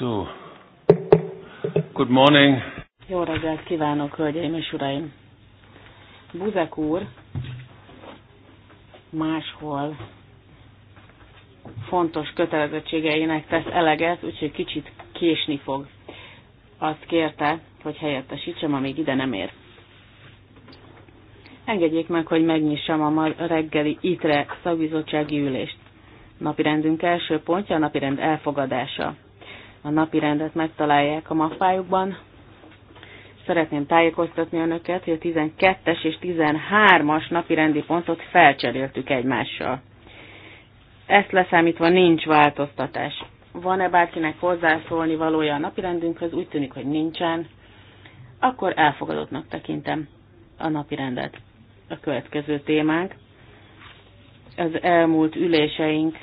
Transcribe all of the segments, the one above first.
So, good morning. Jó reggelt kívánok, hölgyeim és uraim. Buzek úr máshol fontos kötelezettségeinek tesz eleget, úgyhogy kicsit késni fog. Azt kérte, hogy helyettesítsem, amíg ide nem ér. Engedjék meg, hogy megnyissam a ma reggeli ITRE szakbizottsági ülést. Napirendünk első pontja a napirend elfogadása a napi rendet megtalálják a mappájukban. Szeretném tájékoztatni önöket, hogy a 12-es és 13-as napi rendi pontot felcseréltük egymással. Ezt leszámítva nincs változtatás. Van-e bárkinek hozzászólni valója a rendünkhöz? Úgy tűnik, hogy nincsen. Akkor elfogadottnak tekintem a napirendet. A következő témánk az elmúlt üléseink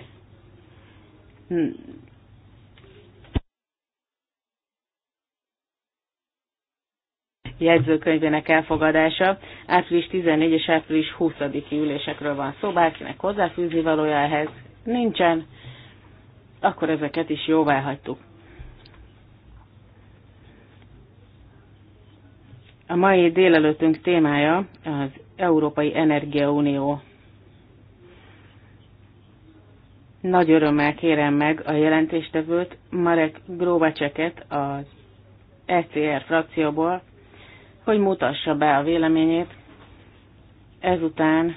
jegyzőkönyvének elfogadása. Április 14 és április 20-i ülésekről van szó, bárkinek hozzáfűzni valója ehhez nincsen, akkor ezeket is jóvá hagytuk. A mai délelőttünk témája az Európai Energiaunió. Nagy örömmel kérem meg a jelentéstevőt, Marek Gróbacseket az ECR frakcióból, hogy mutassa be a véleményét. Ezután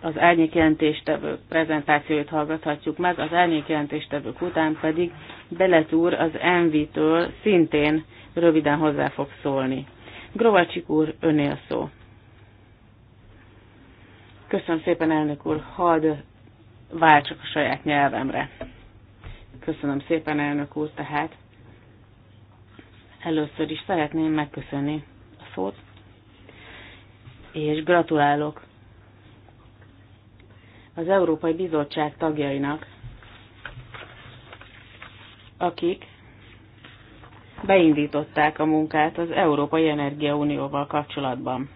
az árnyékjelentéstevők prezentációit hallgathatjuk meg, az árnyékjelentéstevők után pedig Belet úr az Envi-től szintén röviden hozzá fog szólni. Grovacsik úr, önél szó. Köszönöm szépen, elnök úr, hadd váltsak a saját nyelvemre. Köszönöm szépen, elnök úr, tehát Először is szeretném megköszönni a szót, és gratulálok az Európai Bizottság tagjainak, akik beindították a munkát az Európai Energia Unióval kapcsolatban.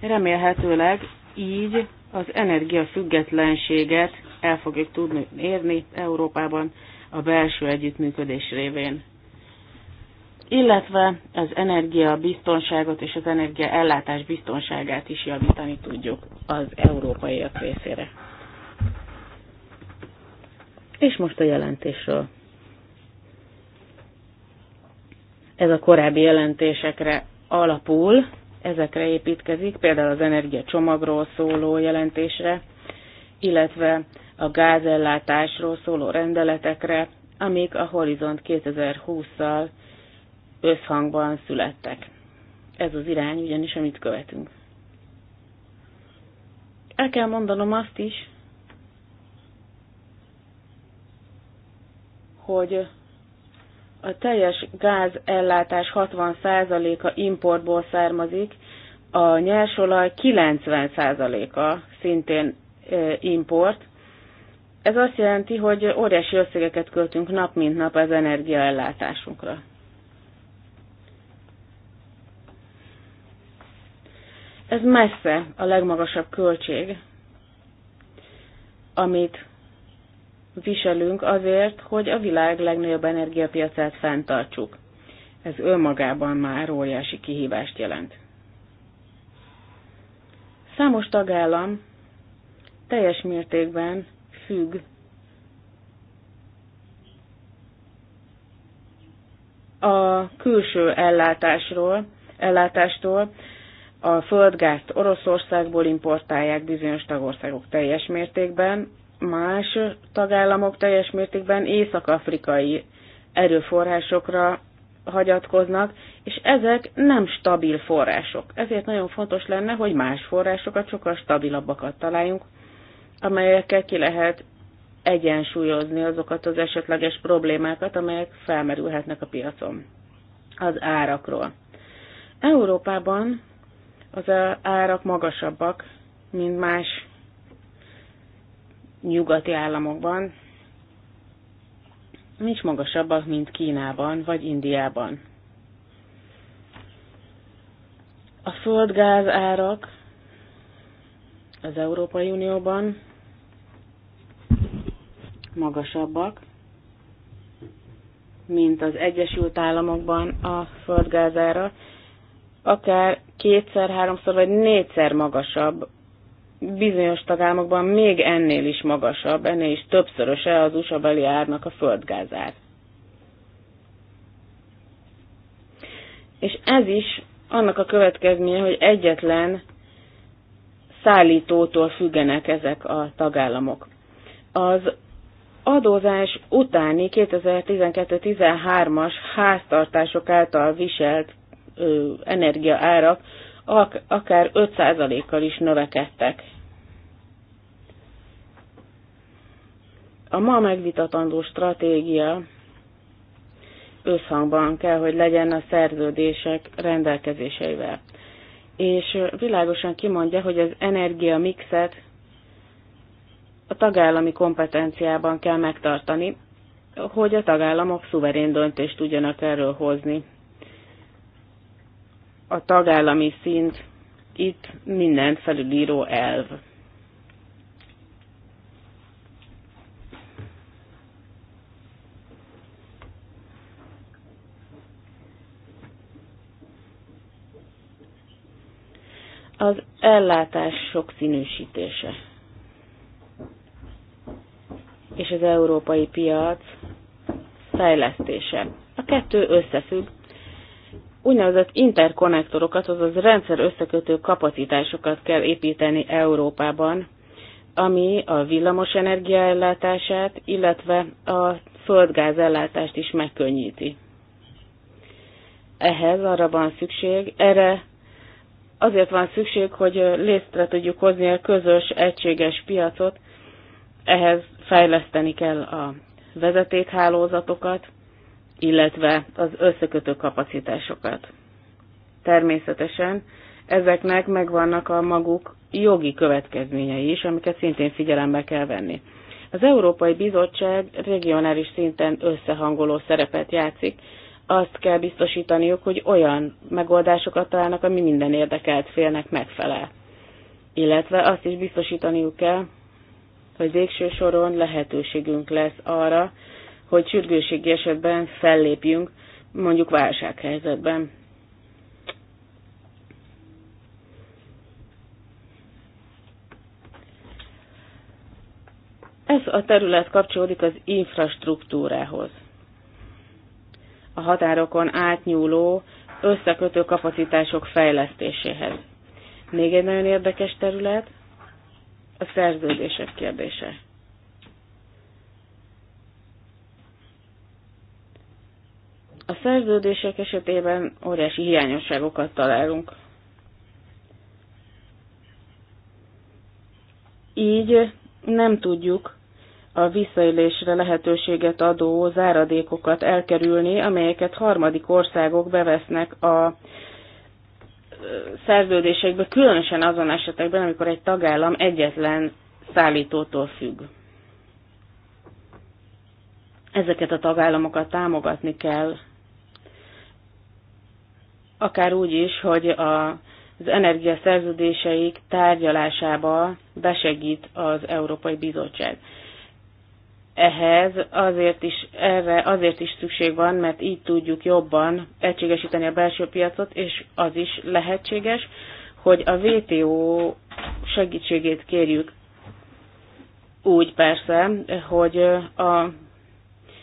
Remélhetőleg így az energiafüggetlenséget el fogjuk tudni érni Európában, a belső együttműködés révén illetve az energia biztonságot és az energia ellátás biztonságát is javítani tudjuk az európaiak részére. És most a jelentésről. Ez a korábbi jelentésekre alapul, ezekre építkezik, például az energia csomagról szóló jelentésre, illetve a gázellátásról szóló rendeletekre, amik a Horizont 2020-szal összhangban születtek. Ez az irány ugyanis, amit követünk. El kell mondanom azt is, hogy a teljes gázellátás 60%-a importból származik, a nyersolaj 90%-a szintén import, ez azt jelenti, hogy óriási összegeket költünk nap mint nap az energiaellátásunkra. Ez messze a legmagasabb költség, amit viselünk azért, hogy a világ legnagyobb energiapiacát fenntartsuk. Ez önmagában már óriási kihívást jelent. Számos tagállam teljes mértékben függ. A külső ellátásról, ellátástól a földgázt Oroszországból importálják bizonyos tagországok teljes mértékben, más tagállamok teljes mértékben észak-afrikai erőforrásokra hagyatkoznak, és ezek nem stabil források. Ezért nagyon fontos lenne, hogy más forrásokat, sokkal stabilabbakat találjunk, amelyekkel ki lehet egyensúlyozni azokat az esetleges problémákat, amelyek felmerülhetnek a piacon. Az árakról. Európában az árak magasabbak, mint más nyugati államokban, nincs magasabbak, mint Kínában vagy Indiában. A földgáz árak az Európai Unióban magasabbak, mint az Egyesült Államokban a földgázára, akár kétszer, háromszor vagy négyszer magasabb, bizonyos tagállamokban még ennél is magasabb, ennél is többszöröse az USA beli árnak a földgázár. És ez is annak a következménye, hogy egyetlen szállítótól függenek ezek a tagállamok. Az adózás utáni 2012-13-as háztartások által viselt ö, energiaárak ak- akár 5%-kal is növekedtek. A ma megvitatandó stratégia összhangban kell, hogy legyen a szerződések rendelkezéseivel. És világosan kimondja, hogy az energia mixet a tagállami kompetenciában kell megtartani, hogy a tagállamok szuverén döntést tudjanak erről hozni. A tagállami szint itt minden felülíró elv. Az ellátás sokszínűsítése és az európai piac fejlesztése. A kettő összefügg. Úgynevezett interkonnektorokat, azaz rendszer összekötő kapacitásokat kell építeni Európában, ami a villamos energiaellátását, illetve a földgázellátást ellátást is megkönnyíti. Ehhez arra van szükség, erre azért van szükség, hogy létre tudjuk hozni a közös, egységes piacot, ehhez fejleszteni kell a vezetékhálózatokat, illetve az összekötő kapacitásokat. Természetesen ezeknek megvannak a maguk jogi következményei is, amiket szintén figyelembe kell venni. Az Európai Bizottság regionális szinten összehangoló szerepet játszik, azt kell biztosítaniuk, hogy olyan megoldásokat találnak, ami minden érdekelt félnek megfelel. Illetve azt is biztosítaniuk kell, hogy végső soron lehetőségünk lesz arra, hogy sürgőségi esetben fellépjünk, mondjuk válsághelyzetben. Ez a terület kapcsolódik az infrastruktúrához. A határokon átnyúló összekötő kapacitások fejlesztéséhez. Még egy nagyon érdekes terület, a szerződések kérdése. A szerződések esetében óriási hiányosságokat találunk. Így nem tudjuk a visszaélésre lehetőséget adó záradékokat elkerülni, amelyeket harmadik országok bevesznek a szerződésekben, különösen azon esetekben, amikor egy tagállam egyetlen szállítótól függ. Ezeket a tagállamokat támogatni kell, akár úgy is, hogy a, az energiaszerződéseik tárgyalásába besegít az Európai Bizottság. Ehhez azért is, erre azért is szükség van, mert így tudjuk jobban egységesíteni a belső piacot, és az is lehetséges, hogy a VTO segítségét kérjük úgy persze, hogy a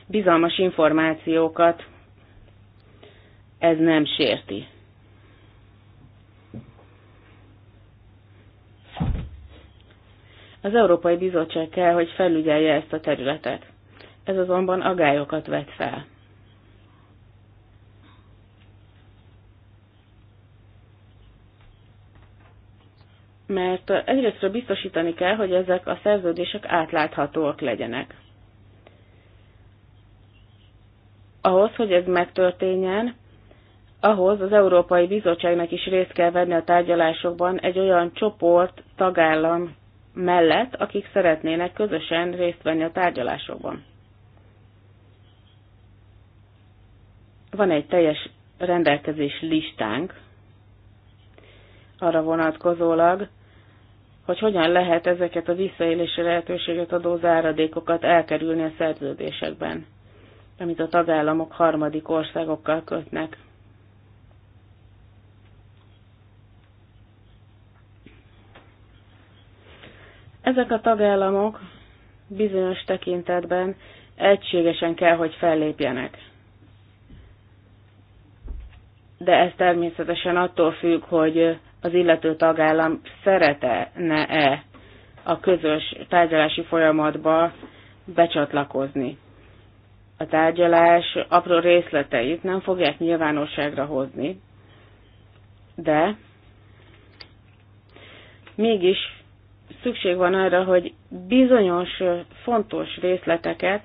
bizalmas információkat ez nem sérti. Az Európai Bizottság kell, hogy felügyelje ezt a területet. Ez azonban agályokat vet fel. Mert egyrészt biztosítani kell, hogy ezek a szerződések átláthatóak legyenek. Ahhoz, hogy ez megtörténjen, ahhoz az Európai Bizottságnak is részt kell venni a tárgyalásokban egy olyan csoport, tagállam mellett, akik szeretnének közösen részt venni a tárgyalásokban. Van egy teljes rendelkezés listánk arra vonatkozólag, hogy hogyan lehet ezeket a visszaélési lehetőséget adó záradékokat elkerülni a szerződésekben, amit a tagállamok harmadik országokkal kötnek. Ezek a tagállamok bizonyos tekintetben egységesen kell, hogy fellépjenek. De ez természetesen attól függ, hogy az illető tagállam szeretne-e a közös tárgyalási folyamatba becsatlakozni. A tárgyalás apró részleteit nem fogják nyilvánosságra hozni, de mégis szükség van arra, hogy bizonyos fontos részleteket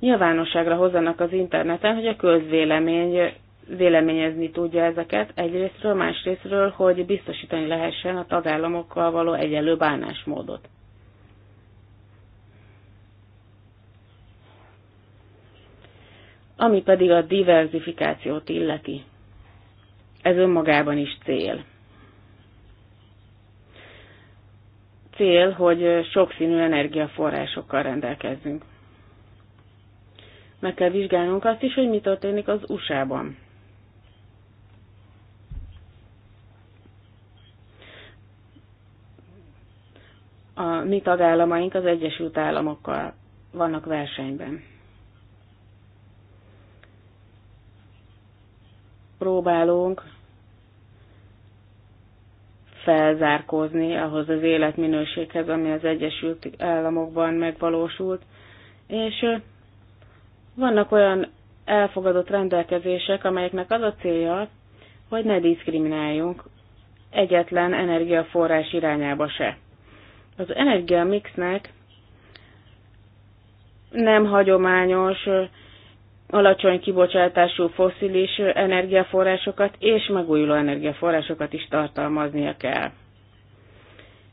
nyilvánosságra hozzanak az interneten, hogy a közvélemény véleményezni tudja ezeket egyrésztről, másrésztről, hogy biztosítani lehessen a tagállamokkal való egyenlő bánásmódot. Ami pedig a diversifikációt illeti. Ez önmagában is cél. cél, hogy sokszínű energiaforrásokkal rendelkezzünk. Meg kell vizsgálnunk azt is, hogy mi történik az USA-ban. A mi tagállamaink az Egyesült Államokkal vannak versenyben. Próbálunk felzárkózni ahhoz az életminőséghez, ami az Egyesült Államokban megvalósult, és vannak olyan elfogadott rendelkezések, amelyeknek az a célja, hogy ne diszkrimináljunk egyetlen energiaforrás irányába se. Az energiamixnek nem hagyományos alacsony kibocsátású foszilis energiaforrásokat és megújuló energiaforrásokat is tartalmaznia kell.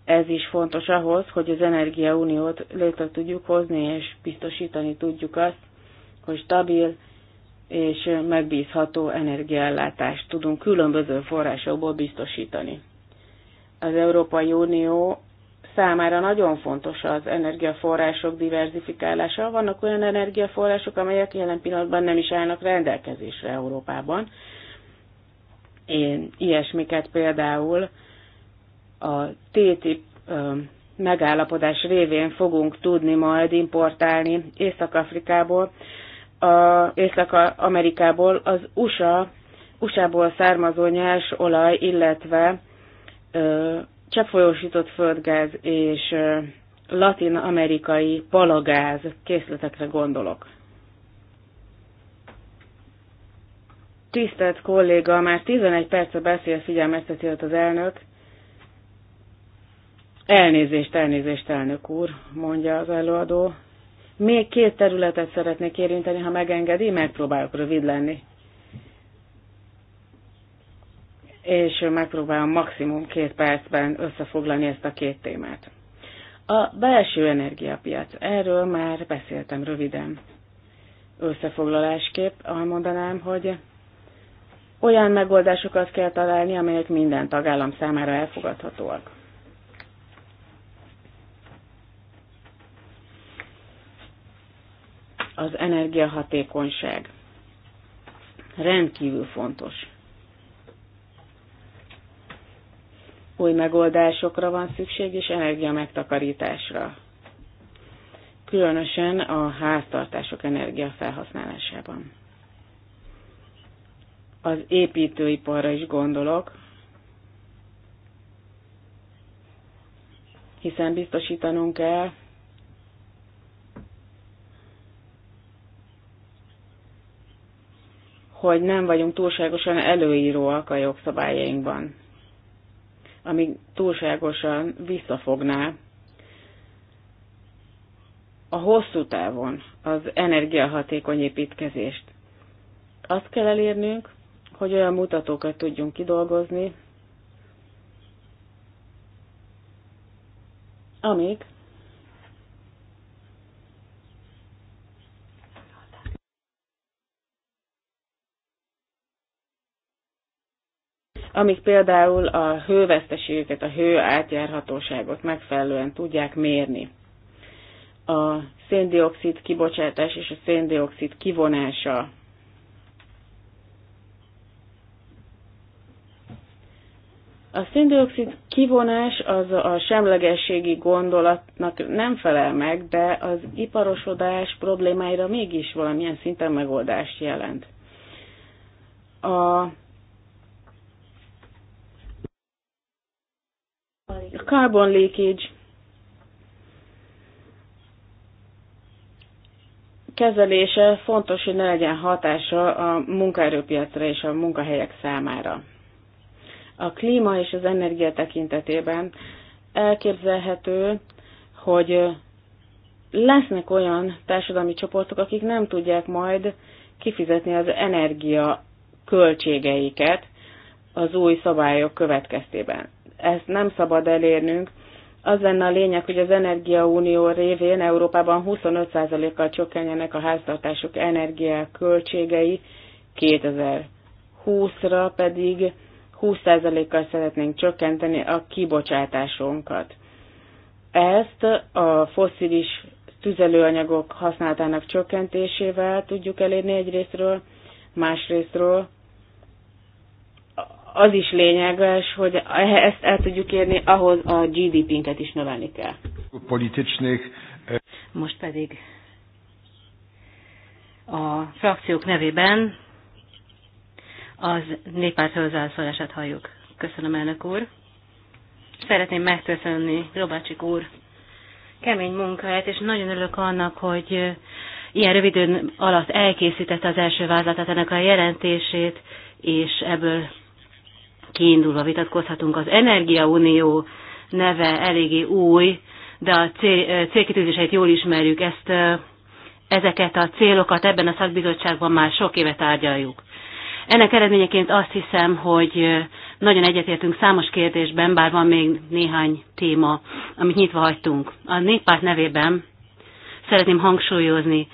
Ez is fontos ahhoz, hogy az energiauniót létre tudjuk hozni, és biztosítani tudjuk azt, hogy stabil és megbízható energiaellátást tudunk különböző forrásokból biztosítani. Az Európai Unió számára nagyon fontos az energiaforrások diversifikálása. Vannak olyan energiaforrások, amelyek jelen pillanatban nem is állnak rendelkezésre Európában. Én ilyesmiket például a TTIP megállapodás révén fogunk tudni majd importálni Észak-Afrikából, Észak-Amerikából az USA, USA-ból származó nyers olaj, illetve cseppfolyósított földgáz és latin-amerikai palagáz készletekre gondolok. Tisztelt kolléga, már 11 perce beszél, figyelmezteti az elnök. Elnézést, elnézést, elnök úr, mondja az előadó. Még két területet szeretnék érinteni, ha megengedi, megpróbálok rövid lenni. és megpróbálom maximum két percben összefoglalni ezt a két témát. A belső energiapiac. Erről már beszéltem röviden. Összefoglalásképp mondanám, hogy olyan megoldásokat kell találni, amelyek minden tagállam számára elfogadhatóak. Az energiahatékonyság rendkívül fontos új megoldásokra van szükség, és energia megtakarításra. Különösen a háztartások energiafelhasználásában. Az építőiparra is gondolok, hiszen biztosítanunk kell, hogy nem vagyunk túlságosan előíróak a jogszabályainkban ami túlságosan visszafogná a hosszú távon az energiahatékony építkezést. Azt kell elérnünk, hogy olyan mutatókat tudjunk kidolgozni, amik amik például a hőveszteségeket, a hő átjárhatóságot megfelelően tudják mérni. A széndiokszid kibocsátás és a széndiokszid kivonása A széndiokszid kivonás az a semlegességi gondolatnak nem felel meg, de az iparosodás problémáira mégis valamilyen szinten megoldást jelent. A A carbon leakage kezelése fontos, hogy ne legyen hatása a munkaerőpiacra és a munkahelyek számára. A klíma és az energia tekintetében elképzelhető, hogy lesznek olyan társadalmi csoportok, akik nem tudják majd kifizetni az energia költségeiket az új szabályok következtében ezt nem szabad elérnünk. Az lenne a lényeg, hogy az Energiaunió révén Európában 25%-kal csökkenjenek a háztartások energiák költségei, 2020-ra pedig 20%-kal szeretnénk csökkenteni a kibocsátásunkat. Ezt a foszilis tüzelőanyagok használatának csökkentésével tudjuk elérni egyrésztről, másrésztről az is lényeges, hogy ezt el tudjuk érni, ahhoz a GDP-nket is növelni kell. Eh, Most pedig a frakciók nevében az néppárt hozzászólását halljuk. Köszönöm, elnök úr. Szeretném megköszönni Robácsik úr kemény munkáját, és nagyon örülök annak, hogy ilyen rövid alatt elkészítette az első vázlatát ennek a jelentését, és ebből kiindulva vitatkozhatunk. Az Energiaunió neve eléggé új, de a cél, célkitűzéseit jól ismerjük. Ezt, ezeket a célokat ebben a szakbizottságban már sok éve tárgyaljuk. Ennek eredményeként azt hiszem, hogy nagyon egyetértünk számos kérdésben, bár van még néhány téma, amit nyitva hagytunk. A néppárt nevében szeretném hangsúlyozni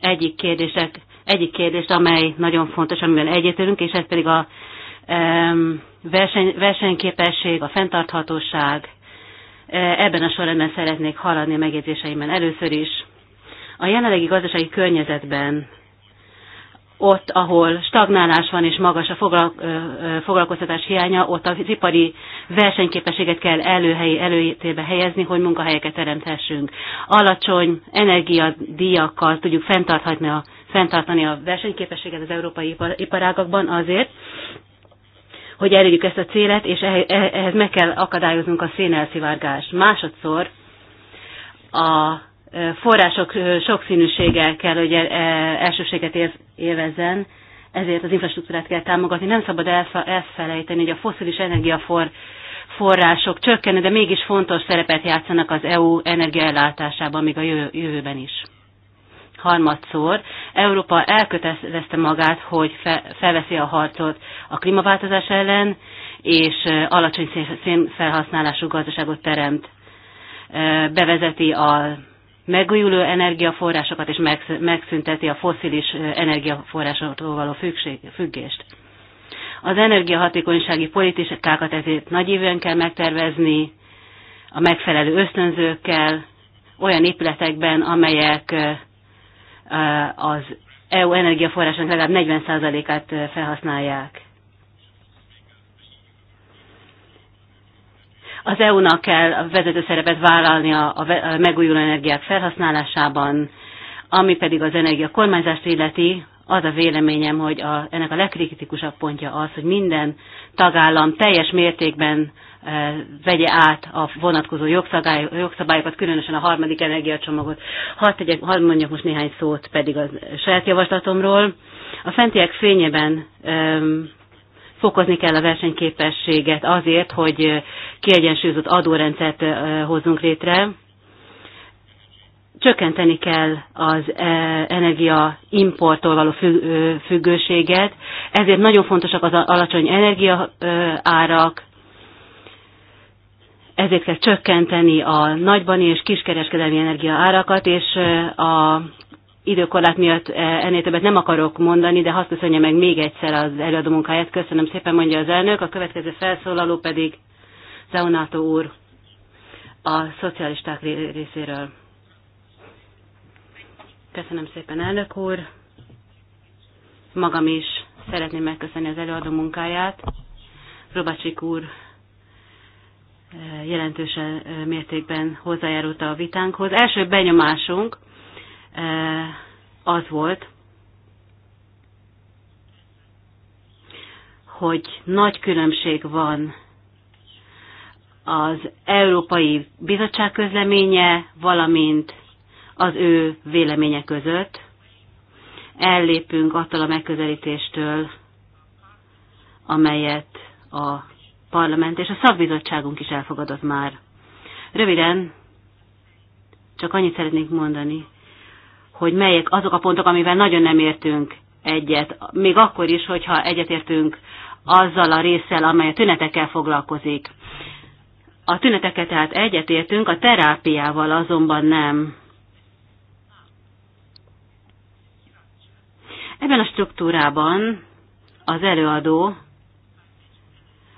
egyik kérdések, egyik kérdést, amely nagyon fontos, amiben egyetértünk, és ez pedig a verseny, versenyképesség, a fenntarthatóság. E, ebben a sorrendben szeretnék haladni a megjegyzéseimben először is. A jelenlegi gazdasági környezetben ott, ahol stagnálás van és magas a foglalkoztatás hiánya, ott az ipari versenyképességet kell előhely, előtérbe helyezni, hogy munkahelyeket teremthessünk. Alacsony energiadíjakkal tudjuk fenntarthatni a, fenntartani a versenyképességet az európai iparágakban azért, hogy elérjük ezt a célet, és eh, ehhez meg kell akadályoznunk a szénelszivárgást. Másodszor a eh, források eh, sokszínűsége kell, hogy elsőséget élvezzen, ezért az infrastruktúrát kell támogatni. Nem szabad elfelejteni, hogy a foszilis energiafor források csökkenő, de mégis fontos szerepet játszanak az EU energiaellátásában, még a jövőben is harmadszor Európa elkötelezte magát, hogy felveszi a harcot a klímaváltozás ellen, és alacsony szénfelhasználású gazdaságot teremt. Bevezeti a megújuló energiaforrásokat, és megszünteti a foszilis energiaforrásoktól való függést. Az energiahatékonysági politikákat ezért nagy éven kell megtervezni, a megfelelő ösztönzőkkel, olyan épületekben, amelyek Eh, az EU energiaforrásnak legalább 40%-át eh, felhasználják. Az EU-nak kell a vezető szerepet vállalnia a megújuló energiák felhasználásában, ami pedig az energia kormányzást illeti, az a véleményem, hogy a, ennek a legkritikusabb pontja az, hogy minden tagállam teljes mértékben vegye át a vonatkozó jogszabály, jogszabályokat, különösen a harmadik energiacsomagot. Hadd, tegyek, hadd mondjak most néhány szót pedig a saját javaslatomról. A fentiek fényében fokozni kell a versenyképességet azért, hogy kiegyensúlyozott adórendszert hozzunk létre. Csökkenteni kell az energia importtól való függőséget, ezért nagyon fontosak az alacsony energiaárak, ezért kell csökkenteni a nagyban és kiskereskedelmi energia árakat, és a időkorlát miatt ennél többet nem akarok mondani, de hadd köszönje meg még egyszer az előadó munkáját. Köszönöm szépen, mondja az elnök. A következő felszólaló pedig Zeonato úr a szocialisták részéről. Köszönöm szépen, elnök úr. Magam is szeretném megköszönni az előadó munkáját. Robacsik úr jelentősen mértékben hozzájárult a vitánkhoz. Első benyomásunk az volt, hogy nagy különbség van az Európai Bizottság közleménye, valamint az ő véleménye között. Ellépünk attól a megközelítéstől, amelyet a Parlament és a szakbizottságunk is elfogadott már. Röviden, csak annyit szeretnék mondani, hogy melyek azok a pontok, amivel nagyon nem értünk egyet, még akkor is, hogyha egyetértünk azzal a résszel, amely a tünetekkel foglalkozik. A tüneteket tehát egyetértünk, a terápiával azonban nem. Ebben a struktúrában az előadó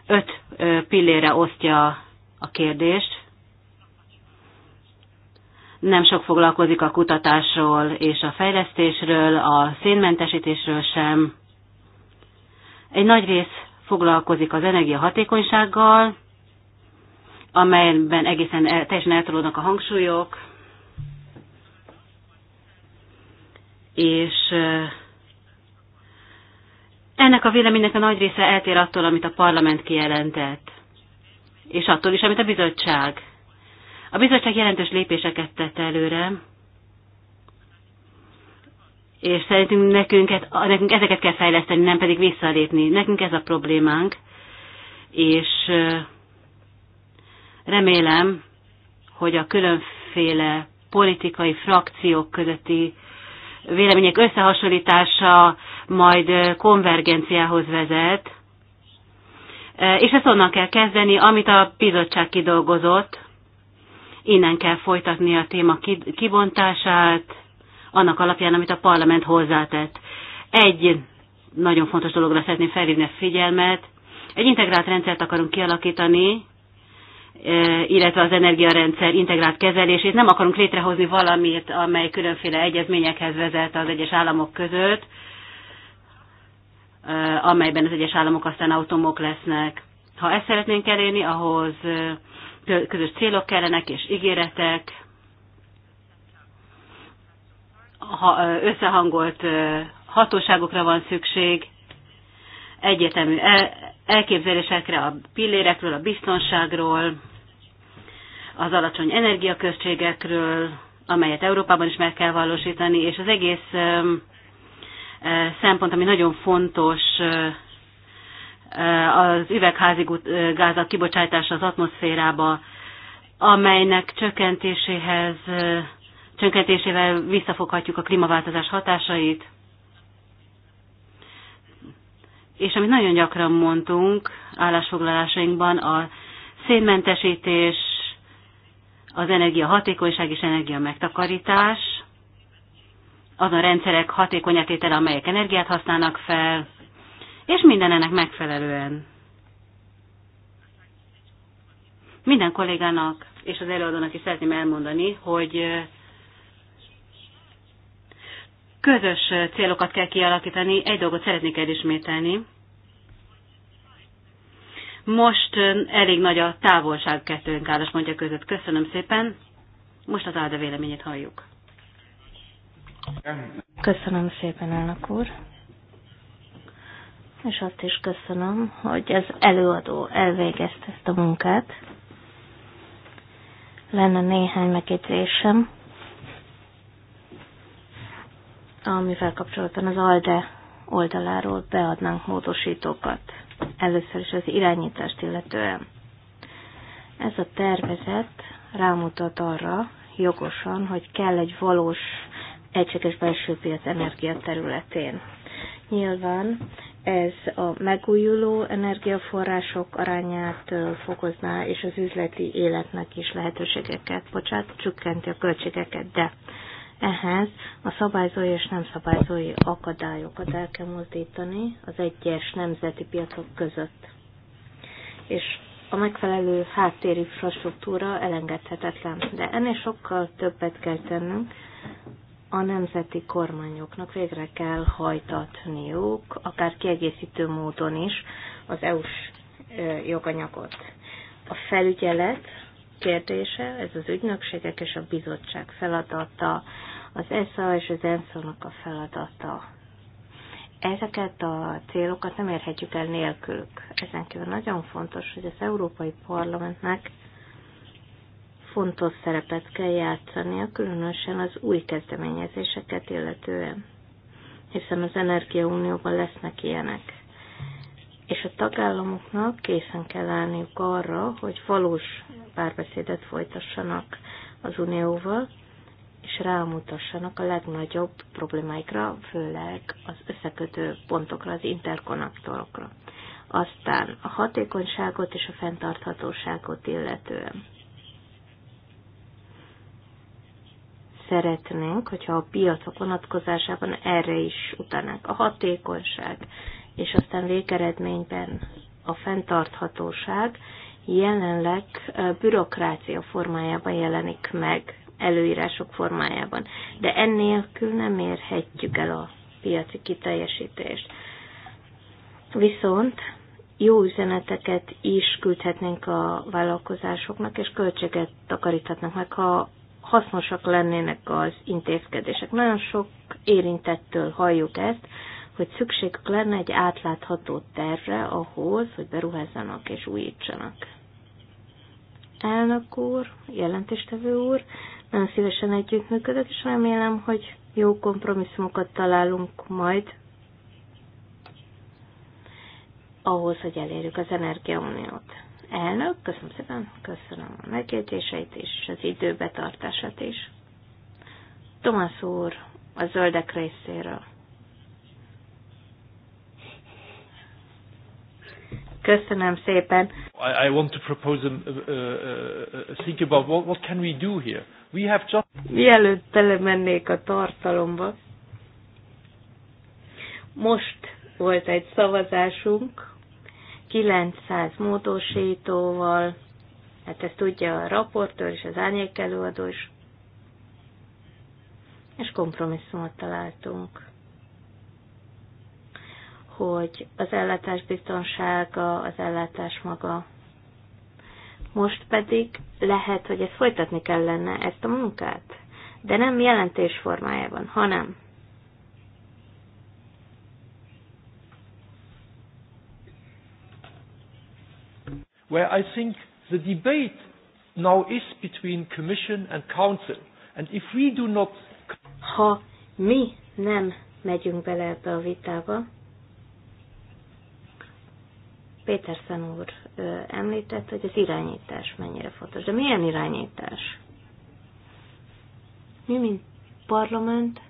öt pillére osztja a kérdést. Nem sok foglalkozik a kutatásról és a fejlesztésről, a szénmentesítésről sem. Egy nagy rész foglalkozik az energiahatékonysággal, amelyben egészen el, teljesen eltolódnak a hangsúlyok, és ennek a véleménynek a nagy része eltér attól, amit a parlament kijelentett, és attól is, amit a bizottság. A bizottság jelentős lépéseket tett előre, és szerintünk nekünket, nekünk ezeket kell fejleszteni, nem pedig visszalépni. Nekünk ez a problémánk, és remélem, hogy a különféle politikai frakciók közötti vélemények összehasonlítása majd konvergenciához vezet, és ezt onnan kell kezdeni, amit a bizottság kidolgozott, innen kell folytatni a téma kibontását, annak alapján, amit a parlament hozzátett. Egy nagyon fontos dologra szeretném felhívni a figyelmet. Egy integrált rendszert akarunk kialakítani, illetve az energiarendszer integrált kezelését. Nem akarunk létrehozni valamit, amely különféle egyezményekhez vezet az egyes államok között, Eh, amelyben az egyes államok aztán automok lesznek. Ha ezt szeretnénk elérni, ahhoz eh, közös célok kellenek és ígéretek, ha eh, összehangolt hatóságokra van szükség, egyetemű elképzelésekre a pillérekről, a biztonságról, az alacsony energiaköltségekről, amelyet Európában is meg kell valósítani, és az egész szempont, ami nagyon fontos, az üvegházi gázak kibocsátása az atmoszférába, amelynek csökkentéséhez, csökkentésével visszafoghatjuk a klímaváltozás hatásait. És amit nagyon gyakran mondtunk állásfoglalásainkban, a szénmentesítés, az energiahatékonyság és energia megtakarítás, azon rendszerek hatékony tétele, amelyek energiát használnak fel, és minden ennek megfelelően. Minden kollégának és az előadónak is szeretném elmondani, hogy közös célokat kell kialakítani. Egy dolgot szeretnék elismételni. Most elég nagy a távolság kettőnk álláspontja között. Köszönöm szépen. Most az Áda véleményét halljuk. Köszönöm szépen, elnök úr. És azt is köszönöm, hogy az előadó elvégezte ezt a munkát. Lenne néhány megjegyzésem, amivel kapcsolatban az ALDE oldaláról beadnánk módosítókat. Először is az irányítást illetően. Ez a tervezet rámutat arra jogosan, hogy kell egy valós egységes belső piac energia területén. Nyilván ez a megújuló energiaforrások arányát fokozná, és az üzleti életnek is lehetőségeket bocsát, csökkenti a költségeket, de ehhez a szabályzói és nem szabályzói akadályokat el kell mozdítani az egyes nemzeti piacok között. És a megfelelő infrastruktúra elengedhetetlen, de ennél sokkal többet kell tennünk a nemzeti kormányoknak végre kell hajtatniuk, akár kiegészítő módon is az EU-s joganyagot. A felügyelet kérdése, ez az ügynökségek és a bizottság feladata, az ESA és az ENSZO-nak a feladata. Ezeket a célokat nem érhetjük el nélkülük. Ezen kívül nagyon fontos, hogy az Európai Parlamentnek fontos szerepet kell játszania, különösen az új kezdeményezéseket illetően, hiszen az Energiaunióban lesznek ilyenek. És a tagállamoknak készen kell állniuk arra, hogy valós párbeszédet folytassanak az Unióval, és rámutassanak a legnagyobb problémáikra, főleg az összekötő pontokra, az interkonnektorokra. Aztán a hatékonyságot és a fenntarthatóságot illetően. szeretnénk, hogyha a piacok vonatkozásában erre is utalnánk. A hatékonyság és aztán végeredményben a fenntarthatóság jelenleg bürokrácia formájában jelenik meg, előírások formájában. De ennélkül nem érhetjük el a piaci kiteljesítést. Viszont jó üzeneteket is küldhetnénk a vállalkozásoknak, és költséget takaríthatnak meg, ha hasznosak lennének az intézkedések. Nagyon sok érintettől halljuk ezt, hogy szükségük lenne egy átlátható tervre ahhoz, hogy beruházzanak és újítsanak. Elnök úr, jelentéstevő úr, nagyon szívesen együttműködök, és remélem, hogy jó kompromisszumokat találunk majd ahhoz, hogy elérjük az energiauniót. Elnök, köszönöm szépen, köszönöm a megjegyzéseit és az időbetartását is. Tomasz úr, a zöldek részéről. Köszönöm szépen. I, I want to propose a, a, a, a think about what, what can we do here. We have just... Mielőtt telemennék a tartalomba, most volt egy szavazásunk 900 módosítóval, hát ezt tudja a raportőr és az árnyékelőadó is, és kompromisszumot találtunk hogy az ellátás biztonsága, az ellátás maga. Most pedig lehet, hogy ezt folytatni kellene, ezt a munkát, de nem jelentés formájában, hanem where I think the debate now is between Commission and Council. And if we do not... Ha mi nem megyünk bele ebbe a vitába, Péterszen úr ö, említett, hogy az irányítás mennyire fontos. De milyen irányítás? Mi, mint parlament,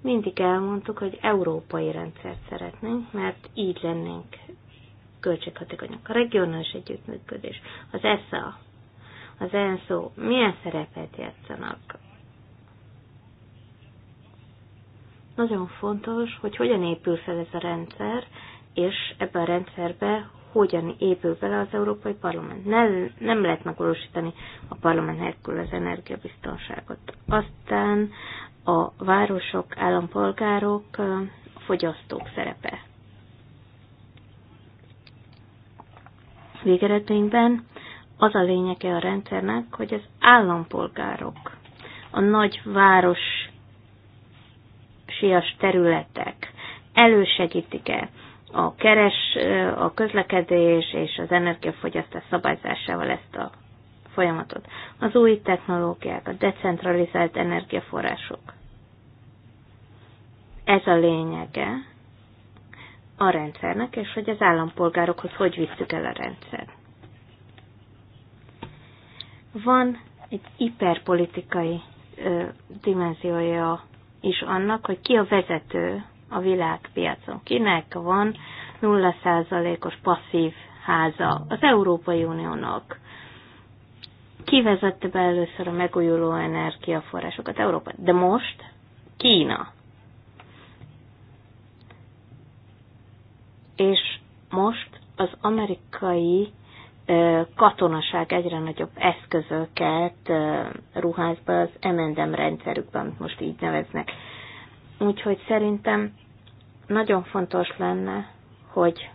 mindig elmondtuk, hogy európai rendszert szeretnénk, mert így lennénk költséghatékonyak. A regionális együttműködés, az ESA, az ENSZO milyen szerepet játszanak? Nagyon fontos, hogy hogyan épül fel ez a rendszer, és ebben a rendszerbe hogyan épül bele az Európai Parlament. Nem, nem lehet megvalósítani a parlament nélkül az energiabiztonságot. Aztán a városok, állampolgárok, fogyasztók szerepe. Végeredményben az a lényege a rendszernek, hogy az állampolgárok, a nagy város sias területek elősegítik-e a keres, a közlekedés és az energiafogyasztás szabályzásával ezt a folyamatot. Az új technológiák, a decentralizált energiaforrások. Ez a lényege a rendszernek, és hogy az állampolgárokhoz hogy visszük el a rendszer. Van egy hiperpolitikai ö, dimenziója is annak, hogy ki a vezető a világpiacon. Kinek van 0%-os passzív háza az Európai Uniónak? Ki vezette be először a megújuló energiaforrásokat? Európa. De most Kína. és most az amerikai katonaság egyre nagyobb eszközöket ruház be az M&M rendszerükben, amit most így neveznek. Úgyhogy szerintem nagyon fontos lenne, hogy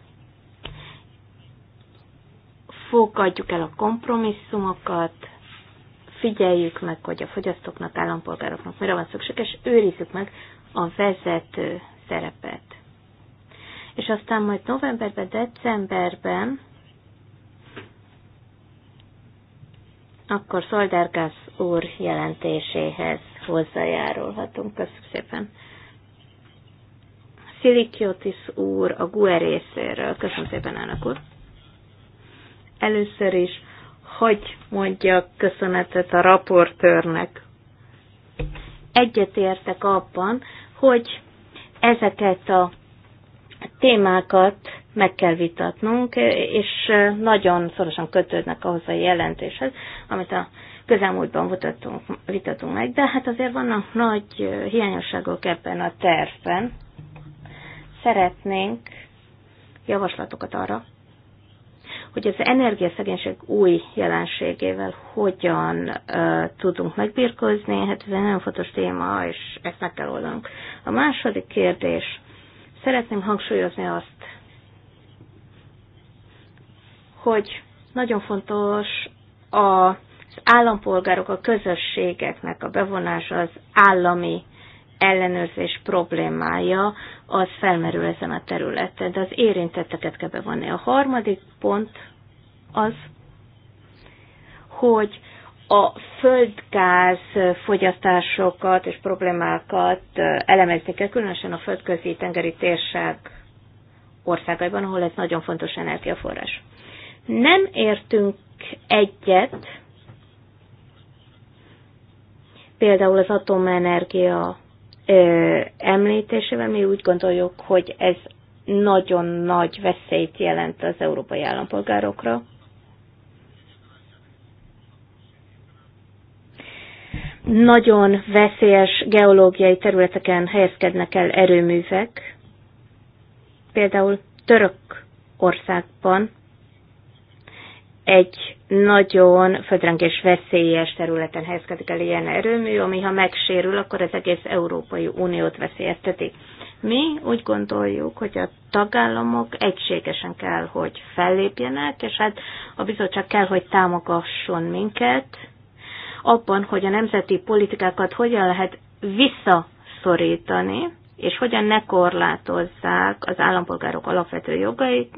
fogadjuk el a kompromisszumokat, figyeljük meg, hogy a fogyasztóknak, állampolgároknak mire van szükség, és őrizzük meg a vezető szerepet és aztán majd novemberben, decemberben akkor Szoldárgász úr jelentéséhez hozzájárulhatunk. Köszönöm szépen. Szilikiotis úr a GUE részéről. Köszönöm szépen, elnök úr. Először is, hogy mondja köszönetet a raportőrnek. Egyetértek abban, hogy ezeket a témákat meg kell vitatnunk, és nagyon szorosan kötődnek ahhoz a jelentéshez, amit a közelmúltban vitatunk, vitatunk meg, de hát azért vannak nagy hiányosságok ebben a tervben. Szeretnénk javaslatokat arra, hogy az energiaszegénység új jelenségével hogyan uh, tudunk megbírkozni, hát ez egy nagyon fontos téma, és ezt meg kell oldanunk. A második kérdés Szeretném hangsúlyozni azt, hogy nagyon fontos a az állampolgárok, a közösségeknek a bevonása az állami ellenőrzés problémája, az felmerül ezen a területen, de az érintetteket kell bevonni. A harmadik pont az, hogy a földgáz fogyasztásokat és problémákat elemezték, el, különösen a földközi tengeri térség országaiban, ahol ez nagyon fontos energiaforrás. Nem értünk egyet, például az atomenergia ö, említésével, mi úgy gondoljuk, hogy ez nagyon nagy veszélyt jelent az európai állampolgárokra, nagyon veszélyes geológiai területeken helyezkednek el erőművek, például török országban egy nagyon földrengés veszélyes területen helyezkedik el ilyen erőmű, ami ha megsérül, akkor az egész Európai Uniót veszélyezteti. Mi úgy gondoljuk, hogy a tagállamok egységesen kell, hogy fellépjenek, és hát a bizottság kell, hogy támogasson minket, abban, hogy a nemzeti politikákat hogyan lehet visszaszorítani, és hogyan ne korlátozzák az állampolgárok alapvető jogait,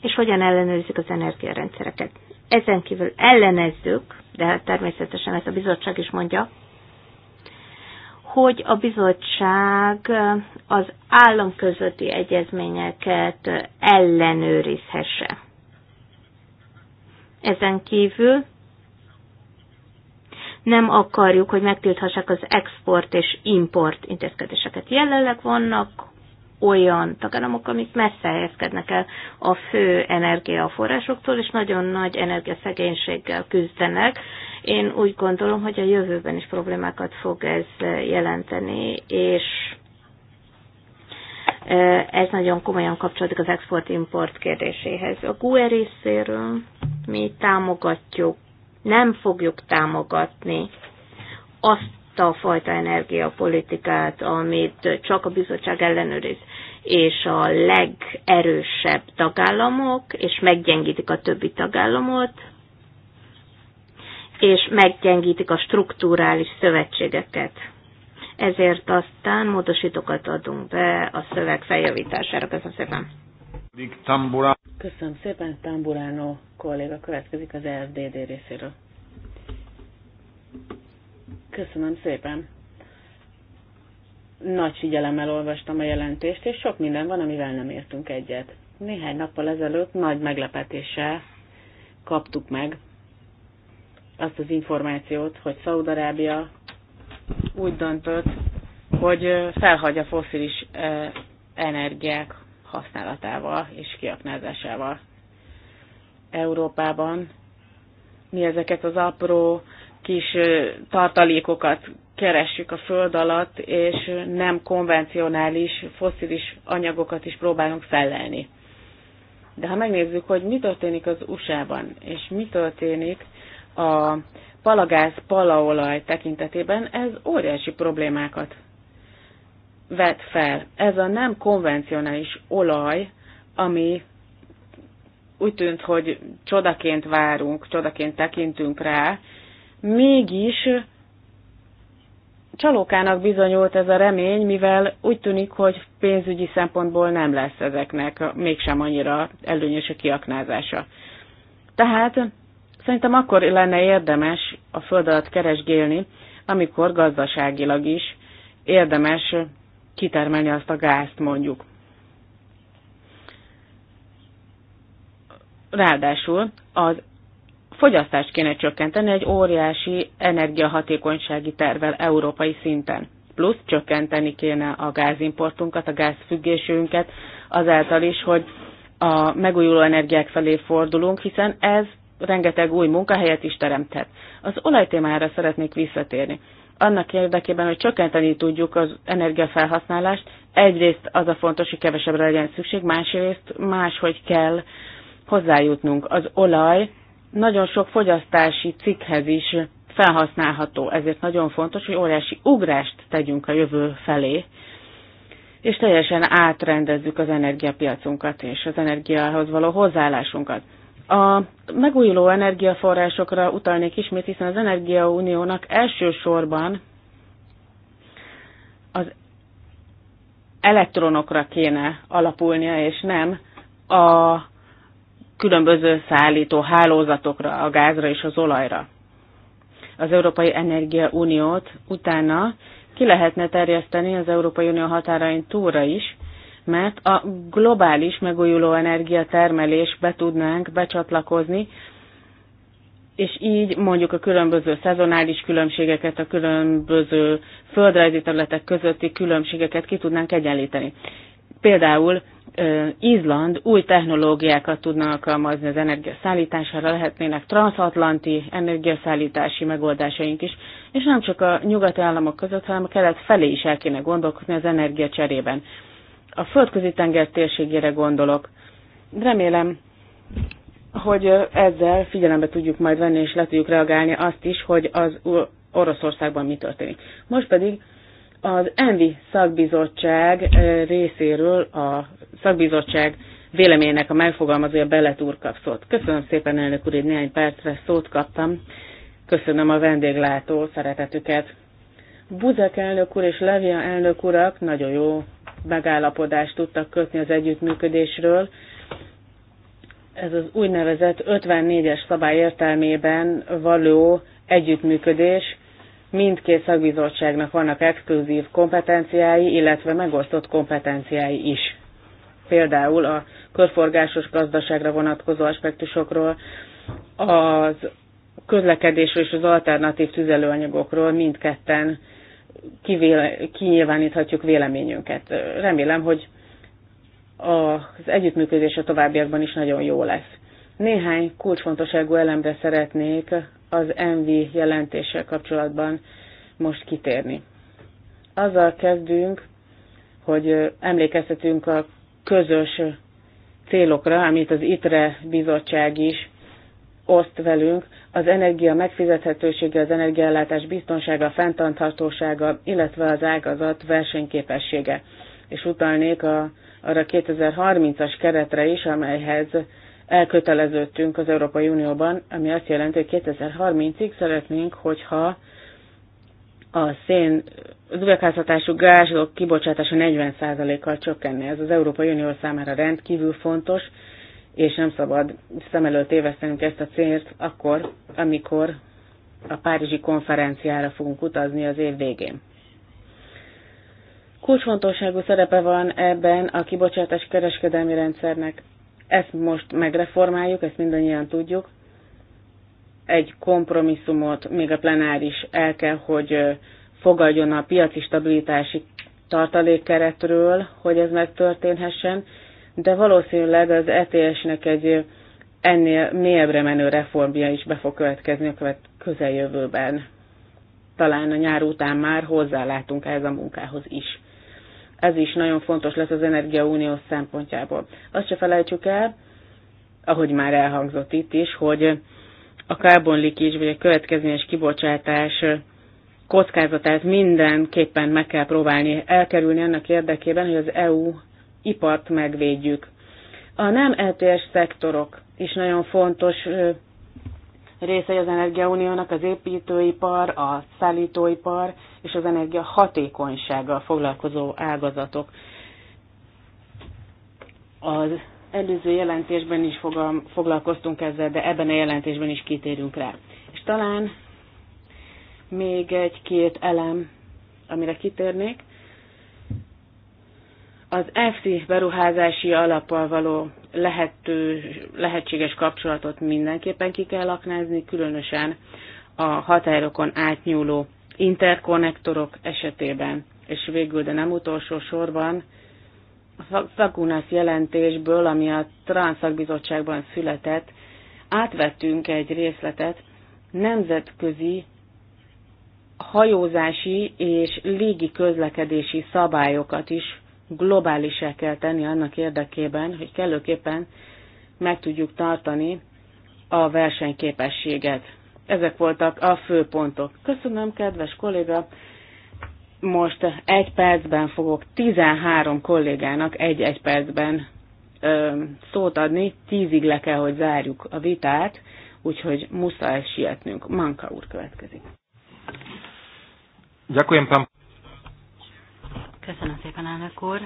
és hogyan ellenőrzik az energiarendszereket. Ezen kívül ellenezzük, de hát természetesen ezt a bizottság is mondja, hogy a bizottság az állam közötti egyezményeket ellenőrizhesse. Ezen kívül nem akarjuk, hogy megtilthassák az export és import intézkedéseket. Jelenleg vannak olyan tagállamok, amik messze helyezkednek el a fő energiaforrásoktól, és nagyon nagy energiaszegénységgel küzdenek. Én úgy gondolom, hogy a jövőben is problémákat fog ez jelenteni, és ez nagyon komolyan kapcsolódik az export-import kérdéséhez. A GUE részéről mi támogatjuk nem fogjuk támogatni azt a fajta energiapolitikát, amit csak a bizottság ellenőriz, és a legerősebb tagállamok, és meggyengítik a többi tagállamot, és meggyengítik a strukturális szövetségeket. Ezért aztán módosítókat adunk be a szöveg feljavítására. Köszönöm szépen! Köszönöm szépen, Tamburano kolléga következik az FDD részéről. Köszönöm szépen. Nagy figyelemmel olvastam a jelentést, és sok minden van, amivel nem értünk egyet. Néhány nappal ezelőtt nagy meglepetéssel kaptuk meg azt az információt, hogy Szaudarábia úgy döntött, hogy felhagyja a foszilis energiák használatával és kiaknázásával. Európában mi ezeket az apró kis tartalékokat keressük a föld alatt, és nem konvencionális foszilis anyagokat is próbálunk fellelni. De ha megnézzük, hogy mi történik az USA-ban, és mi történik a palagáz, palaolaj tekintetében, ez óriási problémákat vet fel. Ez a nem konvencionális olaj, ami úgy tűnt, hogy csodaként várunk, csodaként tekintünk rá, mégis csalókának bizonyult ez a remény, mivel úgy tűnik, hogy pénzügyi szempontból nem lesz ezeknek mégsem annyira előnyös a kiaknázása. Tehát szerintem akkor lenne érdemes a föld alatt keresgélni, amikor gazdaságilag is érdemes kitermelni azt a gázt mondjuk. Ráadásul az fogyasztást kéne csökkenteni egy óriási energiahatékonysági tervel európai szinten. Plusz csökkenteni kéne a gázimportunkat, a gázfüggésünket azáltal is, hogy a megújuló energiák felé fordulunk, hiszen ez rengeteg új munkahelyet is teremthet. Az olajtémára szeretnék visszatérni annak érdekében, hogy csökkenteni tudjuk az energiafelhasználást, egyrészt az a fontos, hogy kevesebbre legyen szükség, másrészt máshogy kell hozzájutnunk. Az olaj nagyon sok fogyasztási cikkhez is felhasználható, ezért nagyon fontos, hogy óriási ugrást tegyünk a jövő felé, és teljesen átrendezzük az energiapiacunkat és az energiához való hozzáállásunkat. A megújuló energiaforrásokra utalnék ismét, hiszen az Energiauniónak elsősorban az elektronokra kéne alapulnia, és nem a különböző szállító hálózatokra, a gázra és az olajra. Az Európai Energia Uniót utána ki lehetne terjeszteni az Európai Unió határain túlra is, mert a globális megújuló be tudnánk becsatlakozni, és így mondjuk a különböző szezonális különbségeket, a különböző földrajzi területek közötti különbségeket ki tudnánk egyenlíteni. Például Izland új technológiákat tudna alkalmazni az energiaszállítására, lehetnének transatlanti energiaszállítási megoldásaink is, és nem csak a nyugati államok között, hanem a kelet felé is el kéne gondolkozni az energia cserében. A földközi tenger térségére gondolok. Remélem, hogy ezzel figyelembe tudjuk majd venni, és le tudjuk reagálni azt is, hogy az Oroszországban mi történik. Most pedig az ENVI szakbizottság részéről a szakbizottság véleménynek a megfogalmazója Bellet úr kap szót. Köszönöm szépen, elnök úr, egy néhány percre szót kaptam. Köszönöm a vendéglátó szeretetüket. Buzek elnök úr és Levia elnök urak nagyon jó megállapodást tudtak kötni az együttműködésről. Ez az úgynevezett 54-es szabály értelmében való együttműködés, mindkét szakbizottságnak vannak exkluzív kompetenciái, illetve megosztott kompetenciái is. Például a körforgásos gazdaságra vonatkozó aspektusokról, az közlekedésről és az alternatív tüzelőanyagokról mindketten kivéle, kinyilváníthatjuk véleményünket. Remélem, hogy az együttműködés a továbbiakban is nagyon jó lesz. Néhány kulcsfontosságú elemre szeretnék az MV jelentéssel kapcsolatban most kitérni. Azzal kezdünk, hogy emlékeztetünk a közös célokra, amit az ITRE bizottság is oszt velünk az energia megfizethetősége, az energiaellátás biztonsága, fenntarthatósága, illetve az ágazat versenyképessége. És utalnék a, arra 2030-as keretre is, amelyhez elköteleződtünk az Európai Unióban, ami azt jelenti, hogy 2030-ig szeretnénk, hogyha a szén az üvegházhatású gázok kibocsátása 40%-kal csökkenne. Ez az Európai Unió számára rendkívül fontos, és nem szabad szem előtt évesztenünk ezt a célt akkor, amikor a Párizsi konferenciára fogunk utazni az év végén. Kulcsfontosságú szerepe van ebben a kibocsátás kereskedelmi rendszernek. Ezt most megreformáljuk, ezt mindannyian tudjuk. Egy kompromisszumot még a plenáris el kell, hogy fogadjon a piaci stabilitási tartalékkeretről, hogy ez megtörténhessen, de valószínűleg az ETS-nek egy ennél mélyebbre menő reformja is be fog következni a követ közeljövőben. Talán a nyár után már hozzálátunk ehhez a munkához is. Ez is nagyon fontos lesz az Energiaunió szempontjából. Azt se felejtsük el, ahogy már elhangzott itt is, hogy a carbon vagy a következményes kibocsátás kockázatát mindenképpen meg kell próbálni elkerülni annak érdekében, hogy az EU ipart megvédjük. A nem ETS szektorok is nagyon fontos része az energiauniónak, az építőipar, a szállítóipar és az energia hatékonysággal foglalkozó ágazatok. Az előző jelentésben is foglalkoztunk ezzel, de ebben a jelentésben is kitérünk rá. És talán még egy-két elem, amire kitérnék az EFSI beruházási alappal való lehető, lehetséges kapcsolatot mindenképpen ki kell aknázni, különösen a határokon átnyúló interkonnektorok esetében. És végül, de nem utolsó sorban, a Szakunász jelentésből, ami a Transzakbizottságban született, átvettünk egy részletet nemzetközi hajózási és légi közlekedési szabályokat is globálisá kell tenni annak érdekében, hogy kellőképpen meg tudjuk tartani a versenyképességet. Ezek voltak a fő pontok. Köszönöm, kedves kolléga! Most egy percben fogok 13 kollégának egy-egy percben ö, szót adni, tízig le kell, hogy zárjuk a vitát, úgyhogy muszáj sietnünk. Manka úr következik. Ďakujem, pán Köszönöm szépen, elnök úr.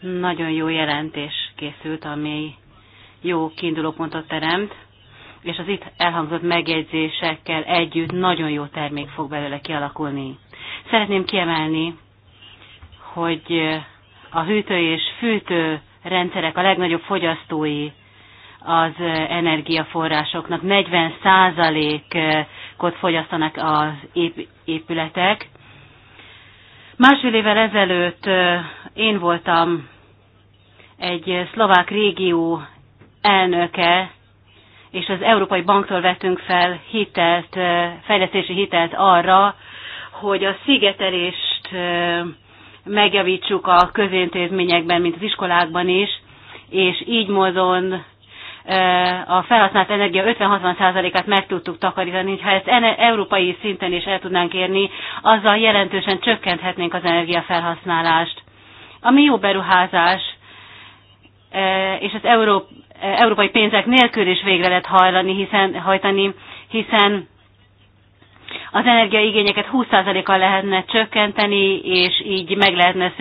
Nagyon jó jelentés készült, ami jó kiindulópontot teremt, és az itt elhangzott megjegyzésekkel együtt nagyon jó termék fog belőle kialakulni. Szeretném kiemelni, hogy a hűtő és fűtő rendszerek a legnagyobb fogyasztói az energiaforrásoknak 40%-ot fogyasztanak az épületek, Másfél évvel ezelőtt én voltam egy szlovák régió elnöke, és az Európai Banktól vettünk fel hitelt, fejlesztési hitelt arra, hogy a szigetelést megjavítsuk a közintézményekben, mint az iskolákban is, és így módon a felhasznált energia 50-60%-át meg tudtuk takarítani, ha ezt európai szinten is el tudnánk érni, azzal jelentősen csökkenthetnénk az energiafelhasználást. mi jó beruházás, e, és az e, európai pénzek nélkül is végre lehet hajlani, hiszen, hajtani, hiszen az energiaigényeket 20%-kal lehetne csökkenteni, és így meg lehetne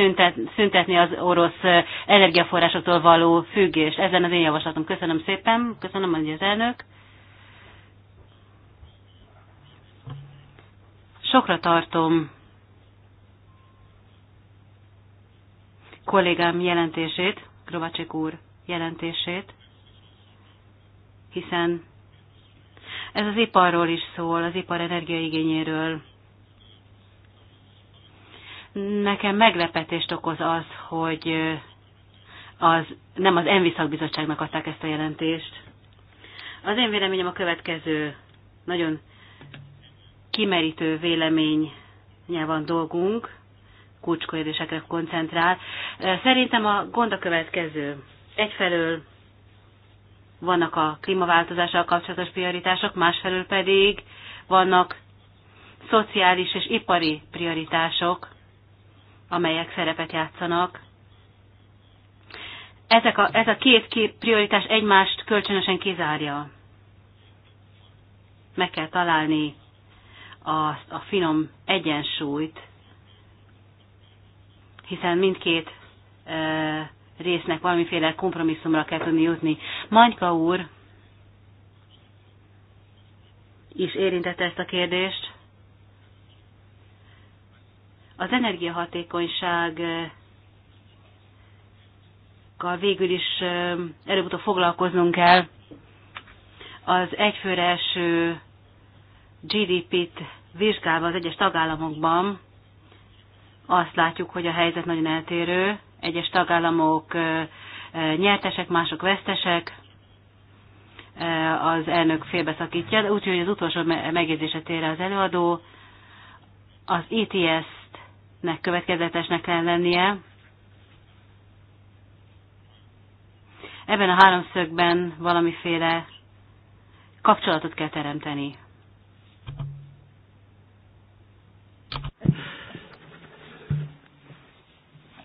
szüntetni az orosz energiaforrásoktól való függést. Ezen az én javaslatom. Köszönöm szépen, köszönöm, hogy az elnök. Sokra tartom kollégám jelentését, Grovacsik úr jelentését, hiszen ez az iparról is szól, az ipar energiaigényéről. Nekem meglepetést okoz az, hogy az, nem az ENVI szakbizottságnak adták ezt a jelentést. Az én véleményem a következő nagyon kimerítő véleménye van dolgunk, kulcskérdésekre koncentrál. Szerintem a gond a következő. Egyfelől vannak a klímaváltozással kapcsolatos prioritások, másfelől pedig vannak szociális és ipari prioritások, amelyek szerepet játszanak. Ezek a, ez a két prioritás egymást kölcsönösen kizárja. Meg kell találni a, a finom egyensúlyt, hiszen mindkét résznek valamiféle kompromisszumra kell tudni jutni. Manyka úr is érintette ezt a kérdést. Az energiahatékonyság végül is előbb-utóbb foglalkoznunk kell. Az egyfőre eső GDP-t vizsgálva az egyes tagállamokban azt látjuk, hogy a helyzet nagyon eltérő. Egyes tagállamok nyertesek, mások vesztesek, az elnök félbeszakítja, úgyhogy az utolsó megjegyzése tére az előadó. Az ETS-nek következetesnek kell lennie. Ebben a háromszögben valamiféle kapcsolatot kell teremteni.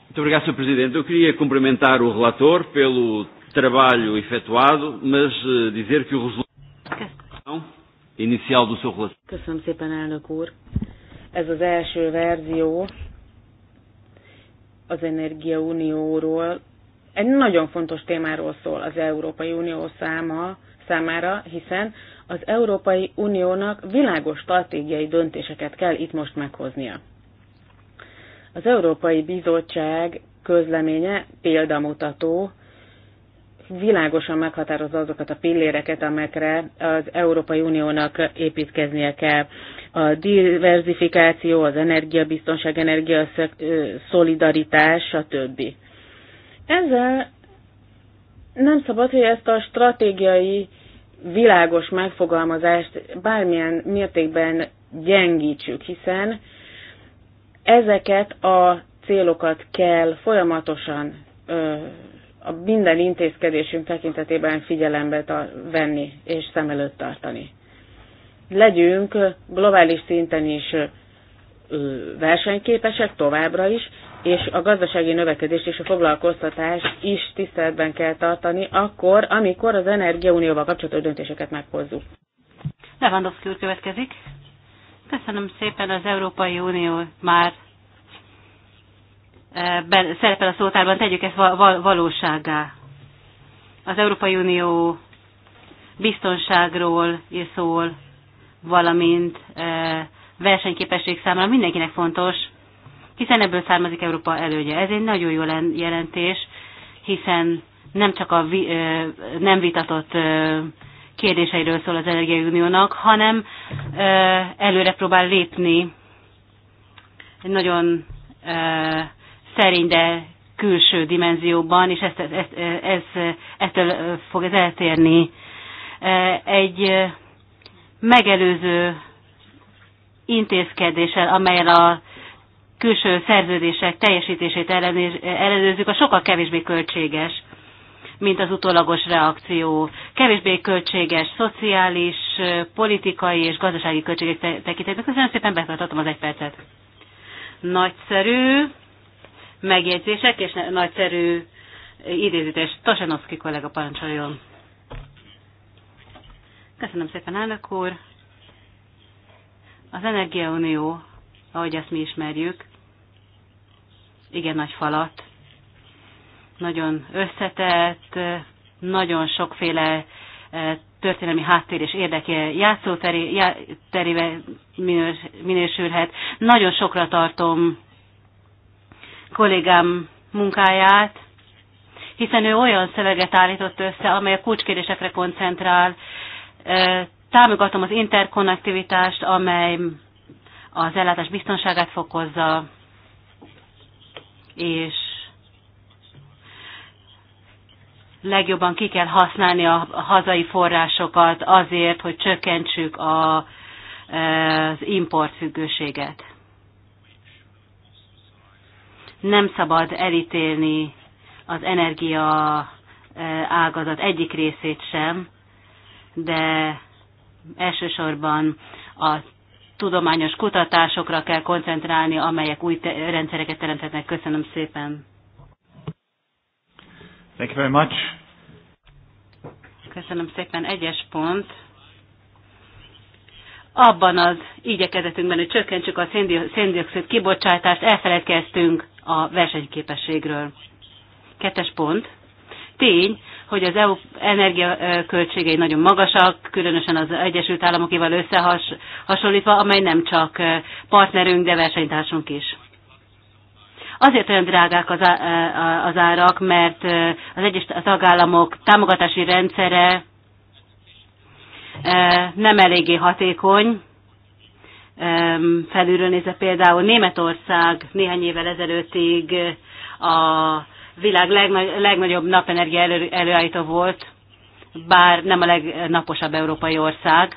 Muito obrigado, Sr. Presidente. Eu queria cumprimentar o relator pelo trabalho efetuado, mas uh, dizer que o resultado inicial do seu relatório. Köszönöm szépen, elnök úr. Ez az első verzió az Energia Unióról. egy nagyon fontos témáról szól az Európai Unió száma, számára, hiszen az Európai Uniónak világos stratégiai döntéseket kell itt most meghoznia. Az Európai Bizottság közleménye példamutató, világosan meghatározza azokat a pilléreket, amelyekre az Európai Uniónak építkeznie kell. A diversifikáció, az energiabiztonság, energia szolidaritás, stb. Ezzel nem szabad, hogy ezt a stratégiai világos megfogalmazást bármilyen mértékben gyengítsük, hiszen Ezeket a célokat kell folyamatosan a minden intézkedésünk tekintetében figyelembe venni és szem előtt tartani. Legyünk globális szinten is versenyképesek továbbra is, és a gazdasági növekedés és a foglalkoztatás is tiszteletben kell tartani, akkor, amikor az energiaunióval kapcsolatos döntéseket meghozzuk. Lewandowski úr következik. Köszönöm szépen, az Európai Unió már eh, szerepel a szótárban, tegyük ezt valóságá. Az Európai Unió biztonságról és szól, valamint eh, versenyképesség számára mindenkinek fontos, hiszen ebből származik Európa elődje. Ez egy nagyon jó jelentés, hiszen nem csak a eh, nem vitatott kérdéseiről szól az Uniónak, hanem előre próbál lépni egy nagyon szerény, de külső dimenzióban, és ezt, ezt, ez, ettől fog ez eltérni. Egy megelőző intézkedéssel, amelyel a külső szerződések teljesítését ellenőrzük, a sokkal kevésbé költséges mint az utólagos reakció. Kevésbé költséges, szociális, politikai és gazdasági költségek tekintetében. Köszönöm szépen, betartatom az egy percet. Nagyszerű megjegyzések és nagyszerű idézítés. Tosanovszki kollega parancsoljon. Köszönöm szépen, elnök úr. Az Energiaunió, ahogy ezt mi ismerjük, igen nagy falat, nagyon összetett, nagyon sokféle eh, történelmi háttér és érdeke játszóterébe minősülhet. Nagyon sokra tartom kollégám munkáját, hiszen ő olyan szöveget állított össze, amely a kulcskérdésekre koncentrál. Eh, támogatom az interkonnektivitást, amely az ellátás biztonságát fokozza, és legjobban ki kell használni a hazai forrásokat azért, hogy csökkentsük a, az importfüggőséget. Nem szabad elítélni az energia e, ágazat egyik részét sem, de elsősorban a tudományos kutatásokra kell koncentrálni, amelyek új rendszereket teremthetnek. Köszönöm szépen! Thank you very much. Köszönöm szépen. Egyes pont. Abban az igyekezetünkben, hogy csökkentsük a széndiokszid kibocsátást, elfeledkeztünk a versenyképességről. Kettes pont. Tény, hogy az EU energiaköltségei nagyon magasak, különösen az Egyesült Államokival összehasonlítva, amely nem csak eh, partnerünk, de versenytársunk is. Azért olyan drágák az, e, az árak, mert e, az egyes tagállamok támogatási rendszere e, nem eléggé hatékony. Felülről nézve például Németország néhány évvel ezelőttig a világ legnagyobb napenergia elő, előállító volt, bár nem a legnaposabb európai ország.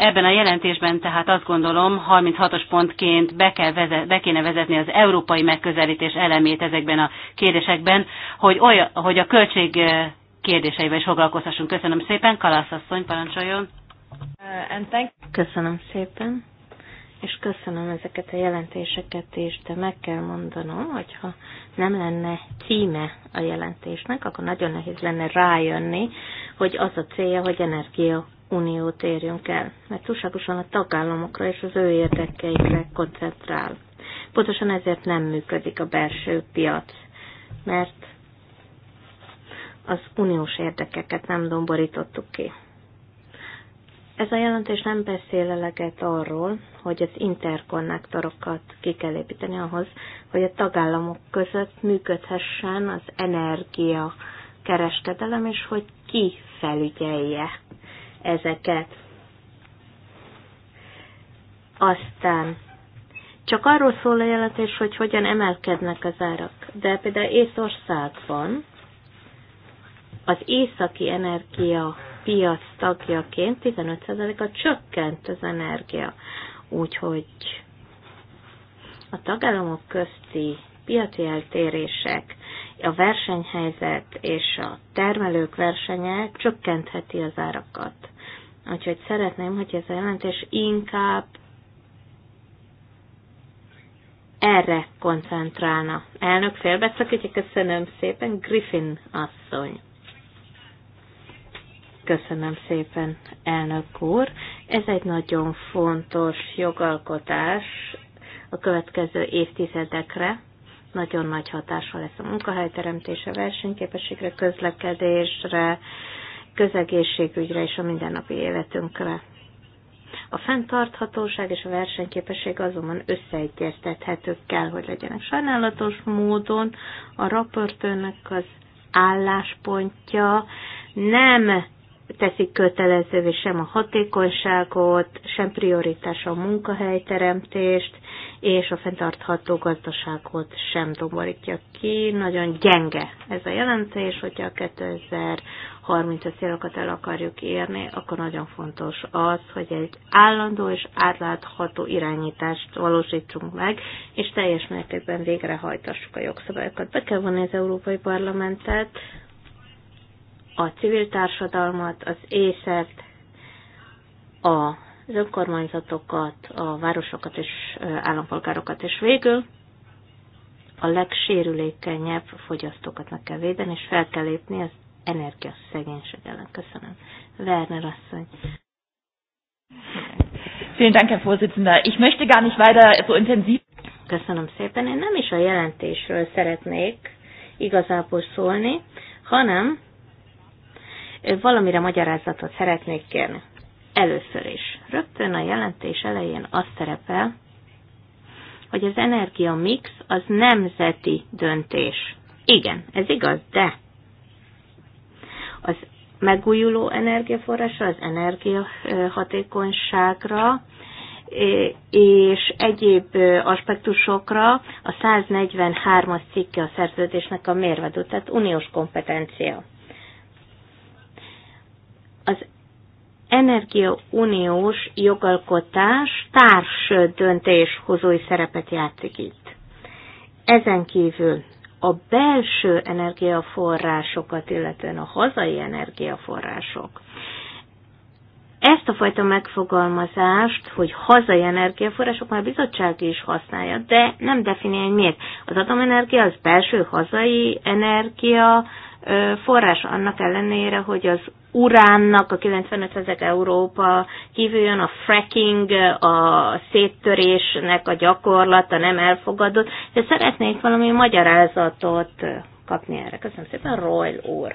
Ebben a jelentésben tehát azt gondolom 36-os pontként be, kell vezet, be kéne vezetni az európai megközelítés elemét ezekben a kérdésekben, hogy, olyan, hogy a költség eh, kérdéseivel is foglalkozhassunk. Köszönöm szépen, Kalasz asszony, parancsoljon. Uh, köszönöm szépen, és köszönöm ezeket a jelentéseket is, de meg kell mondanom, hogyha nem lenne címe a jelentésnek, akkor nagyon nehéz lenne rájönni, hogy az a célja, hogy energia uniót érjünk el, mert túlságosan a tagállamokra és az ő érdekeikre koncentrál. Pontosan ezért nem működik a belső piac, mert az uniós érdekeket nem domborítottuk ki. Ez a jelentés nem beszél eleget arról, hogy az interkonnektorokat ki kell építeni ahhoz, hogy a tagállamok között működhessen az energia kereskedelem, és hogy ki felügyelje ezeket. Aztán csak arról szól a jelentés, hogy hogyan emelkednek az árak. De például Észországban az északi energia piac tagjaként 15%-a csökkent az energia. Úgyhogy a tagállamok közti piaci eltérések a versenyhelyzet és a termelők versenye csökkentheti az árakat. Úgyhogy szeretném, hogy ez a jelentés inkább erre koncentrálna. Elnök félbeszakítja, köszönöm szépen, Griffin asszony. Köszönöm szépen, elnök úr. Ez egy nagyon fontos jogalkotás a következő évtizedekre, nagyon nagy hatással lesz a munkahelyteremtése, versenyképességre, közlekedésre, közegészségügyre és a mindennapi életünkre. A fenntarthatóság és a versenyképesség azonban összeegyeztethetők kell, hogy legyenek. Sajnálatos módon a raportőrnek az álláspontja nem teszik kötelezővé sem a hatékonyságot, sem prioritás a munkahelyteremtést, és a fenntartható gazdaságot sem domborítja ki. Nagyon gyenge ez a jelentés, hogyha a 2030-as célokat el akarjuk érni, akkor nagyon fontos az, hogy egy állandó és átlátható irányítást valósítsunk meg, és teljes mértékben végrehajtassuk a jogszabályokat. Be kell vonni az Európai Parlamentet, a civil társadalmat, az észert, a az önkormányzatokat, a városokat és állampolgárokat, és végül a legsérülékenyebb fogyasztókat meg kell védeni, és fel kell lépni az energiaszegénység ellen. Köszönöm. Werner asszony. Vielen Dank, Herr Vorsitzender. Ich möchte gar nicht weiter so intensiv. Köszönöm szépen. Én nem is a jelentésről szeretnék igazából szólni, hanem valamire magyarázatot szeretnék kérni. Először is. Rögtön a jelentés elején azt szerepel, hogy az energia mix az nemzeti döntés. Igen, ez igaz, de az megújuló energiaforrásra, az energiahatékonyságra e, és egyéb e, aspektusokra a 143-as cikke a szerződésnek a mérvadó, tehát uniós kompetencia az energia uniós jogalkotás társ döntéshozói szerepet játszik itt. Ezen kívül a belső energiaforrásokat, illetően a hazai energiaforrások. Ezt a fajta megfogalmazást, hogy hazai energiaforrások már a bizottság is használja, de nem definiálja miért. Az atomenergia az belső hazai energia forrás annak ellenére, hogy az uránnak a 95 Európa kívül jön, a fracking, a széttörésnek a gyakorlata nem elfogadott, de szeretnék valami magyarázatot kapni erre. Köszönöm szépen, Royal úr!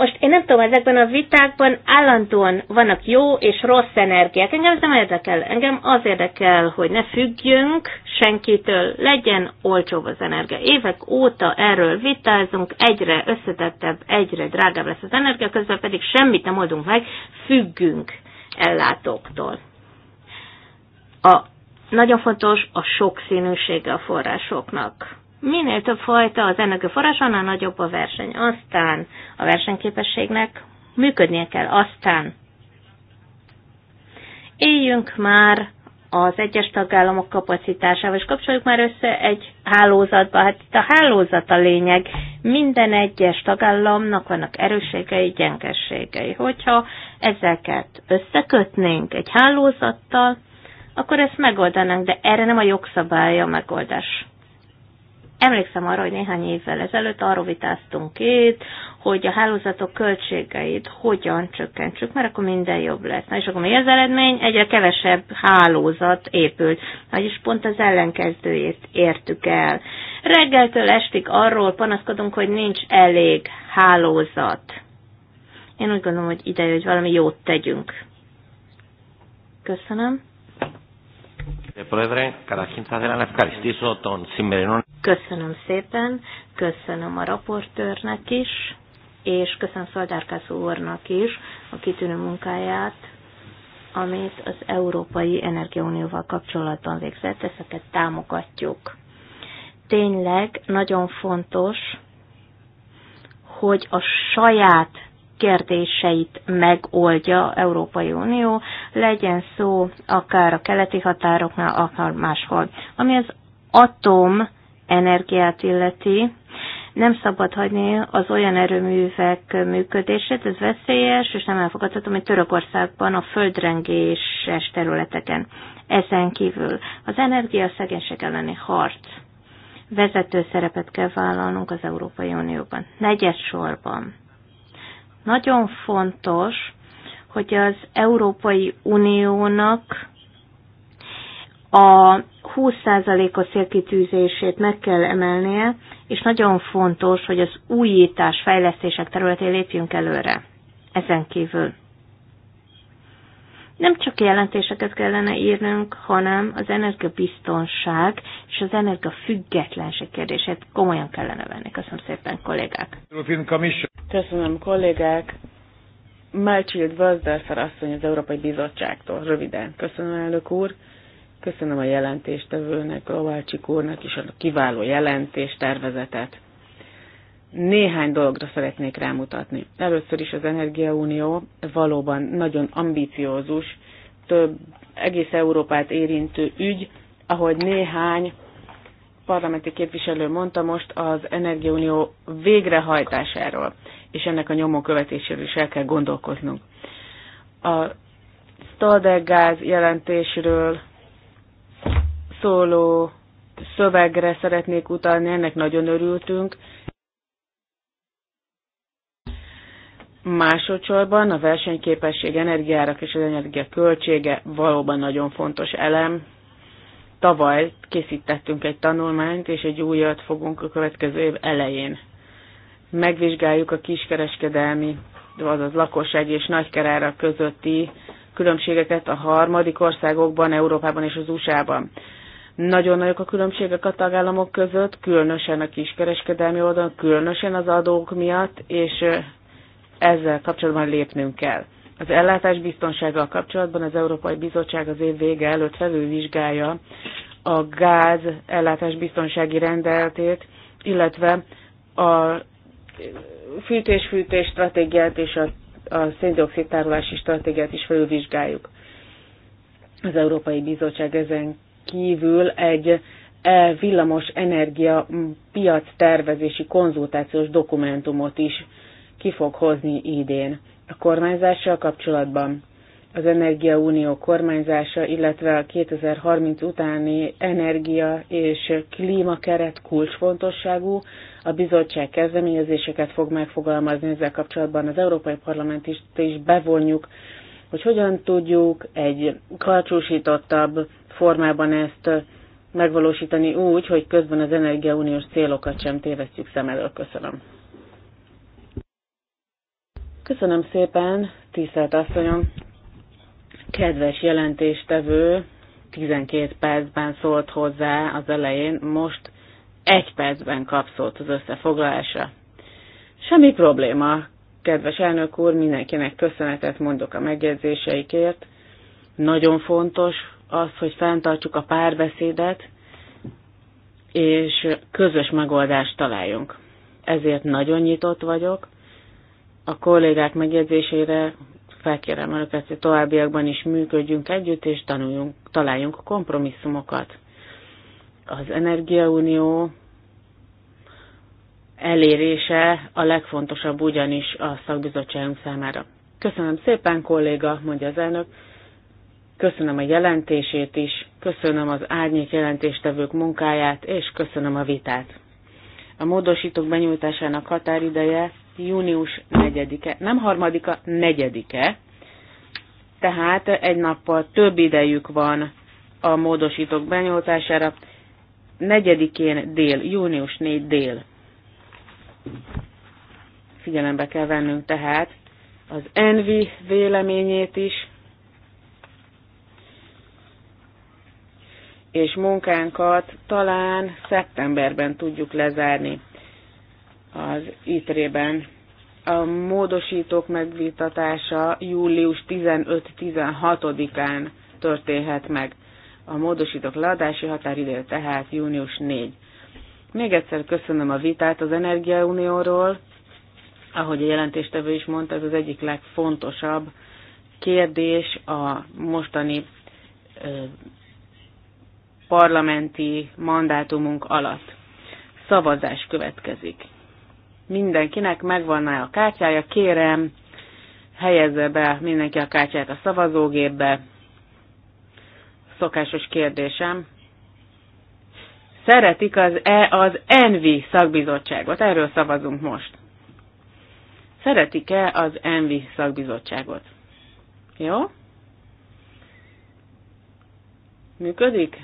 Most én nem tudom, ezekben a vitákban állandóan vannak jó és rossz energiák. Engem ez nem érdekel. Engem az érdekel, hogy ne függjünk senkitől, legyen olcsóbb az energia. Évek óta erről vitázunk, egyre összetettebb, egyre drágább lesz az energia, közben pedig semmit nem oldunk meg, függünk ellátóktól. A, nagyon fontos a sokszínűsége a forrásoknak minél több fajta az forrás, annál nagyobb a verseny. Aztán a versenyképességnek működnie kell. Aztán éljünk már az egyes tagállamok kapacitásával, és kapcsoljuk már össze egy hálózatba. Hát itt a hálózat a lényeg. Minden egyes tagállamnak vannak erősségei, gyengességei. Hogyha ezeket összekötnénk egy hálózattal, akkor ezt megoldanánk, de erre nem a jogszabálya megoldás. Emlékszem arra, hogy néhány évvel ezelőtt arról vitáztunk két, hogy a hálózatok költségeit hogyan csökkentsük, mert akkor minden jobb lesz. Na és akkor mi az eredmény? Egyre kevesebb hálózat épült, vagyis pont az ellenkezdőjét értük el. Reggeltől estig arról panaszkodunk, hogy nincs elég hálózat. Én úgy gondolom, hogy ideje, hogy valami jót tegyünk. Köszönöm. Köszönöm szépen, köszönöm a raportőrnek is, és köszönöm Szaldárkász úrnak is a kitűnő munkáját, amit az Európai Energiaunióval kapcsolatban végzett, ezeket támogatjuk. Tényleg nagyon fontos, hogy a saját kérdéseit megoldja Európai Unió, legyen szó akár a keleti határoknál, akár máshol. Ami az atom energiát illeti, nem szabad hagyni az olyan erőművek működését, ez veszélyes, és nem elfogadható, mint Törökországban a földrengéses területeken. Ezen kívül az energia szegénység elleni harc vezető szerepet kell vállalnunk az Európai Unióban. Negyed sorban nagyon fontos, hogy az Európai Uniónak a 20%-os célkitűzését meg kell emelnie, és nagyon fontos, hogy az újítás, fejlesztések területén lépjünk előre. Ezen kívül nem csak jelentéseket kellene írnunk, hanem az energiabiztonság és az energiafüggetlenség kérdését komolyan kellene venni. Köszönöm szépen, kollégák! Köszönöm, kollégák! Málcsild Vazdalszer asszony az Európai Bizottságtól. Röviden, köszönöm, elnök úr! Köszönöm a jelentéstevőnek, Lovácsik úrnak is a kiváló jelentéstervezetet. Néhány dologra szeretnék rámutatni. Először is az Energiaunió valóban nagyon ambiciózus, több egész Európát érintő ügy, ahogy néhány parlamenti képviselő mondta most az Energiaunió végrehajtásáról, és ennek a nyomó követéséről is el kell gondolkoznunk. A Stadegáz jelentésről szóló szövegre szeretnék utalni, ennek nagyon örültünk, Másodszorban a versenyképesség energiárak és az energia költsége valóban nagyon fontos elem. Tavaly készítettünk egy tanulmányt, és egy újat fogunk a következő év elején. Megvizsgáljuk a kiskereskedelmi, azaz lakosság és nagykerára közötti különbségeket a harmadik országokban, Európában és az USA-ban. Nagyon nagyok a különbségek a tagállamok között, különösen a kiskereskedelmi oldalon, különösen az adók miatt, és ezzel kapcsolatban lépnünk kell. Az ellátás biztonsággal kapcsolatban az Európai Bizottság az év vége előtt felülvizsgálja a gáz ellátás biztonsági rendeltét, illetve a fűtés-fűtés stratégiát és a, a széndiokszid tárolási stratégiát is felülvizsgáljuk. Az Európai Bizottság ezen kívül egy e villamos energia piac tervezési konzultációs dokumentumot is ki fog hozni idén a kormányzással kapcsolatban. Az Energiaunió kormányzása, illetve a 2030 utáni energia és klímakeret kulcsfontosságú, a bizottság kezdeményezéseket fog megfogalmazni ezzel kapcsolatban. Az Európai Parlament is, is bevonjuk, hogy hogyan tudjuk egy kalcsúsítottabb formában ezt megvalósítani úgy, hogy közben az energiauniós célokat sem tévesztjük szem elől. Köszönöm. Köszönöm szépen, tisztelt asszonyom. Kedves jelentéstevő, 12 percben szólt hozzá az elején, most egy percben kap az összefoglalásra. Semmi probléma, kedves elnök úr, mindenkinek köszönetet mondok a megjegyzéseikért. Nagyon fontos az, hogy fenntartsuk a párbeszédet, és közös megoldást találjunk. Ezért nagyon nyitott vagyok, a kollégák megjegyzésére felkérem önöket, hogy továbbiakban is működjünk együtt, és tanuljunk, találjunk kompromisszumokat. Az Energiaunió elérése a legfontosabb ugyanis a szakbizottságunk számára. Köszönöm szépen, kolléga, mondja az elnök. Köszönöm a jelentését is, köszönöm az árnyék jelentéstevők munkáját, és köszönöm a vitát. A módosítók benyújtásának határideje június 4-e, nem harmadika, negyedike, tehát egy nappal több idejük van a módosítók benyújtására, negyedikén dél, június 4 dél. Figyelembe kell vennünk tehát az Envi véleményét is, és munkánkat talán szeptemberben tudjuk lezárni az ITRE-ben. A módosítók megvitatása július 15-16-án történhet meg. A módosítók leadási határideje tehát június 4. Még egyszer köszönöm a vitát az Energiaunióról. Ahogy a jelentéstevő is mondta, ez az egyik legfontosabb kérdés a mostani ö, parlamenti mandátumunk alatt. Szavazás következik mindenkinek megvan-e a kártyája, kérem, helyezze be mindenki a kártyát a szavazógépbe. Szokásos kérdésem. Szeretik az, e, az ENVI szakbizottságot, erről szavazunk most. Szeretik-e az ENVI szakbizottságot? Jó? Működik?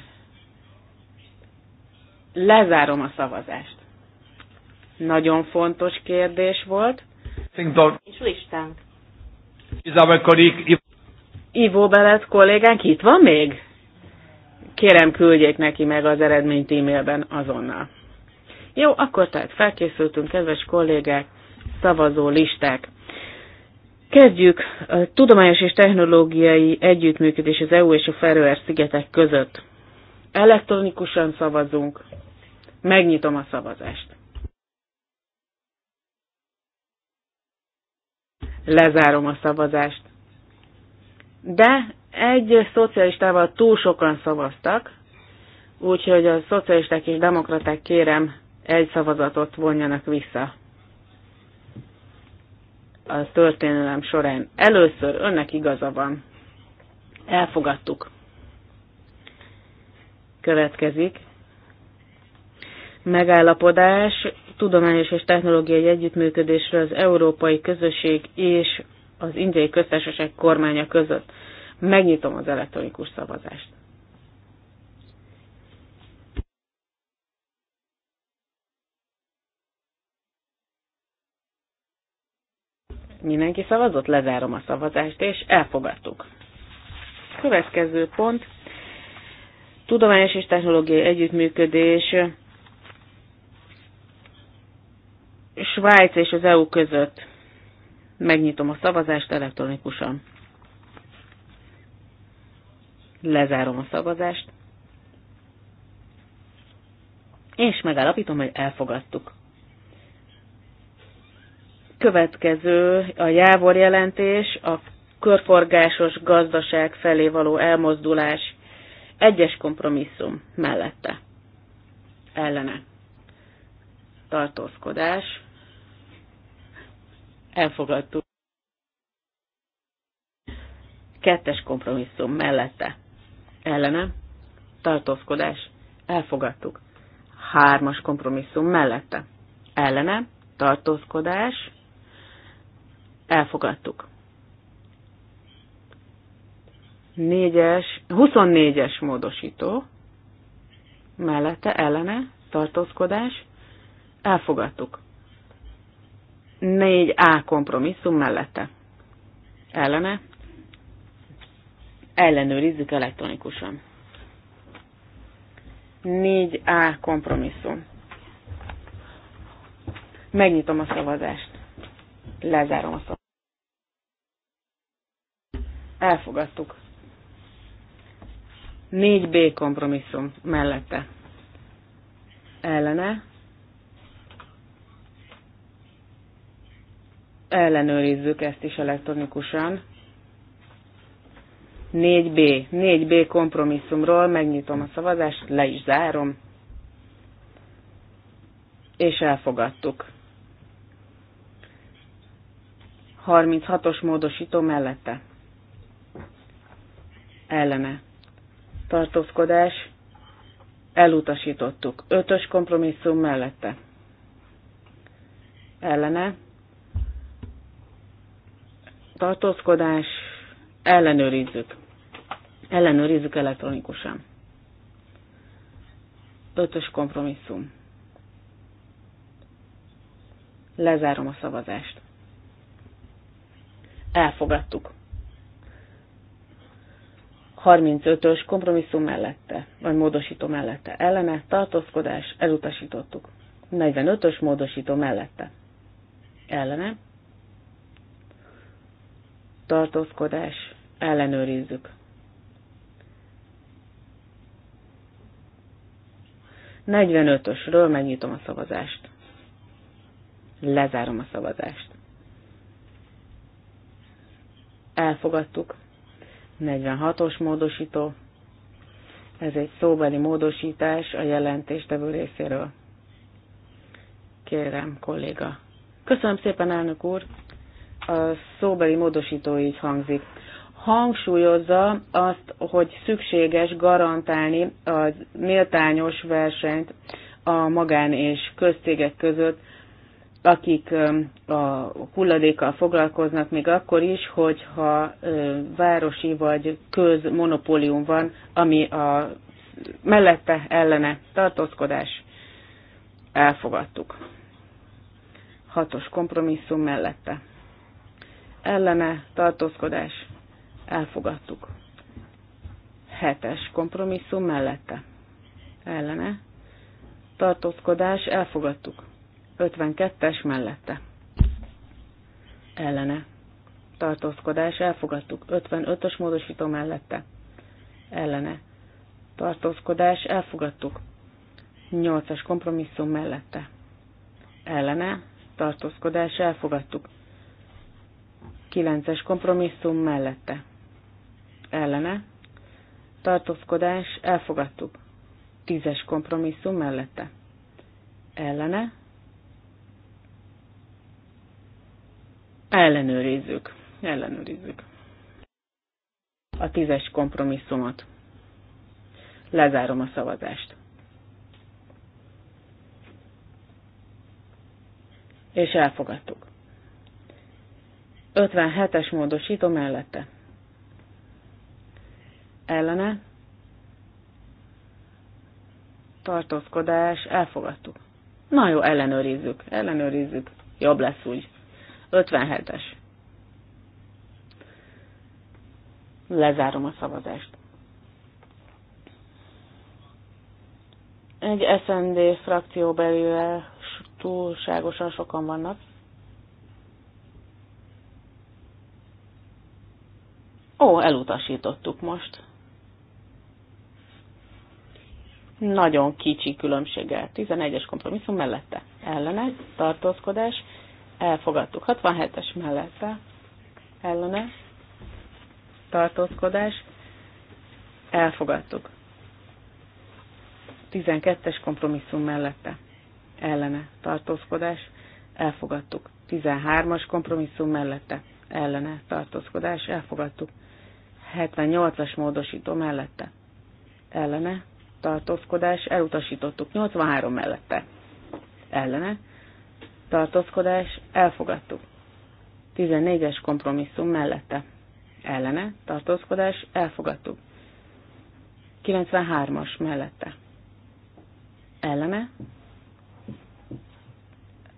Lezárom a szavazást. Nagyon fontos kérdés volt. És listánk. Ivo Belet kollégánk itt van még? Kérem, küldjék neki meg az eredményt e-mailben azonnal. Jó, akkor tehát felkészültünk, kedves kollégák, szavazó listák. Kezdjük a tudományos és technológiai együttműködés az EU és a Feröer szigetek között. Elektronikusan szavazunk. Megnyitom a szavazást. Lezárom a szavazást. De egy szocialistával túl sokan szavaztak, úgyhogy a szocialisták és demokraták kérem egy szavazatot vonjanak vissza a történelem során. Először önnek igaza van. Elfogadtuk. Következik. Megállapodás tudományos és technológiai együttműködésről az Európai Közösség és az Indiai Köztársaság kormánya között. Megnyitom az elektronikus szavazást. Mindenki szavazott, lezárom a szavazást, és elfogadtuk. Következő pont, tudományos és technológiai együttműködés Svájc és az EU között. Megnyitom a szavazást elektronikusan. Lezárom a szavazást. És megállapítom, hogy elfogadtuk. Következő a Jávor jelentés, a körforgásos gazdaság felé való elmozdulás egyes kompromisszum mellette. Ellene. Tartózkodás elfogadtuk. Kettes kompromisszum mellette ellene tartózkodás elfogadtuk. Hármas kompromisszum mellette ellene tartózkodás elfogadtuk. négyes 24-es módosító, mellette ellene tartózkodás, elfogadtuk. 4A kompromisszum mellette. Ellene. Ellenőrizzük elektronikusan. 4A kompromisszum. Megnyitom a szavazást. Lezárom a szavazást. Elfogadtuk. 4B kompromisszum mellette. Ellene ellenőrizzük ezt is elektronikusan. 4B. 4B kompromisszumról megnyitom a szavazást, le is zárom. És elfogadtuk. 36-os módosító mellette. Ellene. Tartózkodás. Elutasítottuk. 5-ös kompromisszum mellette. Ellene tartózkodás, ellenőrizzük. Ellenőrizzük elektronikusan. Ötös kompromisszum. Lezárom a szavazást. Elfogadtuk. 35-ös kompromisszum mellette, vagy módosító mellette ellene, tartózkodás, elutasítottuk. 45-ös módosító mellette ellene, tartózkodás, ellenőrizzük. Negyvenötösről megnyitom a szavazást. Lezárom a szavazást. Elfogadtuk. 46-os módosító. Ez egy szóbeli módosítás a jelentéstevő részéről. Kérem, kolléga. Köszönöm szépen, elnök úr! a szóbeli módosító így hangzik. Hangsúlyozza azt, hogy szükséges garantálni a méltányos versenyt a magán és köztégek között, akik a hulladékkal foglalkoznak, még akkor is, hogyha városi vagy közmonopólium van, ami a mellette ellene tartózkodás. Elfogadtuk. Hatos kompromisszum mellette ellene tartózkodás elfogadtuk. Hetes kompromisszum mellette ellene tartózkodás elfogadtuk. 52-es mellette ellene tartózkodás elfogadtuk. 55-ös módosító mellette ellene tartózkodás elfogadtuk. 8-as kompromisszum mellette ellene tartózkodás elfogadtuk. 9-es kompromisszum mellette. Ellene. Tartózkodás elfogadtuk. 10-es kompromisszum mellette. Ellene. Ellenőrizzük. Ellenőrizzük. A 10-es kompromisszumot. Lezárom a szavazást. És elfogadtuk. 57-es módosító mellette. Ellene. Tartózkodás. Elfogadtuk. Na jó, ellenőrizzük. Ellenőrizzük. Jobb lesz úgy. 57-es. Lezárom a szavazást. Egy SND belül túlságosan sokan vannak. Ó, elutasítottuk most. Nagyon kicsi különbséggel. 11-es kompromisszum mellette. Ellene, tartózkodás, elfogadtuk. 67-es mellette. Ellene, tartózkodás, elfogadtuk. 12-es kompromisszum mellette. Ellene, tartózkodás, elfogadtuk. 13-as kompromisszum mellette. Ellene, tartózkodás, elfogadtuk. 78-as módosító mellette. Ellene. Tartózkodás. Elutasítottuk. 83 mellette. Ellene. Tartózkodás. Elfogadtuk. 14-es kompromisszum mellette. Ellene. Tartózkodás. Elfogadtuk. 93-as mellette. Ellene.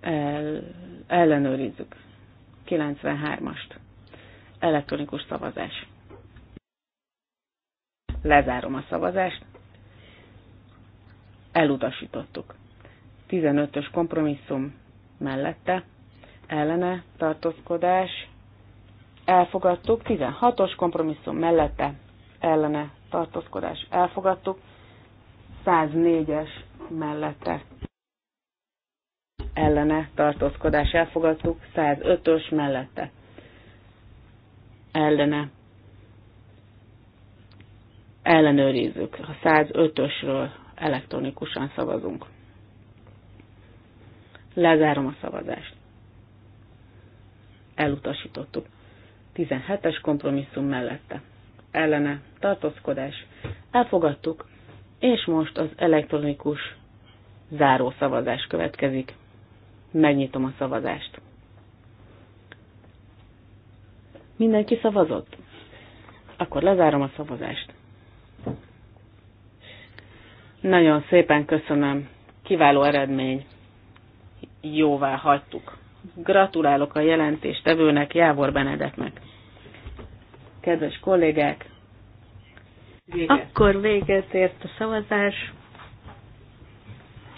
El, ellenőrizzük. 93-ast. Elektronikus szavazás. Lezárom a szavazást. Elutasítottuk. 15-ös kompromisszum mellette, ellene tartózkodás. Elfogadtuk. 16-os kompromisszum mellette, ellene tartózkodás. Elfogadtuk. 104-es mellette ellene tartózkodás elfogadtuk, 105-ös mellette ellene ellenőrizzük. A 105-ösről elektronikusan szavazunk. Lezárom a szavazást. Elutasítottuk. 17-es kompromisszum mellette. Ellene tartózkodás. Elfogadtuk, és most az elektronikus záró szavazás következik. Megnyitom a szavazást. Mindenki szavazott? Akkor lezárom a szavazást. Nagyon szépen köszönöm. Kiváló eredmény. Jóvá hagytuk. Gratulálok a jelentéstevőnek, Jávor Benedeknek. Kedves kollégák, Véget. Akkor véget ért a szavazás,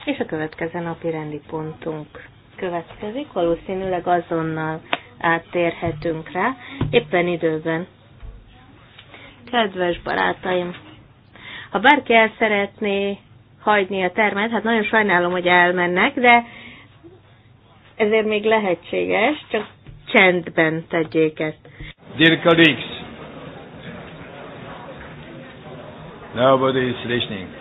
és a következő napi rendi pontunk következik. Valószínűleg azonnal áttérhetünk rá, éppen időben. Kedves barátaim, ha bárki el szeretné hagyni a termet, hát nagyon sajnálom, hogy elmennek, de ezért még lehetséges, csak csendben tegyék ezt. Dear colleagues, nobody is listening.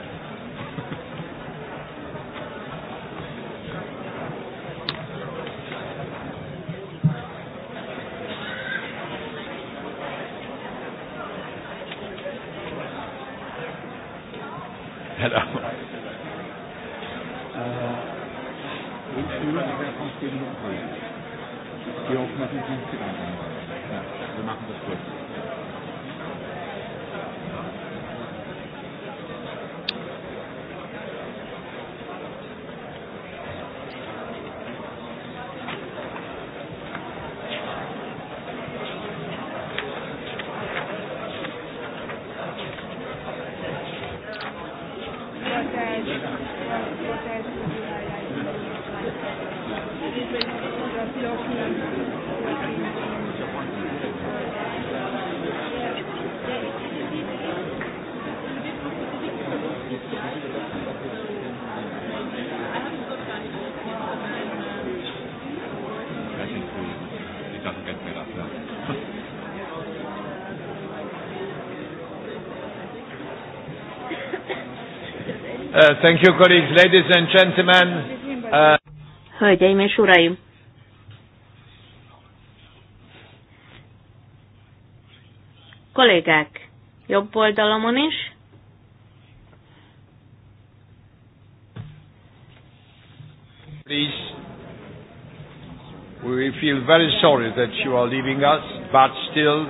caso que esperas. Uh, thank you, colleagues, ladies and gentlemen. Uh, Hölgyeim és uraim! Kollégák, jobb oldalamon is. Please We feel very sorry that you are leaving us, but still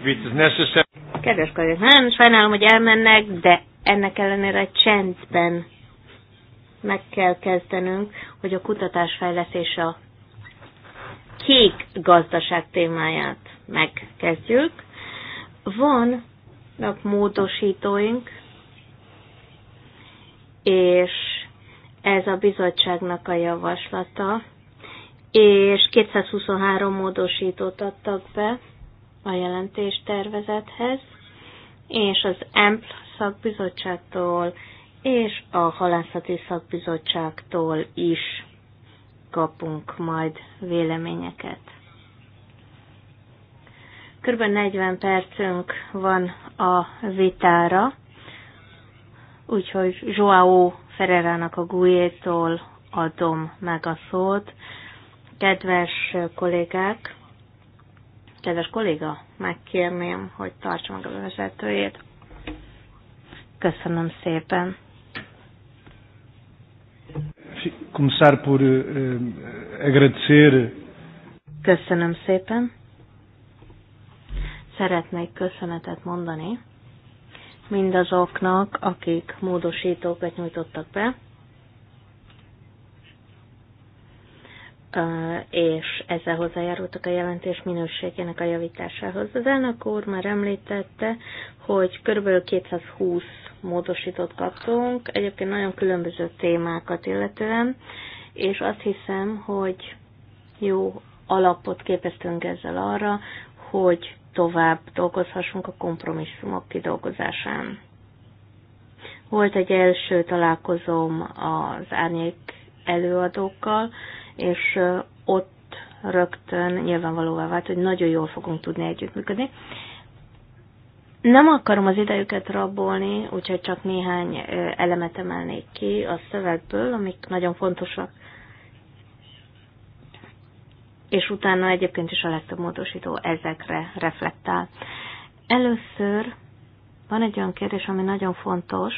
it is necessary. Kedves kollégák, nagyon sajnálom, hogy elmennek, de ennek ellenére csendben meg kell kezdenünk, hogy a kutatás fejlesztése a kék gazdaság témáját megkezdjük. Vannak módosítóink, és ez a bizottságnak a javaslata, és 223 módosítót adtak be a jelentés tervezethez, és az EMPL szakbizottságtól és a halászati szakbizottságtól is kapunk majd véleményeket. Kb. 40 percünk van a vitára, úgyhogy Joao Ferrerának a gújétól adom meg a szót, Kedves kollégák, kedves kolléga, megkérném, hogy tartsa meg a vezetőjét. Köszönöm szépen. Começar por eh, eh, agradecer. Köszönöm szépen. Szeretnék köszönetet mondani mindazoknak, akik módosítókat nyújtottak be és ezzel hozzájárultak a jelentés minőségének a javításához. Az elnök úr már említette, hogy kb. 220 módosítót kaptunk, egyébként nagyon különböző témákat illetően, és azt hiszem, hogy jó alapot képeztünk ezzel arra, hogy tovább dolgozhassunk a kompromisszumok kidolgozásán. Volt egy első találkozóm az árnyék előadókkal, és ott rögtön nyilvánvalóvá vált, hogy nagyon jól fogunk tudni együttműködni. Nem akarom az idejüket rabolni, úgyhogy csak néhány elemet emelnék ki a szövegből, amik nagyon fontosak. És utána egyébként is a legtöbb módosító ezekre reflektál. Először van egy olyan kérdés, ami nagyon fontos,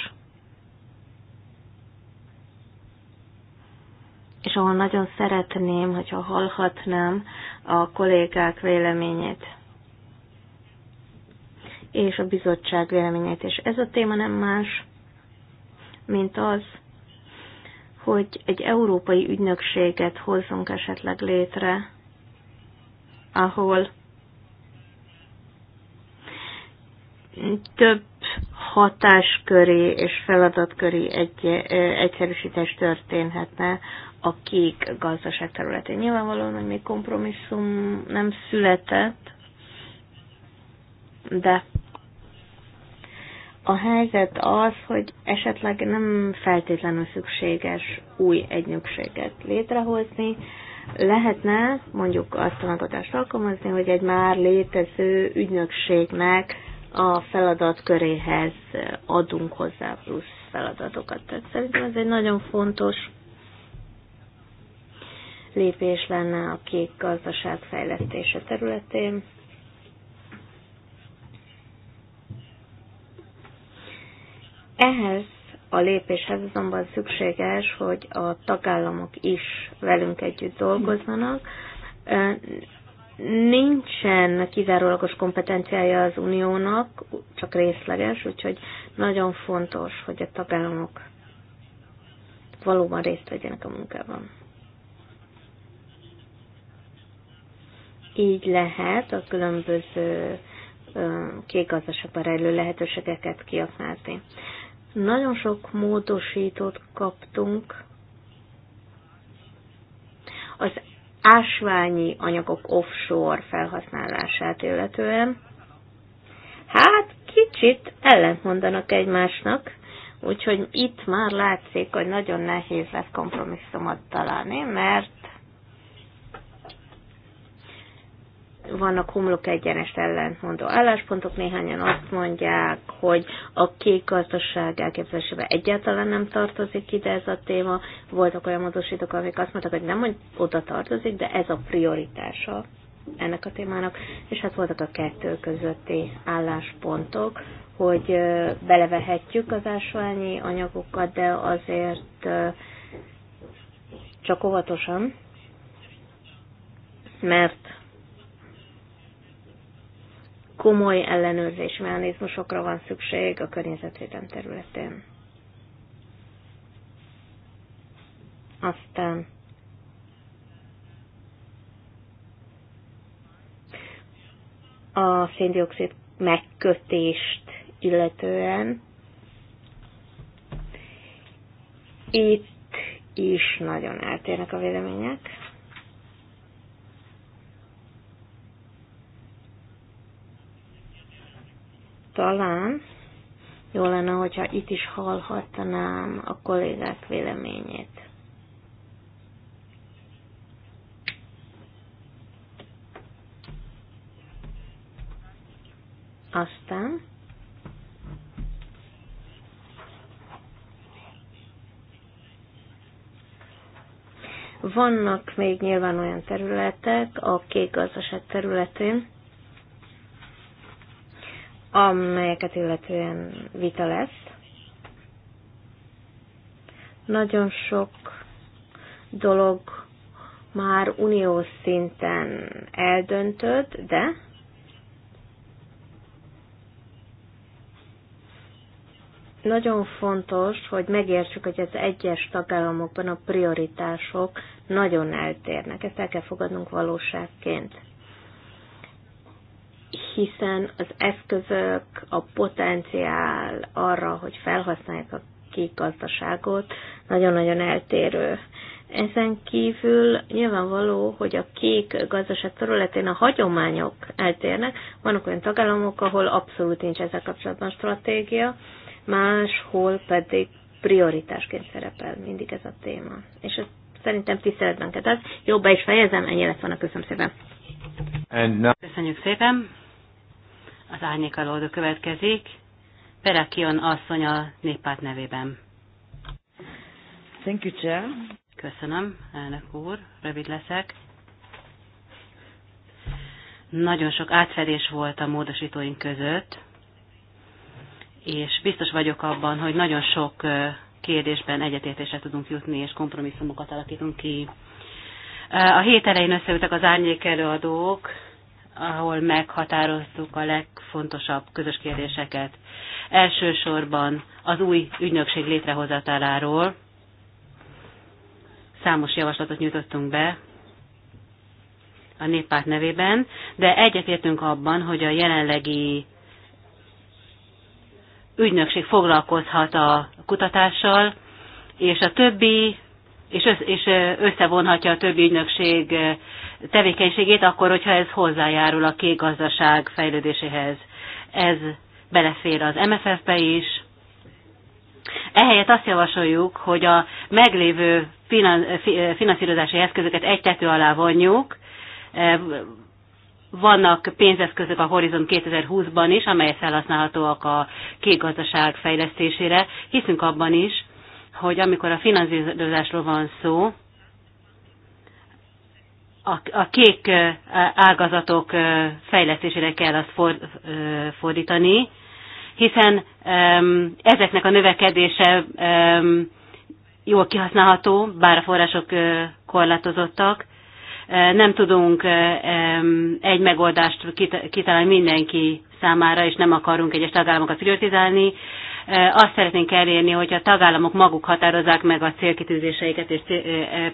és ahol nagyon szeretném, hogyha hallhatnám a kollégák véleményét és a bizottság véleményét. És ez a téma nem más, mint az, hogy egy európai ügynökséget hozzunk esetleg létre, ahol több hatásköré és feladatköré egy, egyszerűsítés történhetne a kék gazdaság területén. Nyilvánvalóan, hogy még kompromisszum nem született, de a helyzet az, hogy esetleg nem feltétlenül szükséges új egynökséget létrehozni, lehetne mondjuk azt a megoldást alkalmazni, hogy egy már létező ügynökségnek a feladat köréhez adunk hozzá plusz feladatokat. Tehát szerintem ez egy nagyon fontos lépés lenne a kék gazdaság fejlesztése területén. Ehhez a lépéshez azonban szükséges, hogy a tagállamok is velünk együtt dolgozzanak. Nincsen kizárólagos kompetenciája az uniónak, csak részleges, úgyhogy nagyon fontos, hogy a tagállamok valóban részt vegyenek a munkában. Így lehet a különböző kiigazásokban rejlő lehetőségeket kiaknázni. Nagyon sok módosítót kaptunk. Az ásványi anyagok offshore felhasználását illetően. Hát kicsit ellentmondanak egymásnak, úgyhogy itt már látszik, hogy nagyon nehéz lesz kompromisszumot találni, mert vannak homlok egyenest ellentmondó álláspontok, néhányan azt mondják, hogy a kék gazdaság elképzelésébe egyáltalán nem tartozik ide ez a téma. Voltak olyan módosítók, amik azt mondták, hogy nem, hogy oda tartozik, de ez a prioritása ennek a témának, és hát voltak a kettő közötti álláspontok, hogy belevehetjük az ásványi anyagokat, de azért csak óvatosan, mert komoly ellenőrzés mechanizmusokra van szükség a környezetvédelem területén. Aztán a széndiokszid megkötést illetően itt is nagyon eltérnek a vélemények. talán jó lenne, hogyha itt is hallhatnám a kollégák véleményét. Aztán vannak még nyilván olyan területek a kék gazdaság területén, amelyeket illetően vita lesz. Nagyon sok dolog már uniós szinten eldöntött, de nagyon fontos, hogy megértsük, hogy az egyes tagállamokban a prioritások nagyon eltérnek. Ezt el kell fogadnunk valóságként hiszen az eszközök, a potenciál arra, hogy felhasználják a kék gazdaságot, nagyon-nagyon eltérő. Ezen kívül nyilvánvaló, hogy a kék gazdaság területén a hagyományok eltérnek. Vannak olyan tagállamok, ahol abszolút nincs ezzel kapcsolatban stratégia, máshol pedig prioritásként szerepel mindig ez a téma. És ezt szerintem tiszteletben kell. Tehát jobb be is fejezem, ennyire van a köszönöm szépen. And now... Köszönjük szépen az árnyékalódó következik. Perakion asszony a néppárt nevében. Thank you, Chair. Köszönöm, elnök úr, rövid leszek. Nagyon sok átfedés volt a módosítóink között, és biztos vagyok abban, hogy nagyon sok kérdésben egyetértésre tudunk jutni, és kompromisszumokat alakítunk ki. A hét elején összeültek az árnyék előadók, ahol meghatároztuk a legfontosabb közös kérdéseket. Elsősorban az új ügynökség létrehozataláról számos javaslatot nyújtottunk be a néppárt nevében, de egyetértünk abban, hogy a jelenlegi ügynökség foglalkozhat a kutatással, és a többi, és összevonhatja a többi ügynökség tevékenységét, akkor, hogyha ez hozzájárul a kék gazdaság fejlődéséhez. Ez belefér az MFF-be is. Ehelyett azt javasoljuk, hogy a meglévő finanszírozási eszközöket egy tető alá vonjuk. E, vannak pénzeszközök a Horizon 2020-ban is, amelyek felhasználhatóak a kék gazdaság fejlesztésére. Hiszünk abban is, hogy amikor a finanszírozásról van szó, a, a kék ágazatok fejlesztésére kell azt fordítani, hiszen ezeknek a növekedése jól kihasználható, bár a források korlátozottak. Nem tudunk egy megoldást kitalálni mindenki számára, és nem akarunk egyes tagállamokat prioritizálni, azt szeretnénk elérni, hogy a tagállamok maguk határozzák meg a célkitűzéseiket és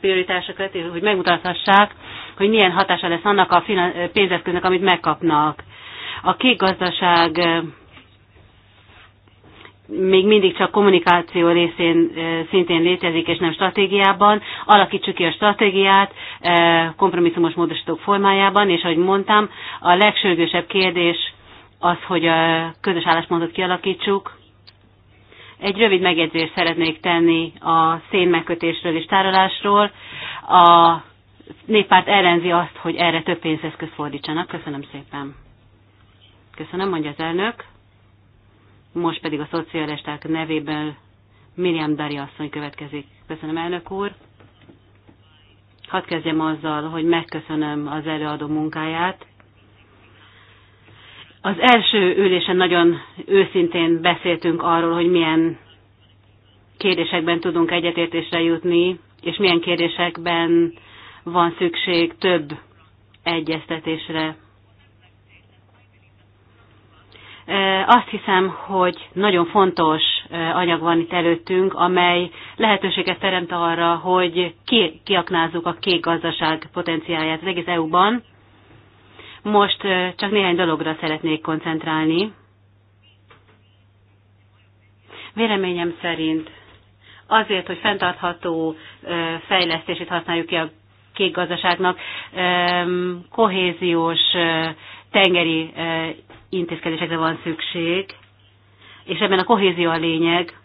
prioritásokat, és hogy megmutathassák, hogy milyen hatása lesz annak a pénzeszköznek, amit megkapnak. A kék gazdaság még mindig csak kommunikáció részén szintén létezik, és nem stratégiában. Alakítsuk ki a stratégiát kompromisszumos módosítók formájában, és ahogy mondtam, a legsürgősebb kérdés az, hogy a közös álláspontot kialakítsuk, egy rövid megjegyzést szeretnék tenni a szén megkötésről és tárolásról. A néppárt ellenzi azt, hogy erre több pénzeszköz fordítsanak. Köszönöm szépen. Köszönöm, mondja az elnök. Most pedig a szocialisták nevében Miriam Dari asszony következik. Köszönöm, elnök úr. Hadd kezdjem azzal, hogy megköszönöm az előadó munkáját. Az első ülésen nagyon őszintén beszéltünk arról, hogy milyen kérdésekben tudunk egyetértésre jutni, és milyen kérdésekben van szükség több egyeztetésre. Azt hiszem, hogy nagyon fontos anyag van itt előttünk, amely lehetőséget teremt arra, hogy kiaknázzuk a kék gazdaság potenciáját az egész EU-ban, most csak néhány dologra szeretnék koncentrálni. Véleményem szerint azért, hogy fenntartható fejlesztését használjuk ki a kék gazdaságnak, kohéziós tengeri intézkedésekre van szükség, és ebben a kohézió a lényeg.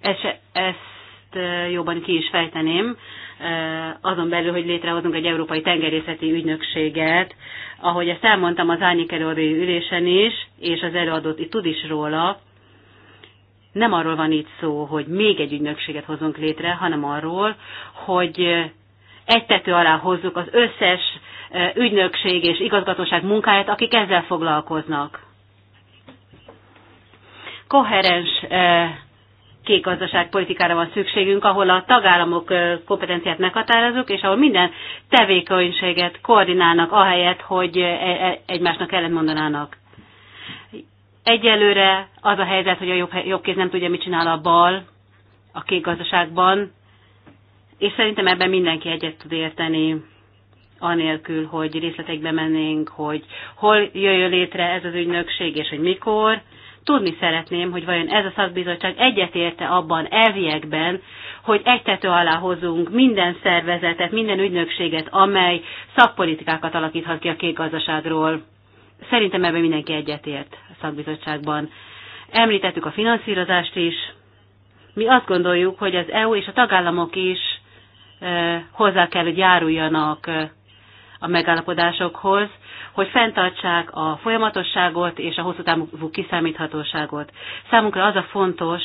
Ezt, ezt jobban ki is fejteném. Eh, azon belül, hogy létrehozunk egy európai tengerészeti ügynökséget, ahogy ezt elmondtam az árnyék előadói ülésen is, és az előadót itt tud is róla, nem arról van itt szó, hogy még egy ügynökséget hozunk létre, hanem arról, hogy egy tető alá hozzuk az összes eh, ügynökség és igazgatóság munkáját, akik ezzel foglalkoznak. Koherens eh, kék gazdaságpolitikára van szükségünk, ahol a tagállamok kompetenciát meghatározunk, és ahol minden tevékenységet koordinálnak, ahelyett, hogy e, e, egymásnak ellentmondanának. Egyelőre az a helyzet, hogy a jobb, jobb kéz nem tudja, mit csinál a bal a kék gazdaságban, és szerintem ebben mindenki egyet tud érteni, anélkül, hogy részletekbe mennénk, hogy hol jöjjön létre ez az ügynökség, és hogy mikor. Tudni szeretném, hogy vajon ez a szakbizottság egyetérte abban elviekben, hogy egy tető alá hozunk minden szervezetet, minden ügynökséget, amely szakpolitikákat alakíthat ki a kék gazdaságról. Szerintem ebben mindenki egyetért a szakbizottságban. Említettük a finanszírozást is. Mi azt gondoljuk, hogy az EU és a tagállamok is eh, hozzá kell, hogy járuljanak eh, a megállapodásokhoz, hogy fenntartsák a folyamatosságot és a hosszú távú kiszámíthatóságot. Számunkra az a fontos,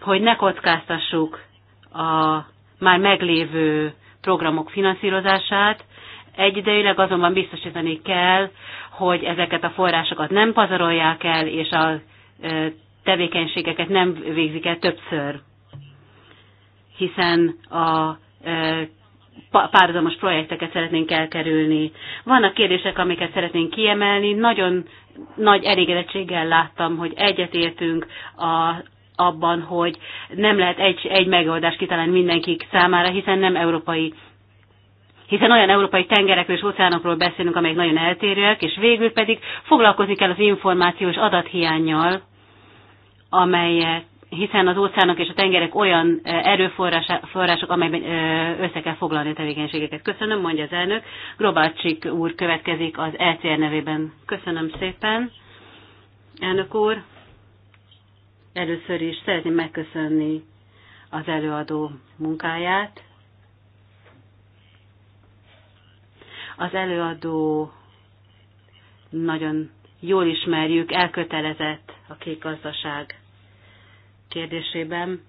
hogy ne kockáztassuk a már meglévő programok finanszírozását, egyidejűleg azonban biztosítani kell, hogy ezeket a forrásokat nem pazarolják el, és a tevékenységeket nem végzik el többször, hiszen a párhuzamos projekteket szeretnénk elkerülni. Vannak kérdések, amiket szeretnénk kiemelni. Nagyon nagy elégedettséggel láttam, hogy egyetértünk a, abban, hogy nem lehet egy, egy megoldást kitalálni mindenki számára, hiszen nem európai hiszen olyan európai tengerekről és óceánokról beszélünk, amelyek nagyon eltérőek, és végül pedig foglalkozni kell az információs adathiányjal, amelyek hiszen az óceánok és a tengerek olyan erőforrások, amelyben össze kell foglalni a tevékenységeket. Köszönöm, mondja az elnök. Grobácsik úr következik az ECR nevében. Köszönöm szépen. Elnök úr, először is szeretném megköszönni az előadó munkáját. Az előadó nagyon jól ismerjük, elkötelezett a kék gazdaság kérdésében.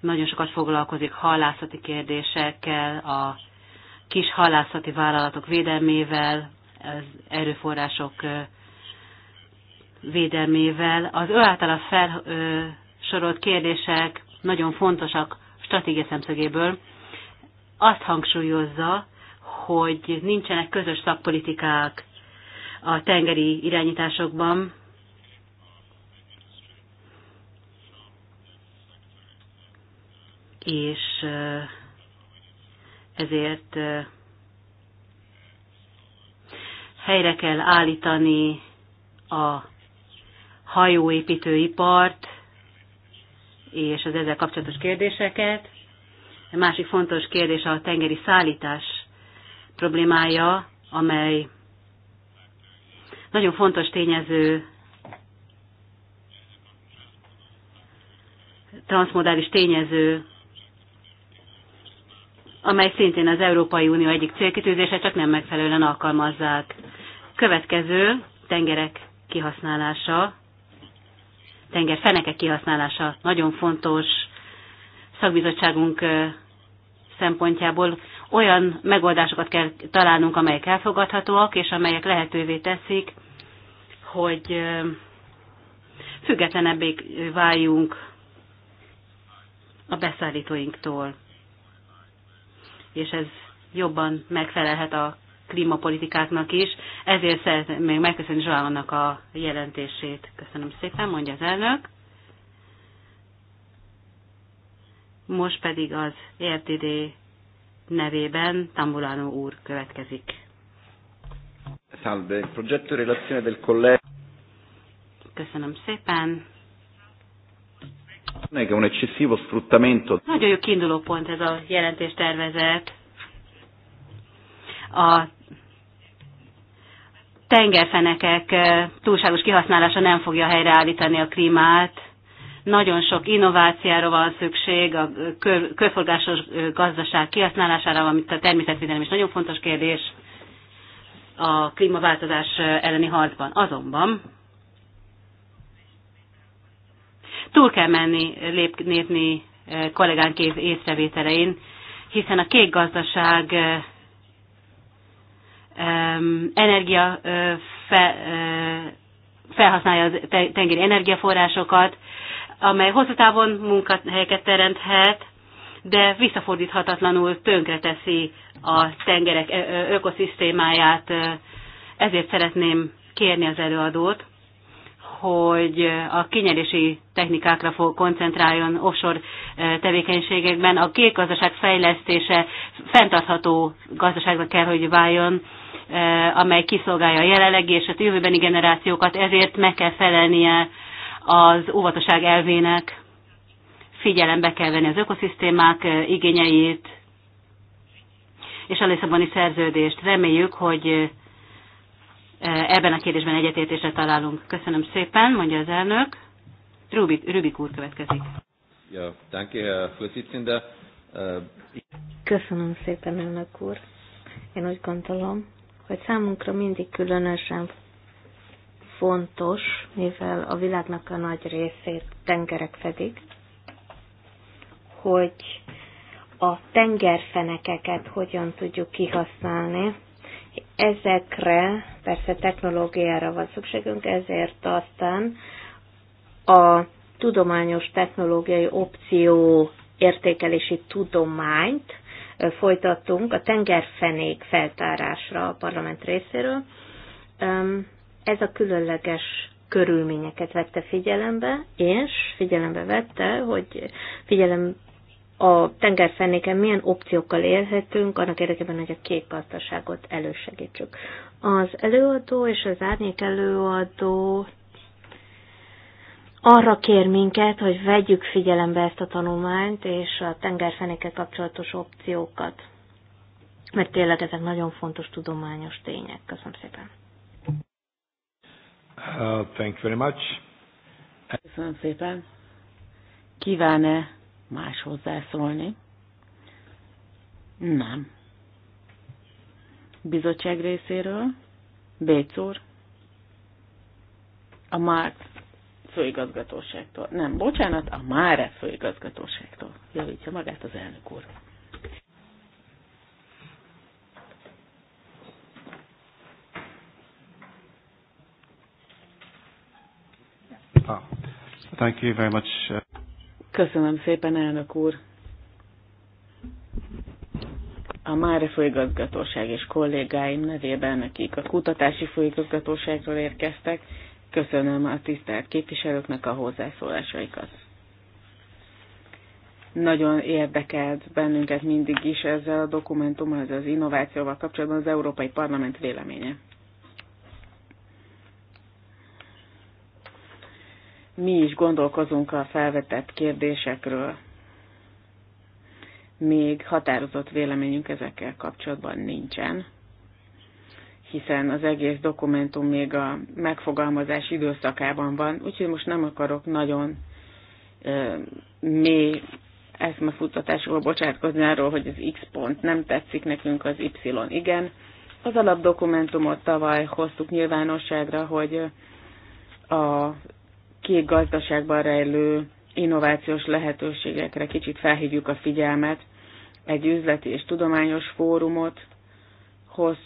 Nagyon sokat foglalkozik halászati kérdésekkel, a kis halászati vállalatok védelmével, az erőforrások védelmével. Az ő általa felsorolt kérdések nagyon fontosak stratégia szemszögéből. Azt hangsúlyozza, hogy nincsenek közös szakpolitikák a tengeri irányításokban, és ezért helyre kell állítani a hajóépítőipart és az ezzel kapcsolatos kérdéseket. A másik fontos kérdés a tengeri szállítás problémája, amely nagyon fontos tényező transzmodális tényező amely szintén az Európai Unió egyik célkitűzése, csak nem megfelelően alkalmazzák. Következő, tengerek kihasználása, tengerfenekek kihasználása nagyon fontos szakbizottságunk szempontjából olyan megoldásokat kell találnunk, amelyek elfogadhatóak, és amelyek lehetővé teszik, hogy függetlenebbé váljunk a beszállítóinktól és ez jobban megfelelhet a klímapolitikáknak is. Ezért szeretném még megköszönni Zsolánnak a jelentését. Köszönöm szépen, mondja az elnök. Most pedig az RTD nevében Tambulano úr következik. Salve, il progetto relazione del collega. Köszönöm szépen è van egy eccessivo sfruttamento. Nagyon jó kiinduló pont ez a jelentés tervezet. A tengerfenekek eh, túlságos kihasználása nem fogja helyreállítani a klímát. Nagyon sok innovációra van szükség, a körforgásos eh, gazdaság kihasználására, amit a természetvédelem is nagyon fontos kérdés a klímaváltozás eh, elleni harcban. Azonban túl kell menni, lépni eh, kollégánk észrevételein, hiszen a kék gazdaság eh, energia eh, fe, felhasználja a tengeri energiaforrásokat, amely hosszú távon munkahelyeket teremthet, de visszafordíthatatlanul tönkreteszi a tengerek ökoszisztémáját. Ezért szeretném kérni az előadót, hogy a kinyerési technikákra fog koncentráljon offshore eh, tevékenységekben. A kék gazdaság fejlesztése fenntartható gazdaságra kell, hogy váljon, eh, amely kiszolgálja a jelenlegi és a jövőbeni generációkat, ezért meg kell felelnie az óvatosság elvének, figyelembe kell venni az ökoszisztémák eh, igényeit, és a Lisszaboni szerződést. Reméljük, hogy Eh, ebben a kérdésben egyetértésre találunk. Köszönöm szépen, mondja az elnök. Rubik, Rubik úr következik. Ja, danke, Herr Vorsitzender. Eh, Köszönöm szépen, elnök úr. Én úgy gondolom, hogy számunkra mindig különösen fontos, mivel a világnak a nagy részét tengerek fedik, hogy a tengerfenekeket hogyan tudjuk kihasználni, Ezekre persze technológiára van szükségünk, ezért aztán a tudományos technológiai opció értékelési tudományt folytattunk a tengerfenék feltárásra a parlament részéről. Ez a különleges körülményeket vette figyelembe, és figyelembe vette, hogy figyelembe a tengerfenéken milyen opciókkal élhetünk, annak érdekében, hogy a kék gazdaságot elősegítsük. Az előadó és az árnyék előadó arra kér minket, hogy vegyük figyelembe ezt a tanulmányt és a tengerfenékkel kapcsolatos opciókat. Mert tényleg ezek nagyon fontos tudományos tények. Köszönöm szépen. Uh, thank you very much. Köszönöm szépen. Kíván-e más hozzászólni? Nem. Bizottság részéről? Béc úr? A Márk főigazgatóságtól. Nem, bocsánat, a Máre főigazgatóságtól. Javítja magát az elnök úr. Ah, thank you very much. Uh, Köszönöm szépen, elnök úr! A Máre főigazgatóság és kollégáim nevében, akik a kutatási főigazgatóságról érkeztek, köszönöm a tisztelt képviselőknek a hozzászólásaikat. Nagyon érdekelt bennünket mindig is ezzel a dokumentummal, ez az innovációval kapcsolatban az Európai Parlament véleménye. mi is gondolkozunk a felvetett kérdésekről. Még határozott véleményünk ezekkel kapcsolatban nincsen, hiszen az egész dokumentum még a megfogalmazás időszakában van, úgyhogy most nem akarok nagyon ö, mély eszmefuttatásról bocsátkozni arról, hogy az X pont nem tetszik nekünk, az Y igen. Az alapdokumentumot tavaly hoztuk nyilvánosságra, hogy a kék gazdaságban rejlő innovációs lehetőségekre kicsit felhívjuk a figyelmet. Egy üzleti és tudományos fórumot hoz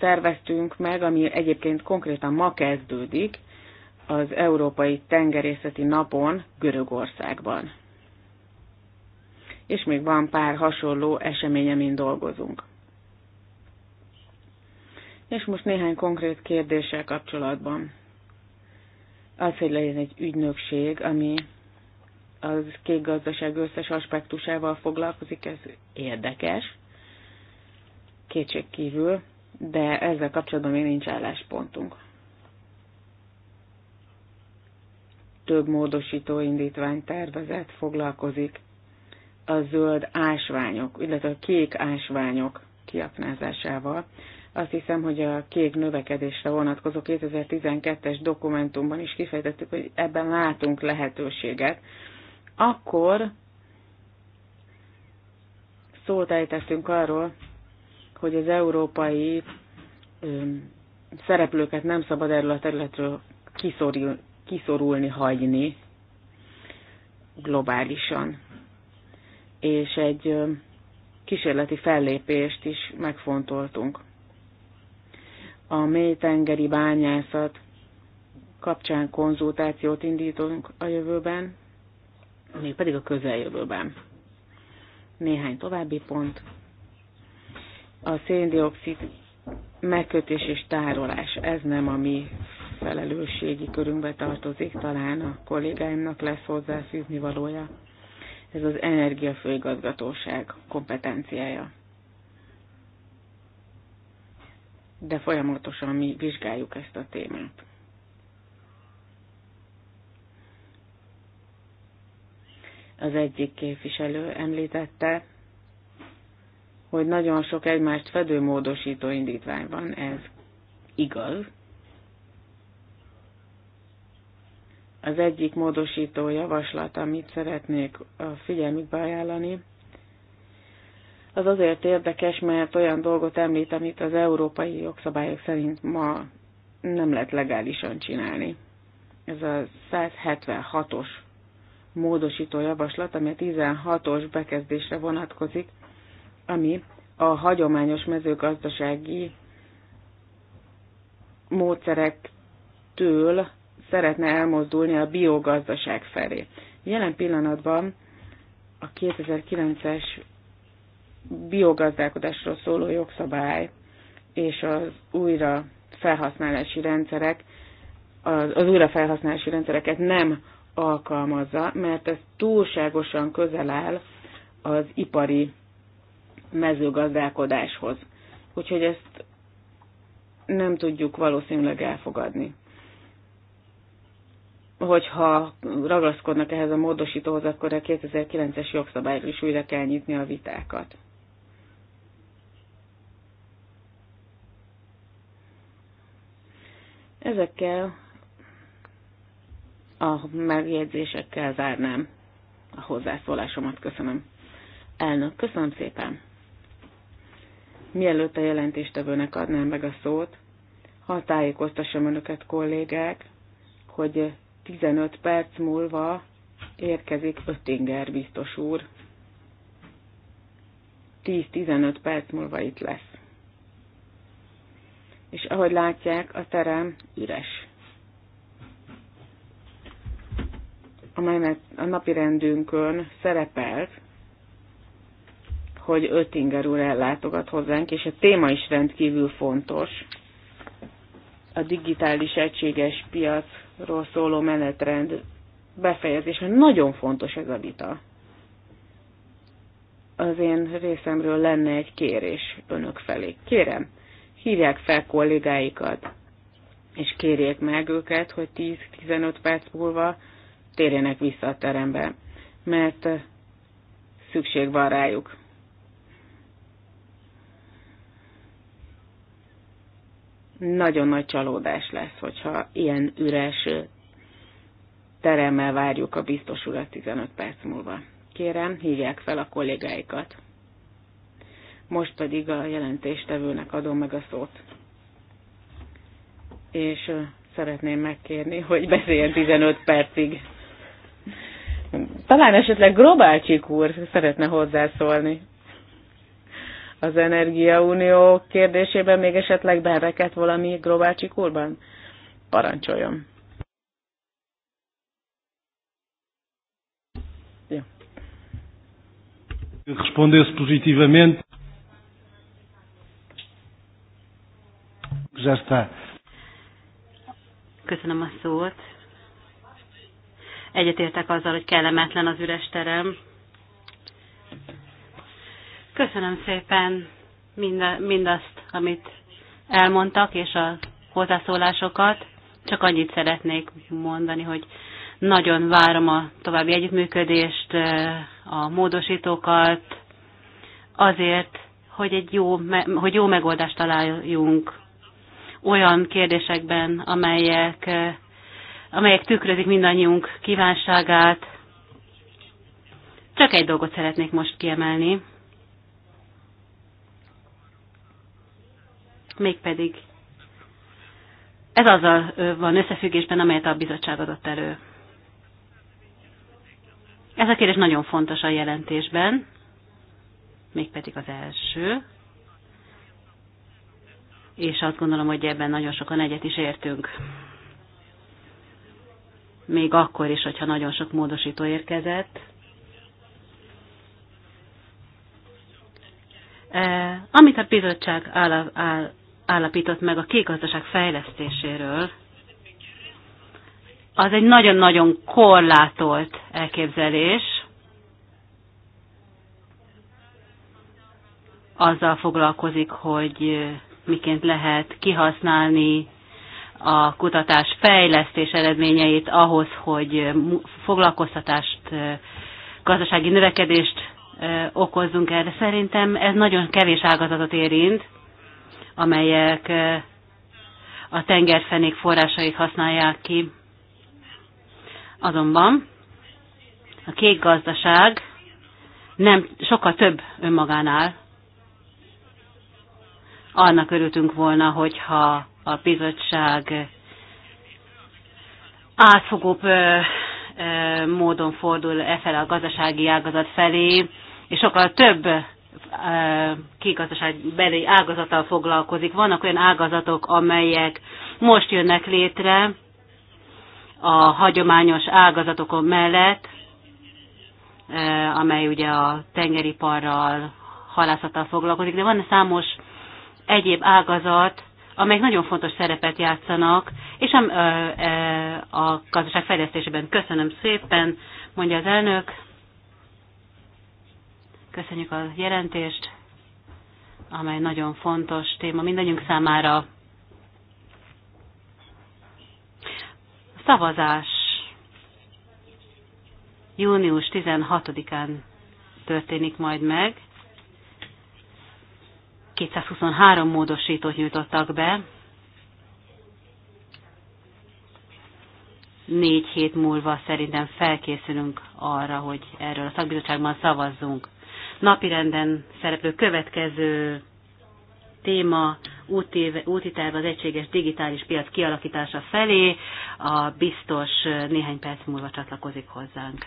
szerveztünk meg, ami egyébként konkrétan ma kezdődik az Európai Tengerészeti Napon Görögországban. És még van pár hasonló esemény, amin dolgozunk. És most néhány konkrét kérdéssel kapcsolatban az, hogy legyen egy ügynökség, ami az kék gazdaság összes aspektusával foglalkozik, ez érdekes, kétség kívül, de ezzel kapcsolatban még nincs álláspontunk. Több módosító indítvány tervezet foglalkozik a zöld ásványok, illetve a kék ásványok kiaknázásával, azt hiszem, hogy a kék növekedésre vonatkozó 2012-es dokumentumban is kifejtettük, hogy ebben látunk lehetőséget. Akkor szót ejtettünk arról, hogy az európai öm, szereplőket nem szabad erről a területről kiszorul, kiszorulni, hagyni globálisan. És egy öm, kísérleti fellépést is megfontoltunk a mélytengeri bányászat kapcsán konzultációt indítunk a jövőben, még pedig a közeljövőben. Néhány további pont. A széndiokszid megkötés és tárolás, ez nem a mi felelősségi körünkbe tartozik, talán a kollégáimnak lesz hozzáfűzni valója. Ez az energiafőigazgatóság kompetenciája. de folyamatosan mi vizsgáljuk ezt a témát. Az egyik képviselő említette, hogy nagyon sok egymást fedő módosító indítvány van, ez igaz. Az egyik módosító javaslat, amit szeretnék a figyelmükbe ajánlani, az azért érdekes, mert olyan dolgot említ, amit az európai jogszabályok szerint ma nem lehet legálisan csinálni. Ez a 176-os módosító javaslat, ami a 16-os bekezdésre vonatkozik, ami a hagyományos mezőgazdasági módszerektől szeretne elmozdulni a biogazdaság felé. Jelen pillanatban a 2009-es biogazdálkodásról szóló jogszabály és az újra felhasználási rendszerek, az, az újrafelhasználási rendszereket nem alkalmazza, mert ez túlságosan közel áll az ipari mezőgazdálkodáshoz. Úgyhogy ezt nem tudjuk valószínűleg elfogadni. Hogyha ragaszkodnak ehhez a módosítóhoz, akkor a 2009-es jogszabályról is újra kell nyitni a vitákat. Ezekkel a megjegyzésekkel zárnám a hozzászólásomat. Köszönöm. Elnök, köszönöm szépen. Mielőtt a jelentéstevőnek adnám meg a szót, ha tájékoztassam önöket, kollégák, hogy 15 perc múlva érkezik Öttinger biztos úr. 10-15 perc múlva itt lesz és ahogy látják, a terem üres. amely a napi rendünkön szerepelt, hogy Öttinger úr ellátogat hozzánk, és a téma is rendkívül fontos. A digitális egységes piacról szóló menetrend mert Nagyon fontos ez a vita. Az én részemről lenne egy kérés önök felé. Kérem, hívják fel kollégáikat, és kérjék meg őket, hogy 10-15 perc múlva térjenek vissza a terembe, mert eh, szükség van rájuk. Nagyon nagy csalódás lesz, hogyha ilyen üres eh, teremmel várjuk a biztos urat 15 perc múlva. Kérem, hívják fel a kollégáikat. Most pedig a jelentéstevőnek adom meg a szót. És szeretném megkérni, hogy beszéljen 15 percig. Talán esetleg Grobácsik úr szeretne hozzászólni. Az Energiaunió kérdésében még esetleg berekedt valami Grobácsik úrban? Parancsoljon! respondesse positivamente. Köszönöm a szót. Egyetértek azzal, hogy kellemetlen az üres terem. Köszönöm szépen mindazt, amit elmondtak, és a hozzászólásokat. Csak annyit szeretnék mondani, hogy nagyon várom a további együttműködést, eh, a módosítókat, azért, hogy egy jó, hogy jó megoldást találjunk olyan kérdésekben, amelyek, eh, amelyek tükrözik mindannyiunk kívánságát. Csak egy dolgot szeretnék most kiemelni. Mégpedig ez azzal eh, van összefüggésben, amelyet a bizottság adott elő. Ez a kérdés nagyon fontos a jelentésben, mégpedig az első és azt gondolom, hogy ebben nagyon sokan egyet is értünk. Még akkor is, hogyha nagyon sok módosító érkezett. E, amit a bizottság állapított meg a kékgazdaság fejlesztéséről, az egy nagyon-nagyon korlátolt elképzelés, azzal foglalkozik, hogy miként lehet kihasználni a kutatás fejlesztés eredményeit ahhoz, hogy foglalkoztatást, gazdasági növekedést okozzunk erre. Szerintem ez nagyon kevés ágazatot érint, amelyek a tengerfenék forrásait használják ki. Azonban a kék gazdaság nem sokkal több önmagánál, annak örültünk volna, hogyha a bizottság átfogóbb módon fordul e fel a gazdasági ágazat felé, és sokkal több kigazdaságbeli ágazattal foglalkozik. Vannak olyan ágazatok, amelyek most jönnek létre a hagyományos ágazatokon mellett, amely ugye a tengeriparral, halászattal foglalkozik, de van számos egyéb ágazat, amelyek nagyon fontos szerepet játszanak, és a, a, a gazdaság fejlesztésében. Köszönöm szépen, mondja az elnök. Köszönjük a jelentést, amely nagyon fontos téma mindannyiunk számára. Szavazás június 16-án történik majd meg. 223 módosítót nyújtottak be. Négy hét múlva szerintem felkészülünk arra, hogy erről a szakbizottságban szavazzunk. Napirenden szereplő következő téma úti, úti terv az egységes digitális piac kialakítása felé. A biztos néhány perc múlva csatlakozik hozzánk.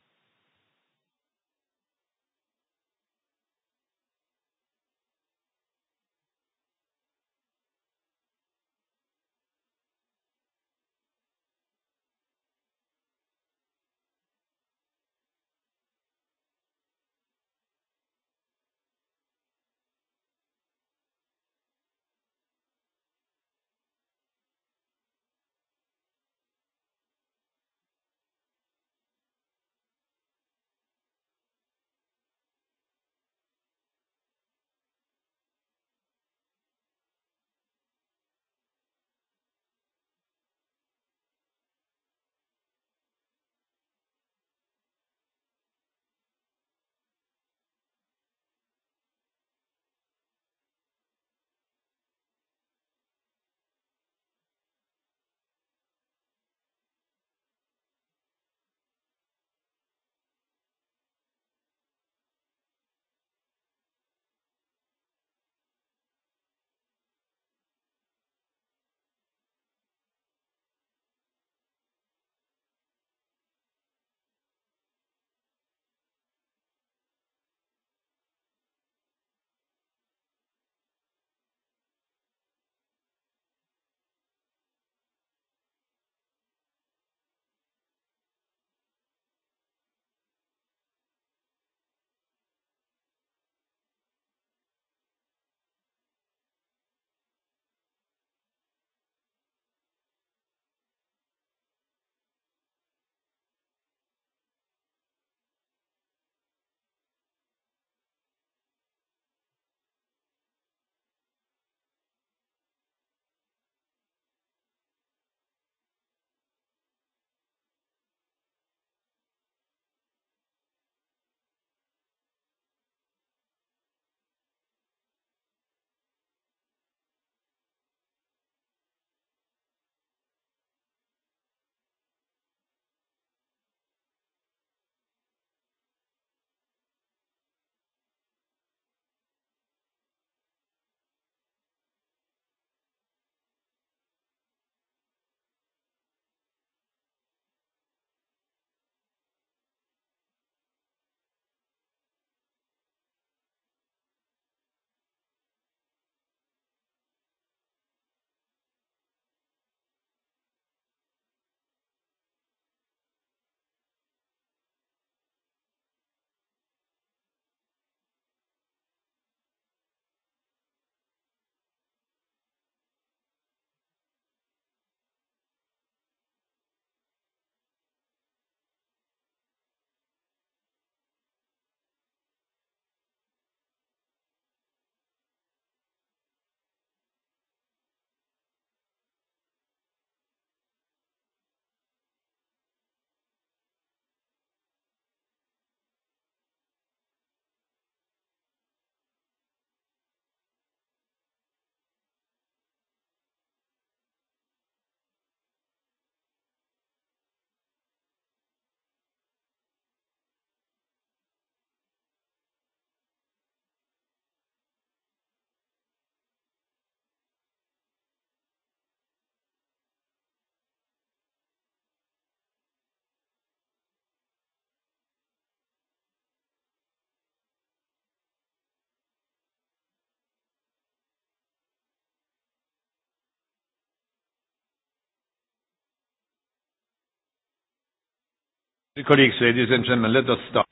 Colleagues, ladies and gentlemen, let us start.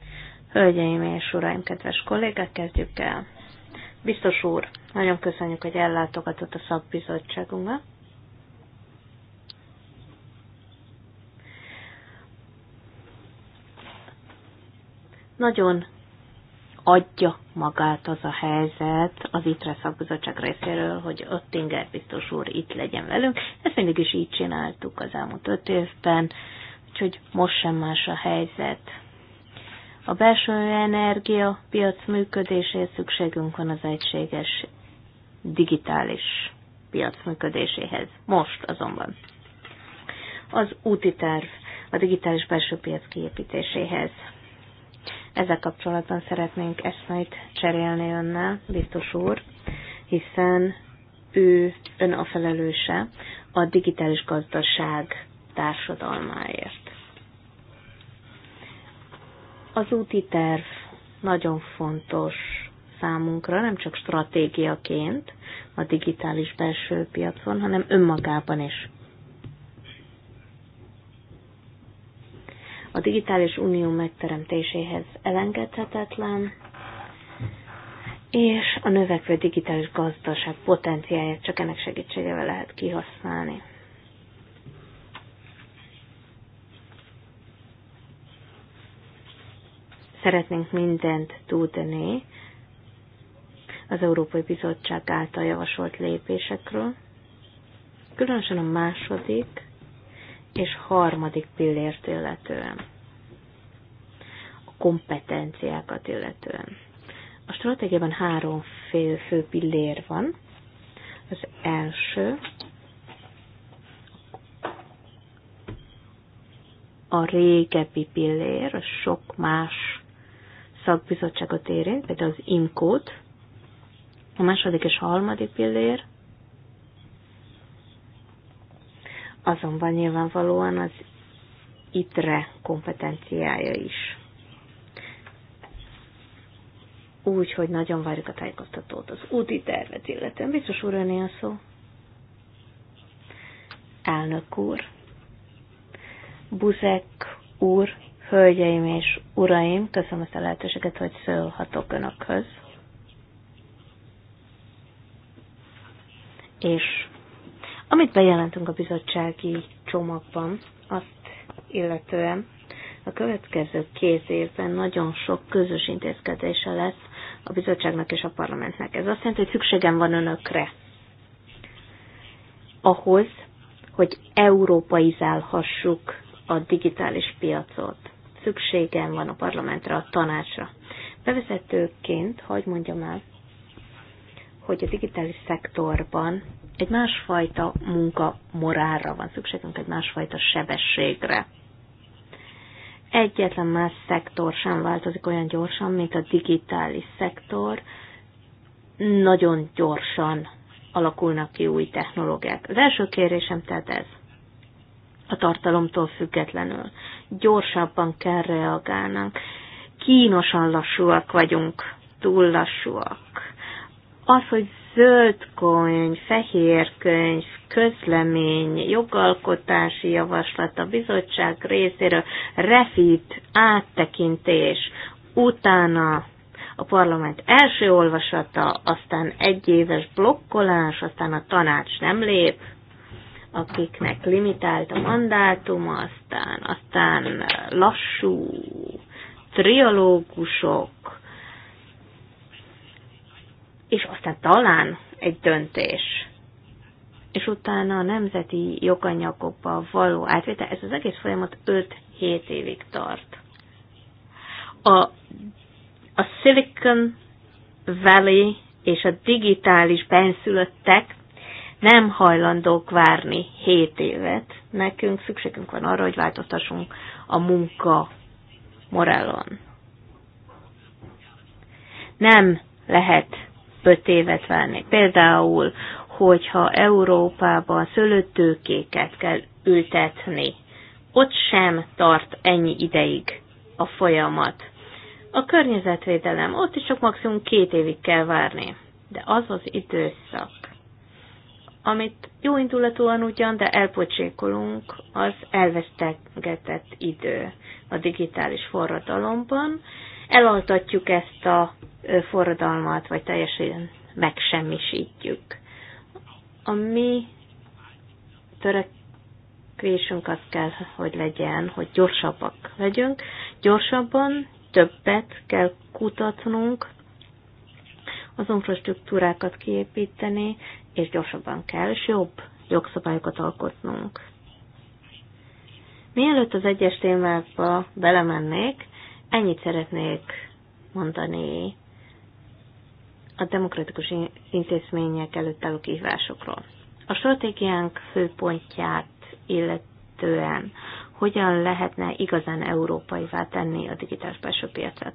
Hölgyeim és uraim, kedves kollégák, kezdjük el. Biztos úr, nagyon köszönjük, hogy ellátogatott a szakbizottságunkba. Nagyon adja magát az a helyzet az ITRE szakbizottság részéről, hogy Öttinger biztos úr itt legyen velünk. Ezt mindig is így csináltuk az elmúlt öt évben úgyhogy most sem más a helyzet. A belső energia piac működéséhez szükségünk van az egységes digitális piac működéséhez. Most azonban. Az úti terv a digitális belső piac kiépítéséhez. Ezzel kapcsolatban szeretnénk eszmeit cserélni önnel, biztos úr, hiszen ő ön a felelőse a digitális gazdaság társadalmáért. Az úti terv nagyon fontos számunkra, nem csak stratégiaként a digitális belső piacon, hanem önmagában is. A digitális unió megteremtéséhez elengedhetetlen, és a növekvő digitális gazdaság potenciáját csak ennek segítségével lehet kihasználni. szeretnénk mindent tudni az Európai Bizottság által javasolt lépésekről, különösen a második és harmadik pillért illetően, a kompetenciákat illetően. A stratégiában három fél fő pillér van. Az első a régebbi pillér, a sok más szakbizottságot éri, például az IMCO-t, a második és a harmadik pillér, azonban nyilvánvalóan az ITRE kompetenciája is. Úgyhogy nagyon várjuk a tájékoztatót az úti tervet illetően. Biztos úr a szó. Elnök úr, Buzek úr Hölgyeim és uraim, köszönöm ezt a lehetőséget, hogy szólhatok önökhöz. És amit bejelentünk a bizottsági csomagban, azt illetően a következő két évben nagyon sok közös intézkedése lesz a bizottságnak és a parlamentnek. Ez azt jelenti, hogy szükségem van önökre ahhoz, hogy európaizálhassuk a digitális piacot szükségem van a parlamentre, a tanácsra. Bevezetőként, hogy mondjam el, hogy a digitális szektorban egy másfajta munka morálra van szükségünk, egy másfajta sebességre. Egyetlen más szektor sem változik olyan gyorsan, mint a digitális szektor. Nagyon gyorsan alakulnak ki új technológiák. Az első kérésem tehát ez a tartalomtól függetlenül. Gyorsabban kell reagálnunk. Kínosan lassúak vagyunk, túl lassúak. Az, hogy zöld könyv, fehér könyv, közlemény, jogalkotási javaslat a bizottság részéről, refit, áttekintés, utána a parlament első olvasata, aztán egy éves blokkolás, aztán a tanács nem lép, akiknek limitált a mandátum, aztán, aztán lassú triológusok, és aztán talán egy döntés. És utána a nemzeti joganyagokba való átvétel, ez az egész folyamat 5-7 évig tart. A, a Silicon Valley és a digitális benszülöttek nem hajlandók várni 7 évet. Nekünk szükségünk van arra, hogy változtassunk a munka morálon. Nem lehet 5 évet várni. Például, hogyha Európában szőlőtőkéket kell ültetni, ott sem tart ennyi ideig a folyamat. A környezetvédelem, ott is csak maximum két évig kell várni. De az az időszak, amit jó indulatúan ugyan, de elpocsékolunk, az elvesztegetett idő a digitális forradalomban. Elaltatjuk ezt a forradalmat, vagy teljesen megsemmisítjük. A mi törekvésünk az kell, hogy legyen, hogy gyorsabbak legyünk. Gyorsabban többet kell kutatnunk, az infrastruktúrákat kiépíteni, és gyorsabban kell, és jobb jogszabályokat alkotnunk. Mielőtt az egyes témákba belemennék, ennyit szeretnék mondani a demokratikus intézmények előtt álló kihívásokról. A stratégiánk főpontját illetően hogyan lehetne igazán európaivá tenni a digitális belső piacot?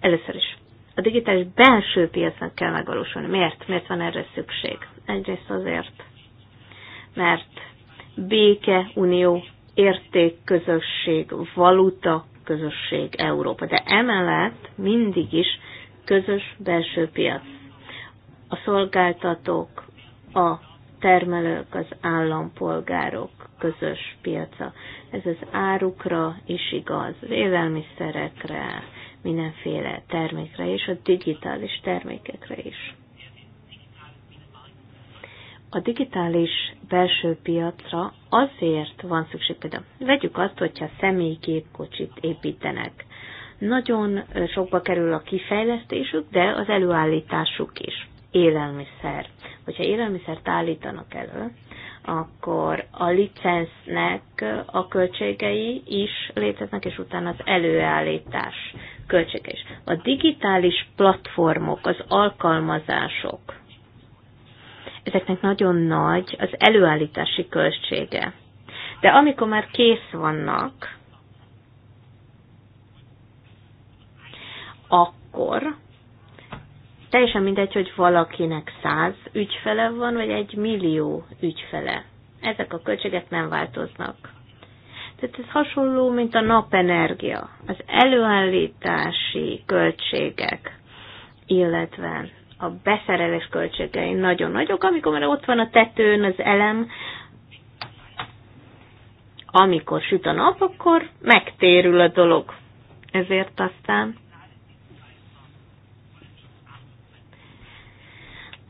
Először is. A digitális belső piacnak kell megvalósulni. Miért? Miért van erre szükség? Egyrészt azért, mert béke, unió, érték, közösség, valuta, közösség Európa. De emellett mindig is közös belső piac. A szolgáltatók, a termelők, az állampolgárok közös piaca. Ez az árukra is igaz, az élelmiszerekre, mindenféle termékre és a digitális termékekre is a digitális belső piacra azért van szükség, például vegyük azt, hogyha személygépkocsit építenek. Nagyon sokba kerül a kifejlesztésük, de az előállításuk is. Élelmiszer. Hogyha élelmiszert állítanak elő, akkor a licensznek a költségei is léteznek, és utána az előállítás költsége is. A digitális platformok, az alkalmazások, ezeknek nagyon nagy az előállítási költsége. De amikor már kész vannak, akkor teljesen mindegy, hogy valakinek száz ügyfele van, vagy egy millió ügyfele. Ezek a költségek nem változnak. Tehát ez hasonló, mint a napenergia. Az előállítási költségek, illetve a beszerelés költségei nagyon nagyok, amikor már ott van a tetőn az elem, amikor süt a nap, akkor megtérül a dolog. Ezért aztán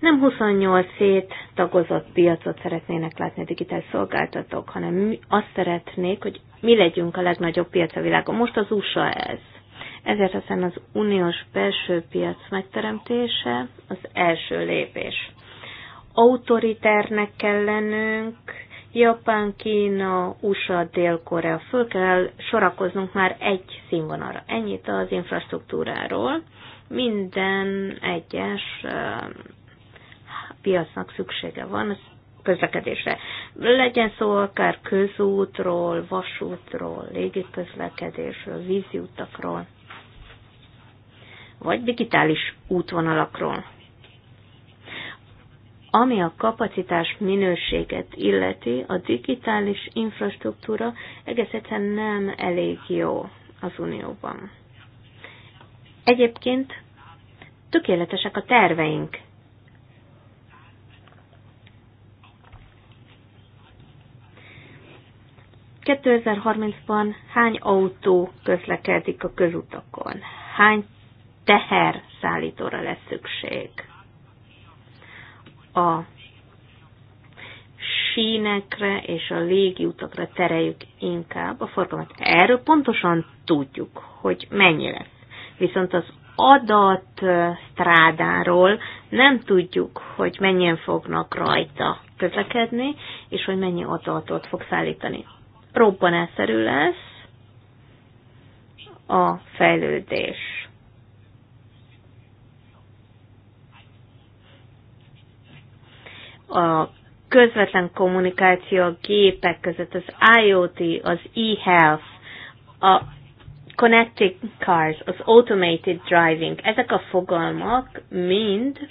nem 28 hét tagozott piacot szeretnének látni a digitális szolgáltatók, hanem azt szeretnék, hogy mi legyünk a legnagyobb piac a világon. Most az USA ez. Ezért aztán az uniós belső piac megteremtése az első lépés. Autoriternek kell lennünk, Japán, Kína, USA, Dél-Korea, föl kell sorakoznunk már egy színvonalra. Ennyit az infrastruktúráról. Minden egyes piacnak szüksége van a közlekedésre. Legyen szó akár közútról, vasútról, légiközlekedésről, víziutakról vagy digitális útvonalakról. Ami a kapacitás minőséget illeti, a digitális infrastruktúra egész egyszerűen nem elég jó az Unióban. Egyébként tökéletesek a terveink. ban hány autó közlekedik a közutakon? Hány teher szállítóra lesz szükség. A sínekre és a légiutakra tereljük inkább a forgalmat. Erről pontosan tudjuk, hogy mennyi lesz. Viszont az adat strádáról nem tudjuk, hogy mennyien fognak rajta közlekedni, és hogy mennyi adatot fog szállítani. Robbanásszerű lesz a fejlődés. a közvetlen kommunikáció a gépek között, az IoT, az e-health, a connected cars, az automated driving, ezek a fogalmak mind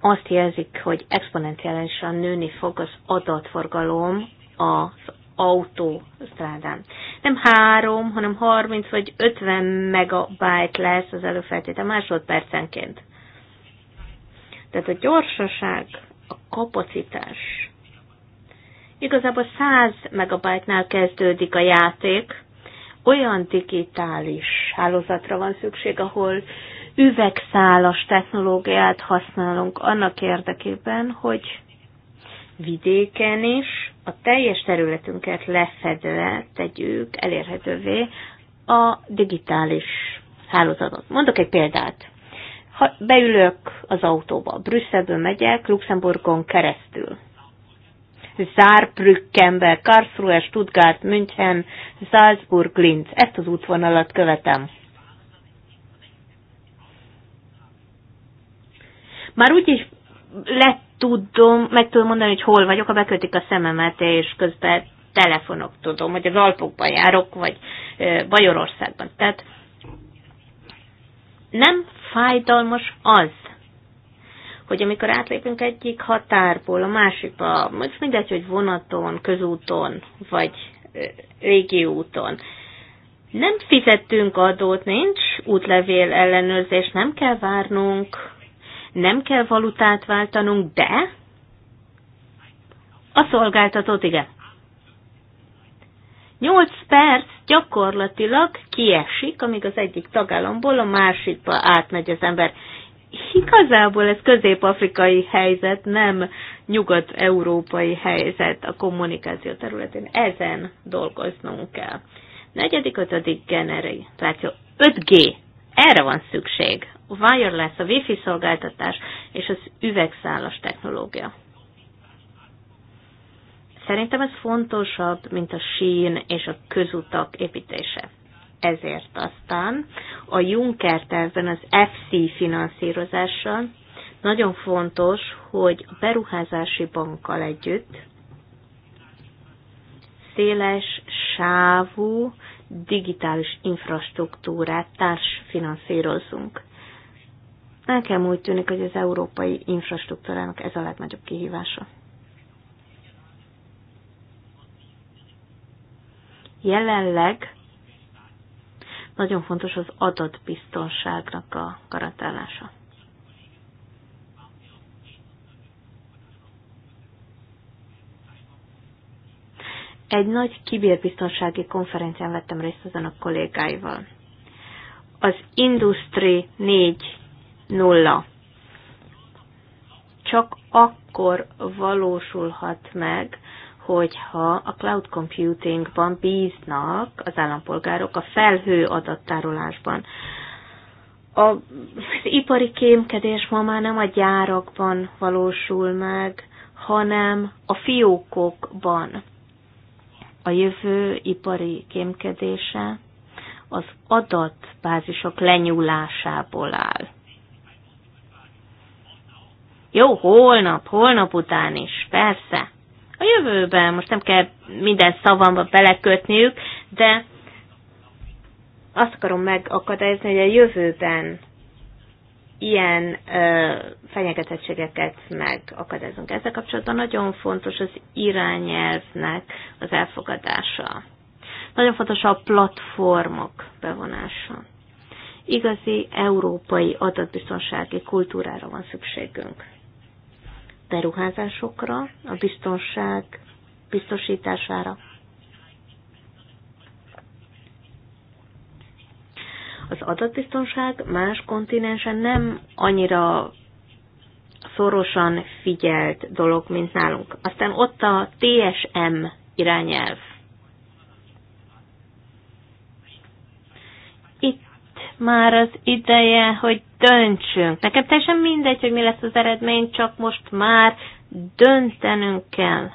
azt jelzik, hogy exponenciálisan nőni fog az adatforgalom az autósztrádán. Nem három, hanem 30 vagy 50 megabyte lesz az előfeltétel másodpercenként. Tehát a gyorsaság kapacitás. Igazából 100 megabajtnál kezdődik a játék, olyan digitális hálózatra van szükség, ahol üvegszálas technológiát használunk annak érdekében, hogy vidéken is a teljes területünket lefedve tegyük elérhetővé a digitális hálózatot. Mondok egy példát. Ha beülök az autóba, Brüsszelből megyek, Luxemburgon keresztül. Saarbrückenbe, Karlsruhe, Stuttgart, München, Salzburg, Linz. Ezt az útvonalat követem. Már úgyis le tudom, meg tudom mondani, hogy hol vagyok, ha bekötik a szememet, és közben telefonok tudom, hogy az Alpokban járok, vagy Bajorországban. Tehát nem fájdalmas az, hogy amikor átlépünk egyik határból a másikba, most mindegy, hogy vonaton, közúton, vagy régi úton, nem fizettünk adót, nincs útlevél ellenőrzés, nem kell várnunk, nem kell valutát váltanunk, de a szolgáltatót igen. 8 perc gyakorlatilag kiesik, amíg az egyik tagállamból a másikba átmegy az ember. Igazából ez közép-afrikai helyzet, nem nyugat-európai helyzet a kommunikáció területén. Ezen dolgoznunk kell. Negyedik, ötödik generáció. 5G. Erre van szükség. A wireless, a wifi szolgáltatás és az üvegszálas technológia. Szerintem ez fontosabb, mint a sín és a közutak építése. Ezért aztán a Juncker tervben az FC finanszírozással nagyon fontos, hogy a beruházási bankkal együtt széles sávú digitális infrastruktúrát társfinanszírozzunk. Nekem úgy tűnik, hogy az európai infrastruktúrának ez a legnagyobb kihívása. Jelenleg nagyon fontos az adatbiztonságnak a garantálása. Egy nagy kibérbiztonsági konferencián vettem részt ezen a kollégáival. Az Industry 4.0 csak akkor valósulhat meg, hogyha a cloud computingban bíznak az állampolgárok a felhő adattárolásban. A, az ipari kémkedés ma már nem a gyárakban valósul meg, hanem a fiókokban. A jövő ipari kémkedése az adatbázisok lenyúlásából áll. Jó, holnap, holnap után is, persze a jövőben. Most nem kell minden szavamba belekötniük, de azt akarom megakadályozni, hogy a jövőben ilyen ö, fenyegetettségeket megakadályozunk. Ezzel kapcsolatban nagyon fontos az irányelvnek az elfogadása. Nagyon fontos a platformok bevonása. Igazi európai adatbiztonsági kultúrára van szükségünk beruházásokra, a biztonság biztosítására. Az adatbiztonság más kontinensen nem annyira szorosan figyelt dolog, mint nálunk. Aztán ott a TSM irányelv, már az ideje, hogy döntsünk. Nekem teljesen mindegy, hogy mi lesz az eredmény, csak most már döntenünk kell.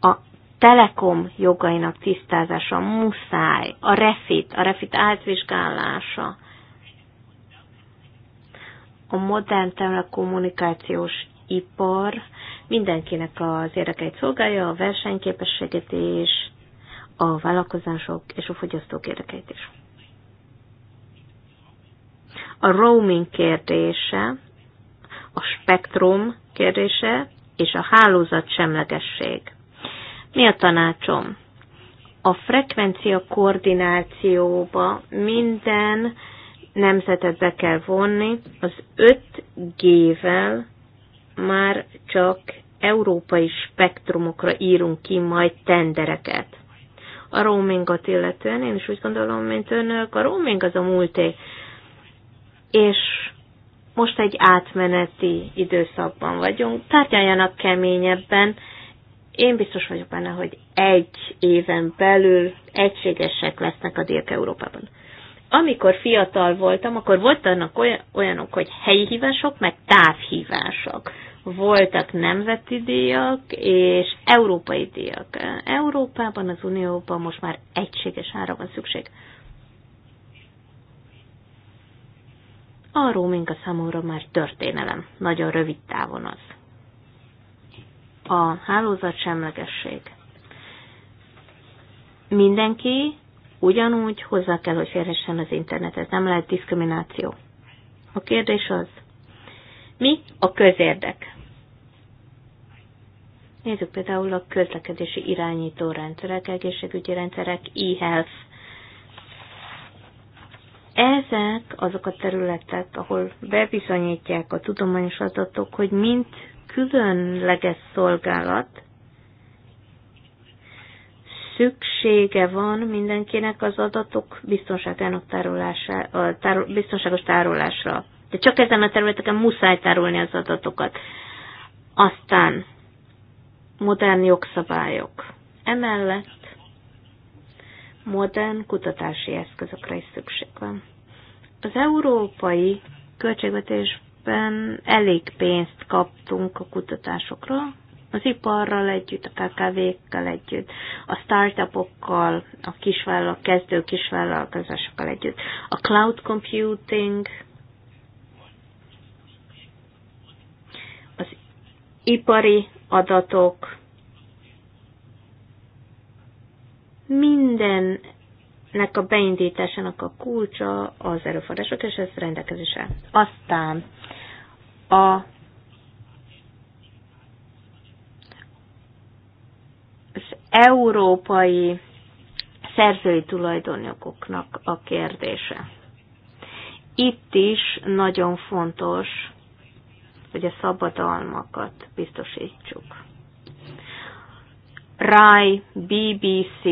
A telekom jogainak tisztázása muszáj, a refit, a refit átvizsgálása, a modern telekommunikációs ipar mindenkinek az érdekeit szolgálja, a versenyképességet és a vállalkozások és a fogyasztók érdekeit is. A roaming kérdése, a spektrum kérdése és a hálózat semlegesség. Mi a tanácsom? A frekvencia koordinációba minden nemzetet be kell vonni, az 5G-vel már csak európai spektrumokra írunk ki majd tendereket a roamingot illetően. Én is úgy gondolom, mint önök, a roaming az a múlté. És most egy átmeneti időszakban vagyunk. Tárgyaljanak keményebben. Én biztos vagyok benne, hogy egy éven belül egységesek lesznek a dél Európában. Amikor fiatal voltam, akkor voltak olyanok, hogy helyi hívások, meg távhívások voltak nemzeti díjak és európai díjak. Európában, az Unióban most már egységes ára van szükség. A roaming a számomra már történelem, nagyon rövid távon az. A hálózat semlegesség. Mindenki ugyanúgy hozzá kell, hogy férhessen az internetet, nem lehet diszkrimináció. A kérdés az, mi a közérdek? Nézzük például a közlekedési irányító rendszerek, egészségügyi rendszerek, e-health. Ezek azok a területek, ahol bebizonyítják a tudományos adatok, hogy mint különleges szolgálat, szüksége van mindenkinek az adatok biztonságának tárolása, tárol, biztonságos tárolásra. De csak ezen a területeken muszáj tárolni az adatokat. Aztán modern jogszabályok. Emellett modern kutatási eszközökre is szükség van. Az európai költségvetésben elég pénzt kaptunk a kutatásokra, az iparral együtt, a KKV-kkel együtt, a startupokkal, a kisvállalat, kezdő kisvállalkozásokkal együtt, a cloud computing, az ipari adatok, mindennek a beindításának a kulcsa az erőforrások, és ez rendelkezésre. Aztán a az európai szerzői tulajdonjogoknak a kérdése. Itt is nagyon fontos hogy a szabadalmakat biztosítsuk. RAI, BBC,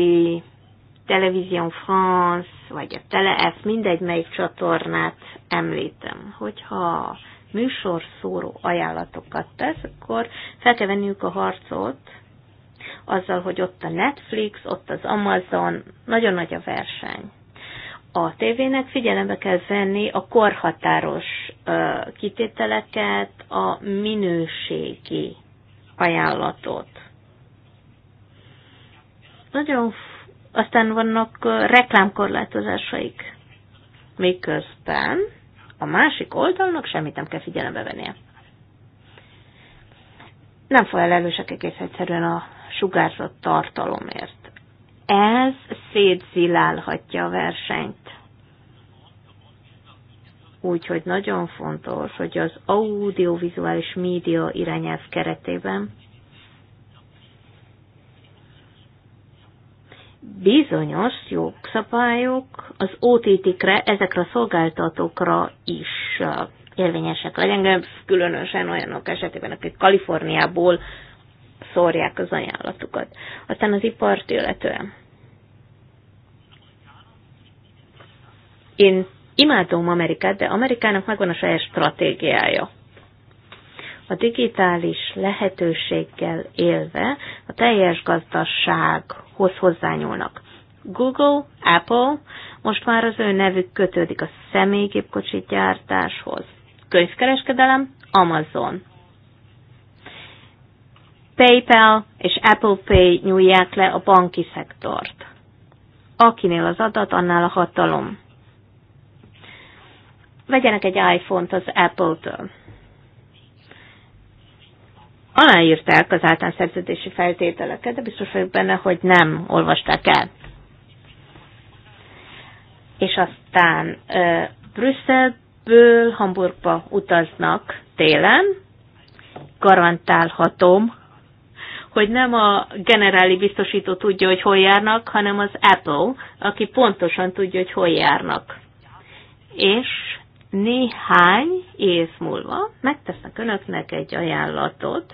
Television France, vagy a Telef, mindegy melyik csatornát említem, hogyha műsorszóró ajánlatokat tesz, akkor fel kell venniük a harcot azzal, hogy ott a Netflix, ott az Amazon, nagyon nagy a verseny a tévének figyelembe kell venni a korhatáros kitételeket, a minőségi ajánlatot. Nagyon aztán vannak reklámkorlátozásaik. Miközben a másik oldalnak semmit nem kell figyelembe vennie. Nem felelősek egész egyszerűen a sugárzott tartalomért. Ez szétzilálhatja a versenyt Úgyhogy nagyon fontos, hogy az audiovizuális média irányelv keretében bizonyos jogszabályok az OTT-kre, ezekre a szolgáltatókra is érvényesek legyen, különösen olyanok esetében, akik Kaliforniából szórják az ajánlatukat. Aztán az ipart illetően. Én Imádom Amerikát, de Amerikának megvan a saját stratégiája. A digitális lehetőséggel élve a teljes gazdasághoz hozzányúlnak. Google, Apple, most már az ő nevük kötődik a személygépkocsi gyártáshoz. Könyvkereskedelem, Amazon. PayPal és Apple Pay nyújják le a banki szektort. Akinél az adat, annál a hatalom vegyenek egy iPhone-t az Apple-től. Aláírták az általános szerződési feltételeket, de biztos vagyok benne, hogy nem olvasták el. És aztán ö, Brüsszelből Hamburgba utaznak télen, garantálhatom, hogy nem a generáli biztosító tudja, hogy hol járnak, hanem az Apple, aki pontosan tudja, hogy hol járnak. És néhány év múlva megtesznek önöknek egy ajánlatot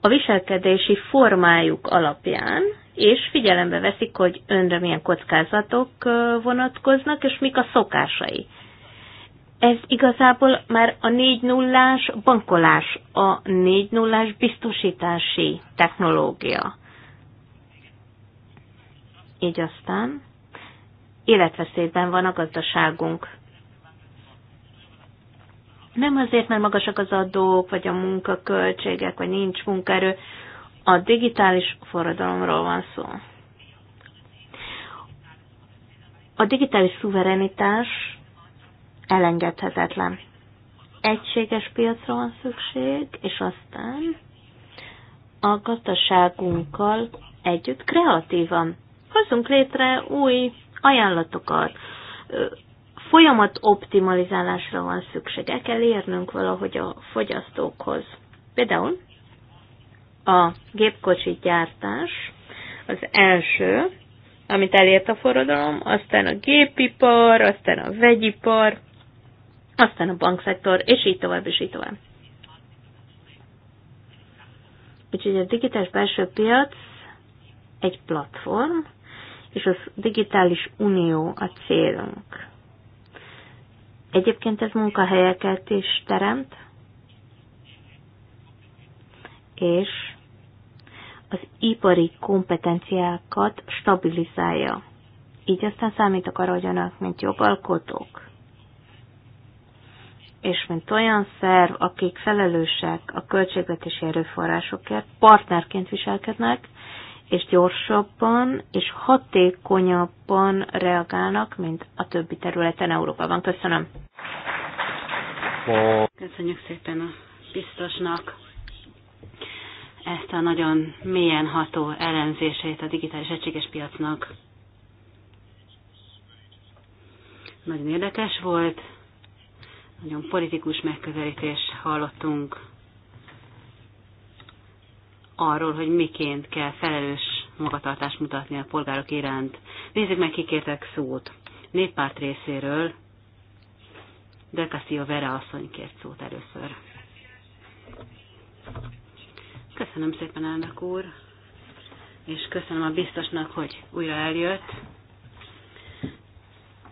a viselkedési formájuk alapján, és figyelembe veszik, hogy önre milyen kockázatok vonatkoznak, és mik a szokásai. Ez igazából már a 4 nullás bankolás, a 4 nullás biztosítási technológia. Így aztán életveszélyben van a gazdaságunk. Nem azért, mert magasak az adók, vagy a munkaköltségek, vagy nincs munkaerő. A digitális forradalomról van szó. A digitális szuverenitás elengedhetetlen. Egységes piacra van szükség, és aztán a gazdaságunkkal együtt kreatívan. Hozzunk létre új ajánlatokat, folyamat optimalizálásra van szükség. El kell érnünk valahogy a fogyasztókhoz. Például a gépkocsi gyártás az első, amit elért a forradalom, aztán a gépipar, aztán a vegyipar, aztán a bankszektor, és így tovább, és így tovább. Úgyhogy a digitális belső piac egy platform, és az digitális unió a célunk. Egyébként ez munkahelyeket is teremt, és az ipari kompetenciákat stabilizálja. Így aztán számítok arra, hogy önök, mint jogalkotók, és mint olyan szerv, akik felelősek a költségvetési erőforrásokért, partnerként viselkednek, és gyorsabban és hatékonyabban reagálnak, mint a többi területen Európában. Köszönöm. Köszönjük szépen a biztosnak ezt a nagyon mélyen ható ellenzését a digitális egységes piacnak. Nagyon érdekes volt, nagyon politikus megközelítés hallottunk arról, hogy miként kell felelős magatartást mutatni a polgárok iránt. Nézzük meg, kikértek szót. Néppárt részéről de Castillo Vera asszony kért szót először. Köszönöm szépen, elnök úr, és köszönöm a biztosnak, hogy újra eljött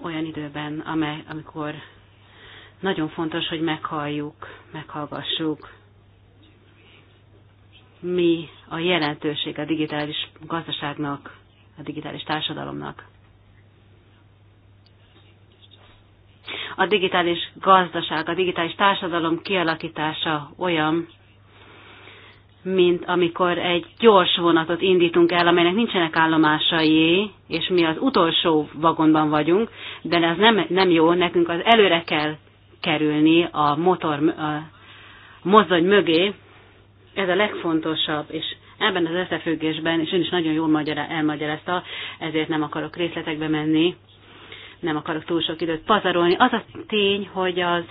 olyan időben, amely, amikor nagyon fontos, hogy meghalljuk, meghallgassuk mi a jelentőség a digitális gazdaságnak, a digitális társadalomnak. A digitális gazdaság, a digitális társadalom kialakítása olyan, mint amikor egy gyors vonatot indítunk el, amelynek nincsenek állomásai, és mi az utolsó vagonban vagyunk, de ez nem, nem jó, nekünk az előre kell kerülni a motor, a mozdony mögé, ez a legfontosabb, és ebben az összefüggésben, és ön is nagyon jól magyará, elmagyarázta, ezért nem akarok részletekbe menni, nem akarok túl sok időt pazarolni. Az a tény, hogy az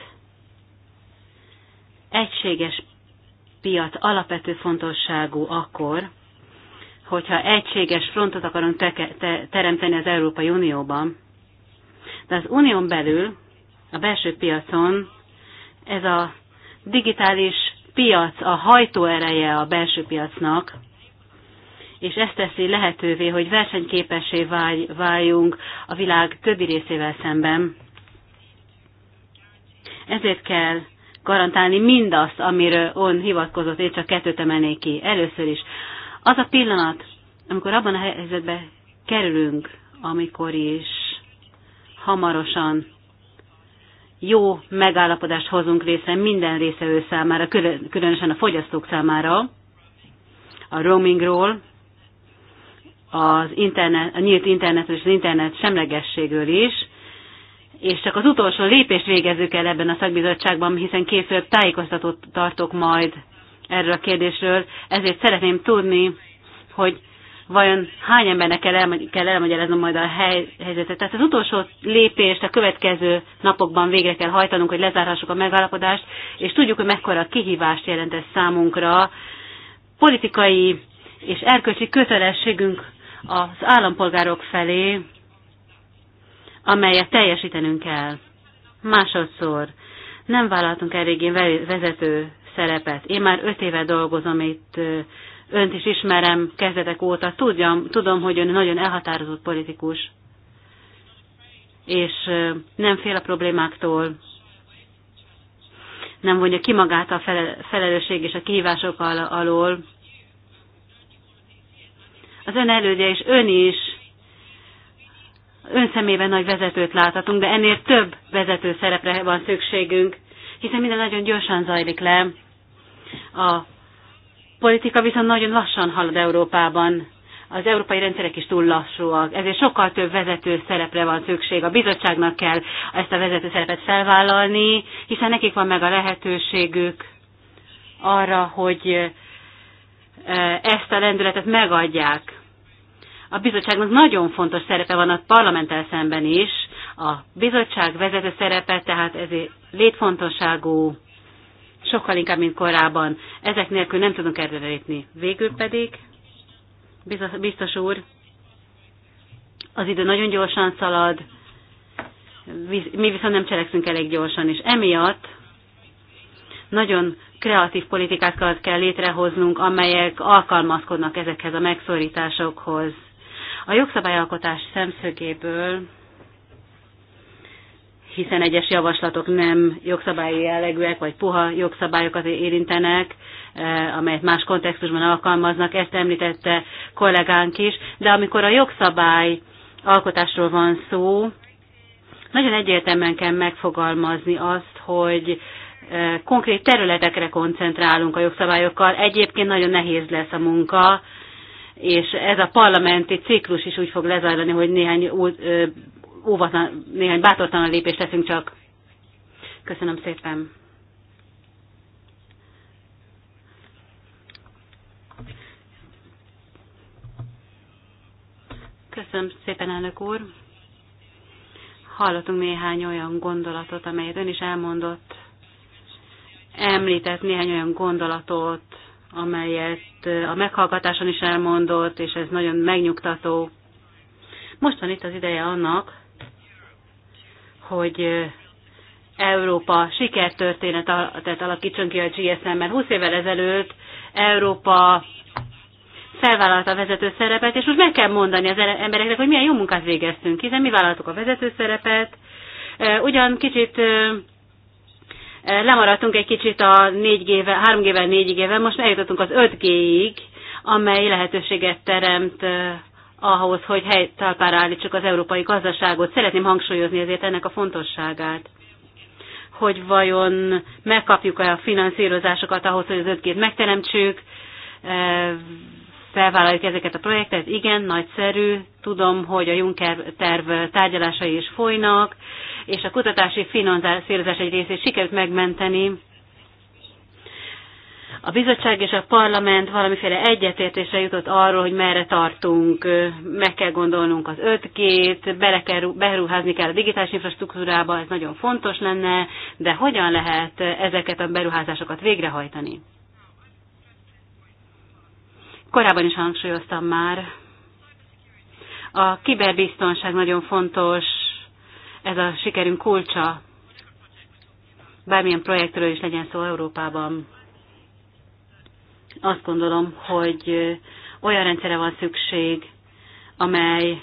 egységes piac alapvető fontosságú akkor, hogyha egységes frontot akarunk teke, te, teremteni az Európai Unióban. De az unión belül, a belső piacon ez a digitális piac a hajtóereje a belső piacnak, és ezt teszi lehetővé, hogy versenyképessé váljunk a világ többi részével szemben. Ezért kell garantálni mindazt, amiről on hivatkozott, én csak kettőt emelnék ki. Először is. Az a pillanat, amikor abban a helyzetben kerülünk, amikor is hamarosan jó megállapodást hozunk létre minden részevő számára, különösen a fogyasztók számára, a roamingról, az internet, a nyílt internetről és az internet semlegességről is, és csak az utolsó lépést végezzük el ebben a szakbizottságban, hiszen később tájékoztatót tartok majd erről a kérdésről, ezért szeretném tudni, hogy vajon hány embernek kell, elmagy- kell elmagyaráznom majd a hely- helyzetet. Tehát az utolsó lépést a következő napokban végre kell hajtanunk, hogy lezárhassuk a megállapodást, és tudjuk, hogy mekkora kihívást jelent ez számunkra. Politikai és erkölcsi kötelességünk az állampolgárok felé, amelyet teljesítenünk kell. Másodszor, nem vállaltunk eléggé vezető szerepet. Én már öt éve dolgozom itt önt is ismerem kezdetek óta, tudjam, tudom, hogy ön nagyon elhatározott politikus, és nem fél a problémáktól, nem vonja ki magát a felelősség és a kihívások al- alól. Az ön elődje és ön is ön szemében nagy vezetőt láthatunk, de ennél több vezető szerepre van szükségünk, hiszen minden nagyon gyorsan zajlik le. A politika viszont nagyon lassan halad Európában. Az európai rendszerek is túl lassúak, ezért sokkal több vezető szerepre van szükség. A bizottságnak kell ezt a vezető szerepet felvállalni, hiszen nekik van meg a lehetőségük arra, hogy eh, ezt a lendületet megadják. A bizottságnak nagyon fontos szerepe van a parlamenttel szemben is. A bizottság vezető szerepe, tehát ez létfontosságú sokkal inkább, mint korábban. Ezek nélkül nem tudunk erre lépni. Végül pedig, biztos úr, az idő nagyon gyorsan szalad, mi viszont nem cselekszünk elég gyorsan, és emiatt nagyon kreatív politikákat kell létrehoznunk, amelyek alkalmazkodnak ezekhez a megszorításokhoz. A jogszabályalkotás szemszögéből hiszen egyes javaslatok nem jogszabályi jellegűek, vagy puha jogszabályokat érintenek, eh, amelyet más kontextusban alkalmaznak, ezt említette kollégánk is, de amikor a jogszabály alkotásról van szó, nagyon egyértelműen kell megfogalmazni azt, hogy eh, konkrét területekre koncentrálunk a jogszabályokkal. Egyébként nagyon nehéz lesz a munka, és ez a parlamenti ciklus is úgy fog lezajlani, hogy néhány óvatlan, néhány bátortalan lépést teszünk csak. Köszönöm szépen. Köszönöm szépen, elnök úr. Hallottunk néhány olyan gondolatot, amelyet ön is elmondott. Említett néhány olyan gondolatot, amelyet a meghallgatáson is elmondott, és ez nagyon megnyugtató. Most van itt az ideje annak, hogy Európa tehát alakítson ki a gsm Mert 20 évvel ezelőtt Európa felvállalta a vezető szerepet, és most meg kell mondani az e- embereknek, hogy milyen jó munkát végeztünk, hiszen mi vállaltuk a vezető szerepet. Ugyan kicsit lemaradtunk egy kicsit a 4G-vel, 3G-vel, 4G-vel, most eljutottunk az 5G-ig, amely lehetőséget teremt ahhoz, hogy helytalpára állítsuk az európai gazdaságot. Szeretném hangsúlyozni ezért ennek a fontosságát hogy vajon megkapjuk-e a finanszírozásokat ahhoz, hogy az 5 megteremtsük, e, felvállaljuk ezeket a projektet. Igen, nagyszerű, tudom, hogy a Juncker terv tárgyalásai is folynak, és a kutatási finanszírozás egy részét sikerült megmenteni, a bizottság és a parlament valamiféle egyetértésre jutott arról, hogy merre tartunk, meg kell gondolnunk az 5G-t, bele kell, beruházni kell a digitális infrastruktúrába, ez nagyon fontos lenne, de hogyan lehet ezeket a beruházásokat végrehajtani? Korábban is hangsúlyoztam már, a kiberbiztonság nagyon fontos, ez a sikerünk kulcsa, bármilyen projektről is legyen szó Európában azt gondolom, hogy olyan rendszere van szükség, amely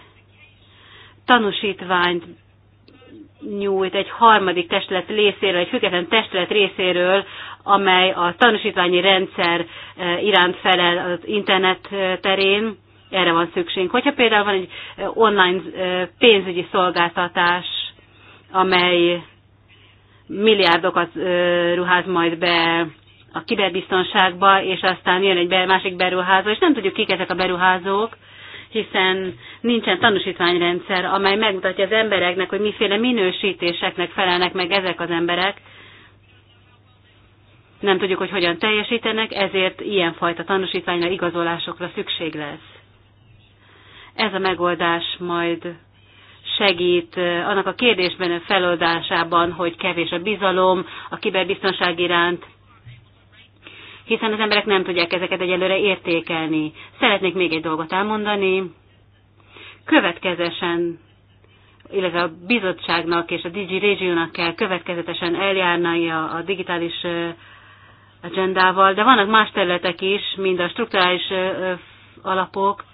tanúsítványt nyújt egy harmadik testület részéről, egy független testület részéről, amely a tanúsítványi rendszer iránt felel az internet terén. Erre van szükség. Hogyha például van egy online pénzügyi szolgáltatás, amely milliárdokat ruház majd be a kiberbiztonságba, és aztán jön egy másik beruházó, és nem tudjuk, kik ezek a beruházók, hiszen nincsen tanúsítványrendszer, amely megmutatja az embereknek, hogy miféle minősítéseknek felelnek meg ezek az emberek. Nem tudjuk, hogy hogyan teljesítenek, ezért ilyenfajta tanúsítványra, igazolásokra szükség lesz. Ez a megoldás majd segít eh, annak a kérdésben a feloldásában, hogy kevés a bizalom a kiberbiztonság iránt, hiszen az emberek nem tudják ezeket egyelőre értékelni. Szeretnék még egy dolgot elmondani. Következesen, illetve a bizottságnak és a Digi Regionnak kell következetesen eljárnia a digitális agendával, de vannak más területek is, mint a strukturális alapok,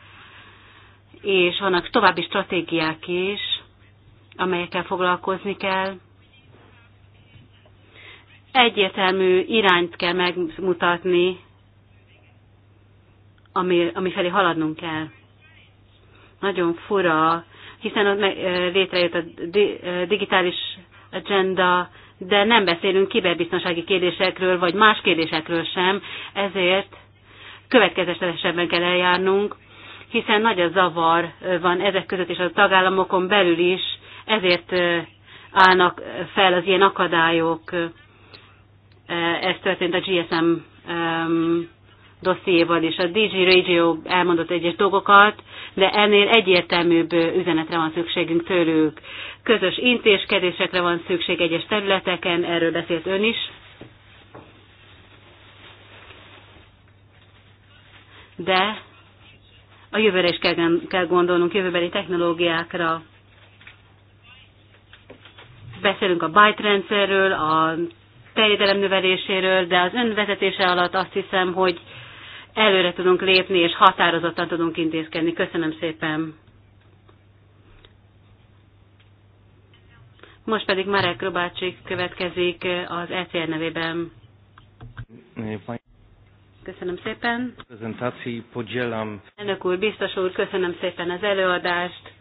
és vannak további stratégiák is, amelyekkel foglalkozni kell egyértelmű irányt kell megmutatni, ami, ami felé haladnunk kell. Nagyon fura, hiszen ott létrejött a digitális agenda, de nem beszélünk kiberbiztonsági kérdésekről, vagy más kérdésekről sem, ezért következetesebben kell eljárnunk, hiszen nagy a zavar van ezek között és a tagállamokon belül is, ezért állnak fel az ilyen akadályok Eh, ez történt a GSM um, dossziéval is. A DG Radio elmondott egyes dolgokat, de ennél egyértelműbb üzenetre van szükségünk tőlük. Közös intézkedésekre van szükség egyes területeken, erről beszélt ön is. De a jövőre is kell, kell gondolnunk, jövőbeli technológiákra. Beszélünk a byte rendszerről, a terjedelem növeléséről, de az önvezetése alatt azt hiszem, hogy előre tudunk lépni, és határozottan tudunk intézkedni. Köszönöm szépen! Most pedig Marek Robácsik következik az ECR nevében. Köszönöm szépen. Prezentáció podzielam. Elnök úr, biztos úr, köszönöm szépen az előadást.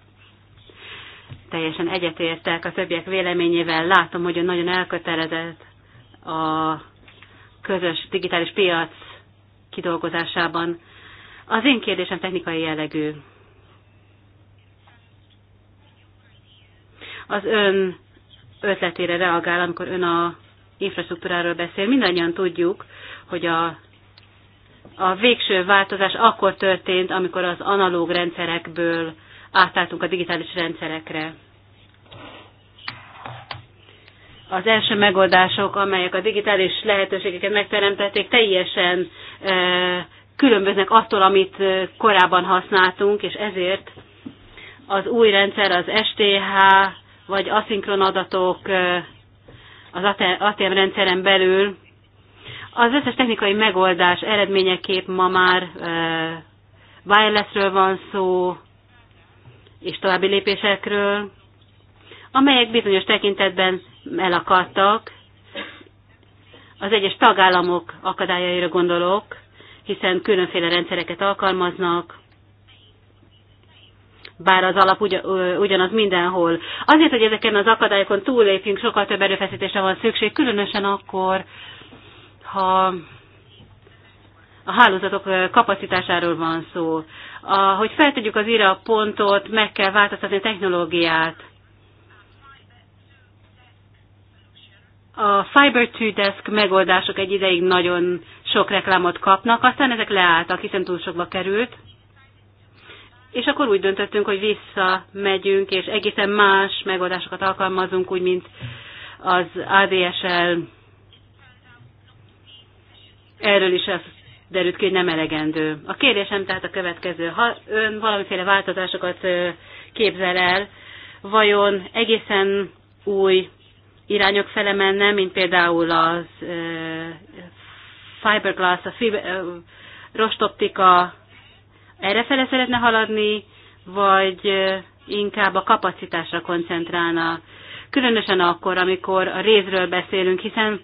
Teljesen egyetértek a többiek véleményével. Látom, hogy ő nagyon elkötelezett a közös digitális piac kidolgozásában. Az én kérdésem technikai jellegű. Az ön ötletére reagál, amikor ön a infrastruktúráról beszél. Mindannyian tudjuk, hogy a, a végső változás akkor történt, amikor az analóg rendszerekből átálltunk a digitális rendszerekre az első megoldások, amelyek a digitális lehetőségeket megteremtették, teljesen e, különböznek attól, amit e, korábban használtunk, és ezért az új rendszer, az STH, vagy aszinkron adatok e, az ATM rendszeren belül, az összes technikai megoldás eredményeképp ma már wirelessről van szó, és további lépésekről, amelyek bizonyos tekintetben elakadtak. Az egyes tagállamok akadályaira gondolok, hiszen különféle rendszereket alkalmaznak, bár az alap ugyanaz mindenhol. Azért, hogy ezeken az akadályokon túllépjünk, sokkal több erőfeszítésre van szükség, különösen akkor, ha a hálózatok kapacitásáról van szó. A, hogy feltegyük az ira pontot, meg kell változtatni a technológiát. a Fiber to Desk megoldások egy ideig nagyon sok reklámot kapnak, aztán ezek leálltak, hiszen túl sokba került, és akkor úgy döntöttünk, hogy visszamegyünk, és egészen más megoldásokat alkalmazunk, úgy, mint az ADSL. Erről is az derült ki, hogy nem elegendő. A kérdésem tehát a következő. Ha ön valamiféle változásokat képzel el, vajon egészen új irányok fele menne, mint például az fiberglass, a fiber, rostoptika, fele szeretne haladni, vagy inkább a kapacitásra koncentrálna, különösen akkor, amikor a részről beszélünk, hiszen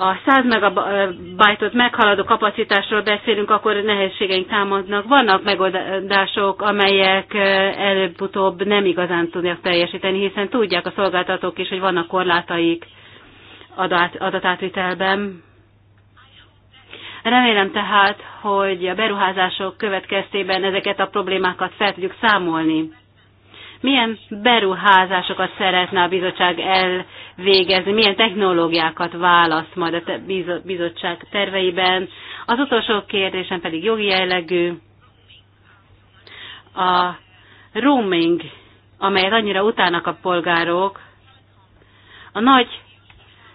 a 100 megabajtot meghaladó kapacitásról beszélünk, akkor nehézségeink támadnak. Vannak megoldások, amelyek előbb-utóbb nem igazán tudják teljesíteni, hiszen tudják a szolgáltatók is, hogy vannak korlátaik adatátvitelben. Remélem tehát, hogy a beruházások következtében ezeket a problémákat fel tudjuk számolni. Milyen beruházásokat szeretne a bizottság el végezni, milyen technológiákat választ majd a bizottság terveiben. Az utolsó kérdésem pedig jogi jellegű. A roaming, amelyet annyira utálnak a polgárok, a nagy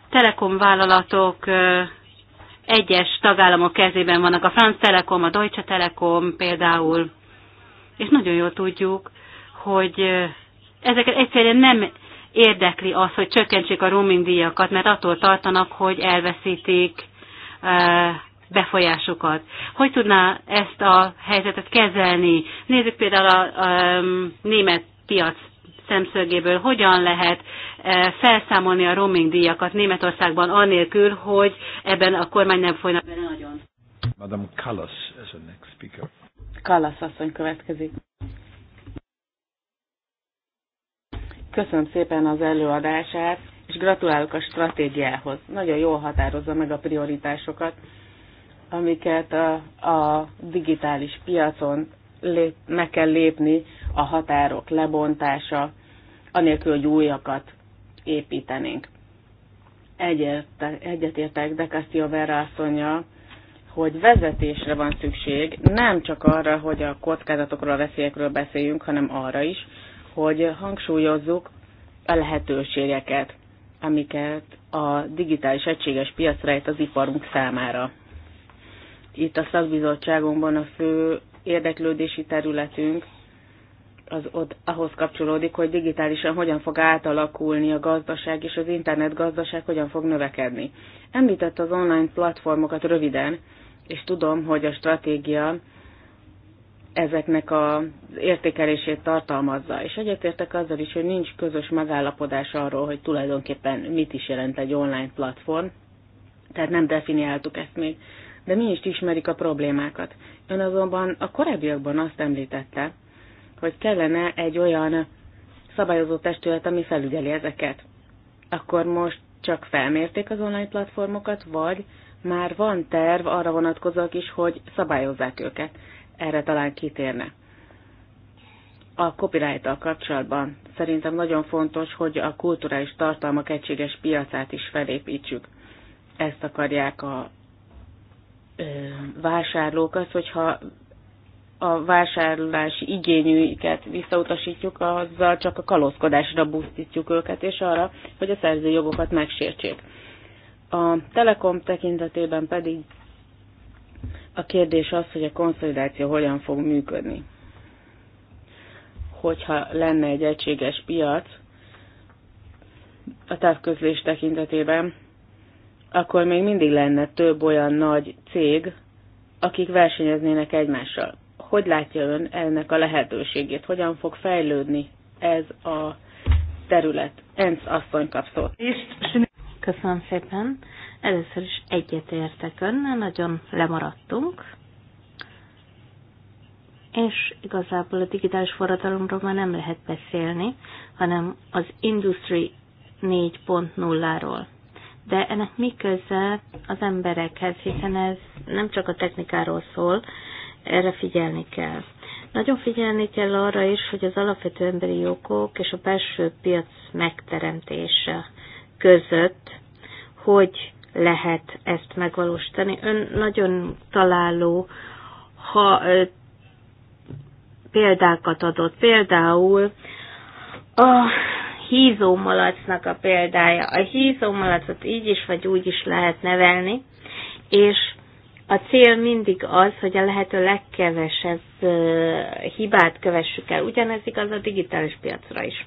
telekomvállalatok egyes tagállamok kezében vannak, a France Telekom, a Deutsche Telekom például, és nagyon jól tudjuk, hogy ezeket egyszerűen nem érdekli az, hogy csökkentsék a roaming díjakat, mert attól tartanak, hogy elveszítik befolyásukat. Hogy tudná ezt a helyzetet kezelni? Nézzük például a, a német piac szemszögéből, hogyan lehet felszámolni a roaming díjakat Németországban anélkül, hogy ebben a kormány nem folyna bele nagyon. Madame Kallas as a next speaker. Kallas asszony következik. Köszönöm szépen az előadását, és gratulálok a stratégiához. Nagyon jól határozza meg a prioritásokat, amiket a, a digitális piacon lép, meg kell lépni, a határok lebontása, anélkül, hogy újakat építenénk. Egyetértek, egyetértek de Castillo Vera asszonya, hogy vezetésre van szükség, nem csak arra, hogy a kockázatokról, a veszélyekről beszéljünk, hanem arra is, hogy hangsúlyozzuk a lehetőségeket, amiket a digitális egységes piac rejt az iparunk számára. Itt a szakbizottságunkban a fő érdeklődési területünk az ott ahhoz kapcsolódik, hogy digitálisan hogyan fog átalakulni a gazdaság, és az internet gazdaság hogyan fog növekedni. Említett az online platformokat röviden, és tudom, hogy a stratégia ezeknek az értékelését tartalmazza. És egyetértek azzal is, hogy nincs közös megállapodás arról, hogy tulajdonképpen mit is jelent egy online platform, tehát nem definiáltuk ezt még. De mi is ismerik a problémákat. Ön azonban a korábbiakban azt említette, hogy kellene egy olyan szabályozó testület, ami felügyeli ezeket. Akkor most csak felmérték az online platformokat, vagy már van terv arra vonatkozók is, hogy szabályozzák őket erre talán kitérne. A copyright kapcsolatban szerintem nagyon fontos, hogy a kulturális tartalmak egységes piacát is felépítsük. Ezt akarják a ö, vásárlók, az, hogyha a vásárlási igényüket visszautasítjuk, azzal csak a kalózkodásra busztítjuk őket, és arra, hogy a szerzőjogokat megsértsék. A Telekom tekintetében pedig a kérdés az, hogy a konszolidáció hogyan fog működni. Hogyha lenne egy egységes piac a távközlés tekintetében, akkor még mindig lenne több olyan nagy cég, akik versenyeznének egymással. Hogy látja ön ennek a lehetőségét? Hogyan fog fejlődni ez a terület? Enc asszony kap Köszönöm szépen. Először is egyetértek önnel, nagyon lemaradtunk, és igazából a digitális forradalomról már nem lehet beszélni, hanem az Industry 4.0-ról. De ennek mi köze az emberekhez, hiszen ez nem csak a technikáról szól, erre figyelni kell. Nagyon figyelni kell arra is, hogy az alapvető emberi jogok és a belső piac megteremtése között, hogy lehet ezt megvalósítani. Ön nagyon találó, ha példákat adott. Például a hízómalacnak a példája. A hízómalacot így is vagy úgy is lehet nevelni, és a cél mindig az, hogy a lehető legkevesebb hibát kövessük el. Ugyanez igaz a digitális piacra is.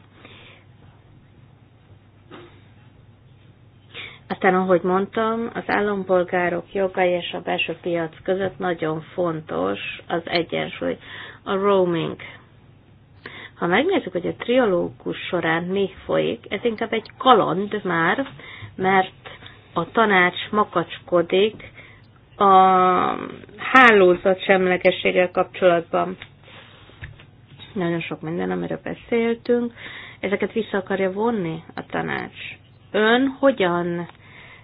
Aztán, ahogy mondtam, az állampolgárok joga és a belső piac között nagyon fontos az egyensúly, a roaming. Ha megnézzük, hogy a trialógus során mi folyik, ez inkább egy kaland már, mert a tanács makacskodik a hálózat semlegességgel kapcsolatban. Nagyon sok minden, amiről beszéltünk, ezeket vissza akarja vonni a tanács ön hogyan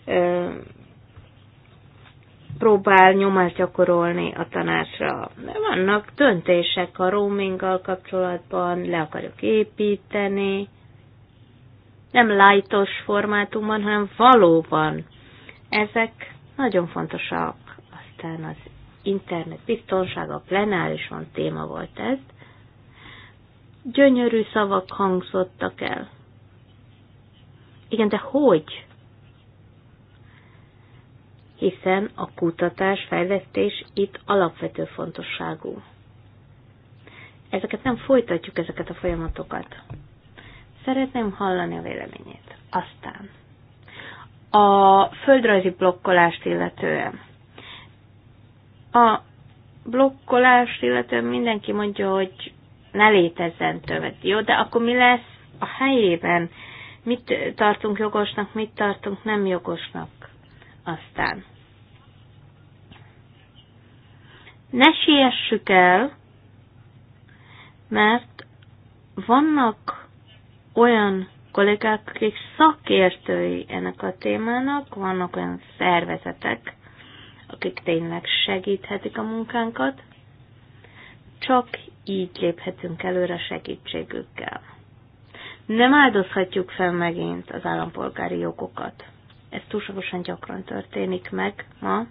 ö, próbál nyomást gyakorolni a tanácsra. De vannak döntések a roaminggal kapcsolatban, le akarjuk építeni, nem lájtos formátumban, hanem valóban. Ezek nagyon fontosak. Aztán az internet biztonsága, plenárison téma volt ez. Gyönyörű szavak hangzottak el. Igen, de hogy? Hiszen a kutatás, fejlesztés itt alapvető fontosságú. Ezeket nem folytatjuk, ezeket a folyamatokat. Szeretném hallani a véleményét. Aztán a földrajzi blokkolást illetően. A blokkolást illetően mindenki mondja, hogy ne létezzen többet. Jó, de akkor mi lesz a helyében? mit tartunk jogosnak, mit tartunk nem jogosnak. Aztán ne siessük el, mert vannak olyan kollégák, akik szakértői ennek a témának, vannak olyan szervezetek, akik tényleg segíthetik a munkánkat, csak így léphetünk előre segítségükkel nem áldozhatjuk fel megint az állampolgári jogokat. Ez túlságosan gyakran történik meg ma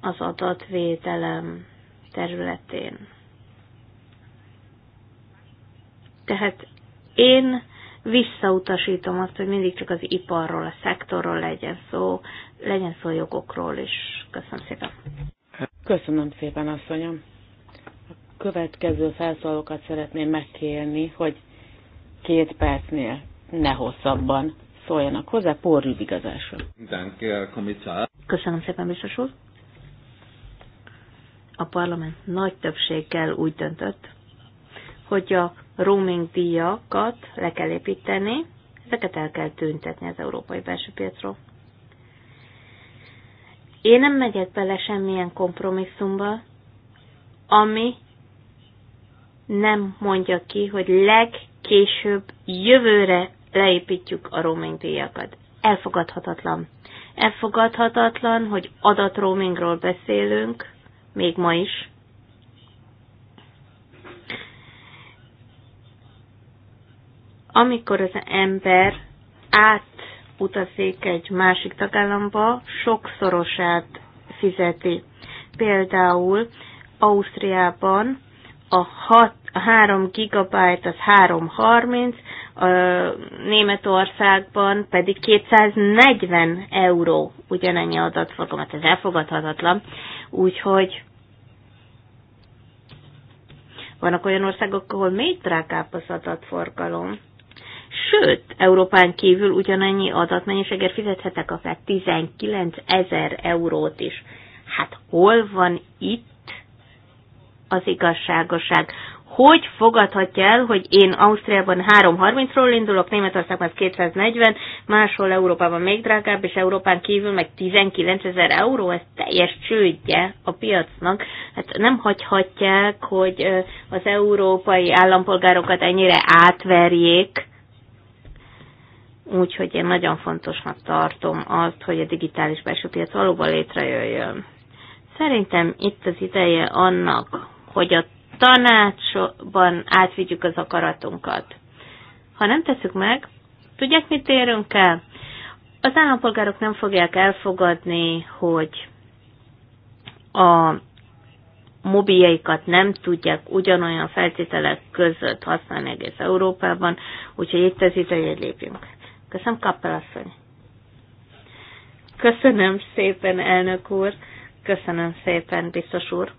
az adatvédelem területén. Tehát én visszautasítom azt, hogy mindig csak az iparról, a szektorról legyen szó, legyen szó jogokról is. Köszönöm szépen. Köszönöm szépen, asszonyom. A következő felszólókat szeretném megkérni, hogy két percnél, ne hosszabban szóljanak hozzá, porrűd igazásra. Köszönöm szépen, biztos úr. A parlament nagy többséggel úgy döntött, hogy a roaming díjakat le kell építeni, ezeket el kell tüntetni az európai belső piacról. Én nem megyek bele semmilyen kompromisszumba, ami nem mondja ki, hogy leg később jövőre leépítjük a roaming díjakat. Elfogadhatatlan. Elfogadhatatlan, hogy adat roamingról beszélünk, még ma is. Amikor az ember átutazik egy másik tagállamba, sokszorosát fizeti. Például Ausztriában a hat a 3 gigabyte az 330, a Németországban pedig 240 euró ugyanennyi adatforgalom, hát ez elfogadhatatlan, úgyhogy vannak olyan országok, ahol még drágább az adatforgalom, sőt, Európán kívül ugyanannyi adatmennyiségért fizethetek akár 19 ezer eurót is. Hát hol van itt az igazságoság? hogy fogadhatja el, hogy én Ausztriában 3.30-ról indulok, Németországban 240, máshol Európában még drágább, és Európán kívül meg 19 ezer euró, ez teljes csődje a piacnak. Hát nem hagyhatják, hogy az európai állampolgárokat ennyire átverjék, Úgyhogy én nagyon fontosnak tartom azt, hogy a digitális belső piac valóban létrejöjjön. Szerintem itt az ideje annak, hogy a tanácsban átvigyük az akaratunkat. Ha nem teszük meg, tudják, mit érünk el? Az állampolgárok nem fogják elfogadni, hogy a mobiljaikat nem tudják ugyanolyan feltételek között használni egész Európában, úgyhogy itt az ideje lépjünk. Köszönöm, Kappel asszony. Köszönöm szépen, elnök úr. Köszönöm szépen, biztos úr.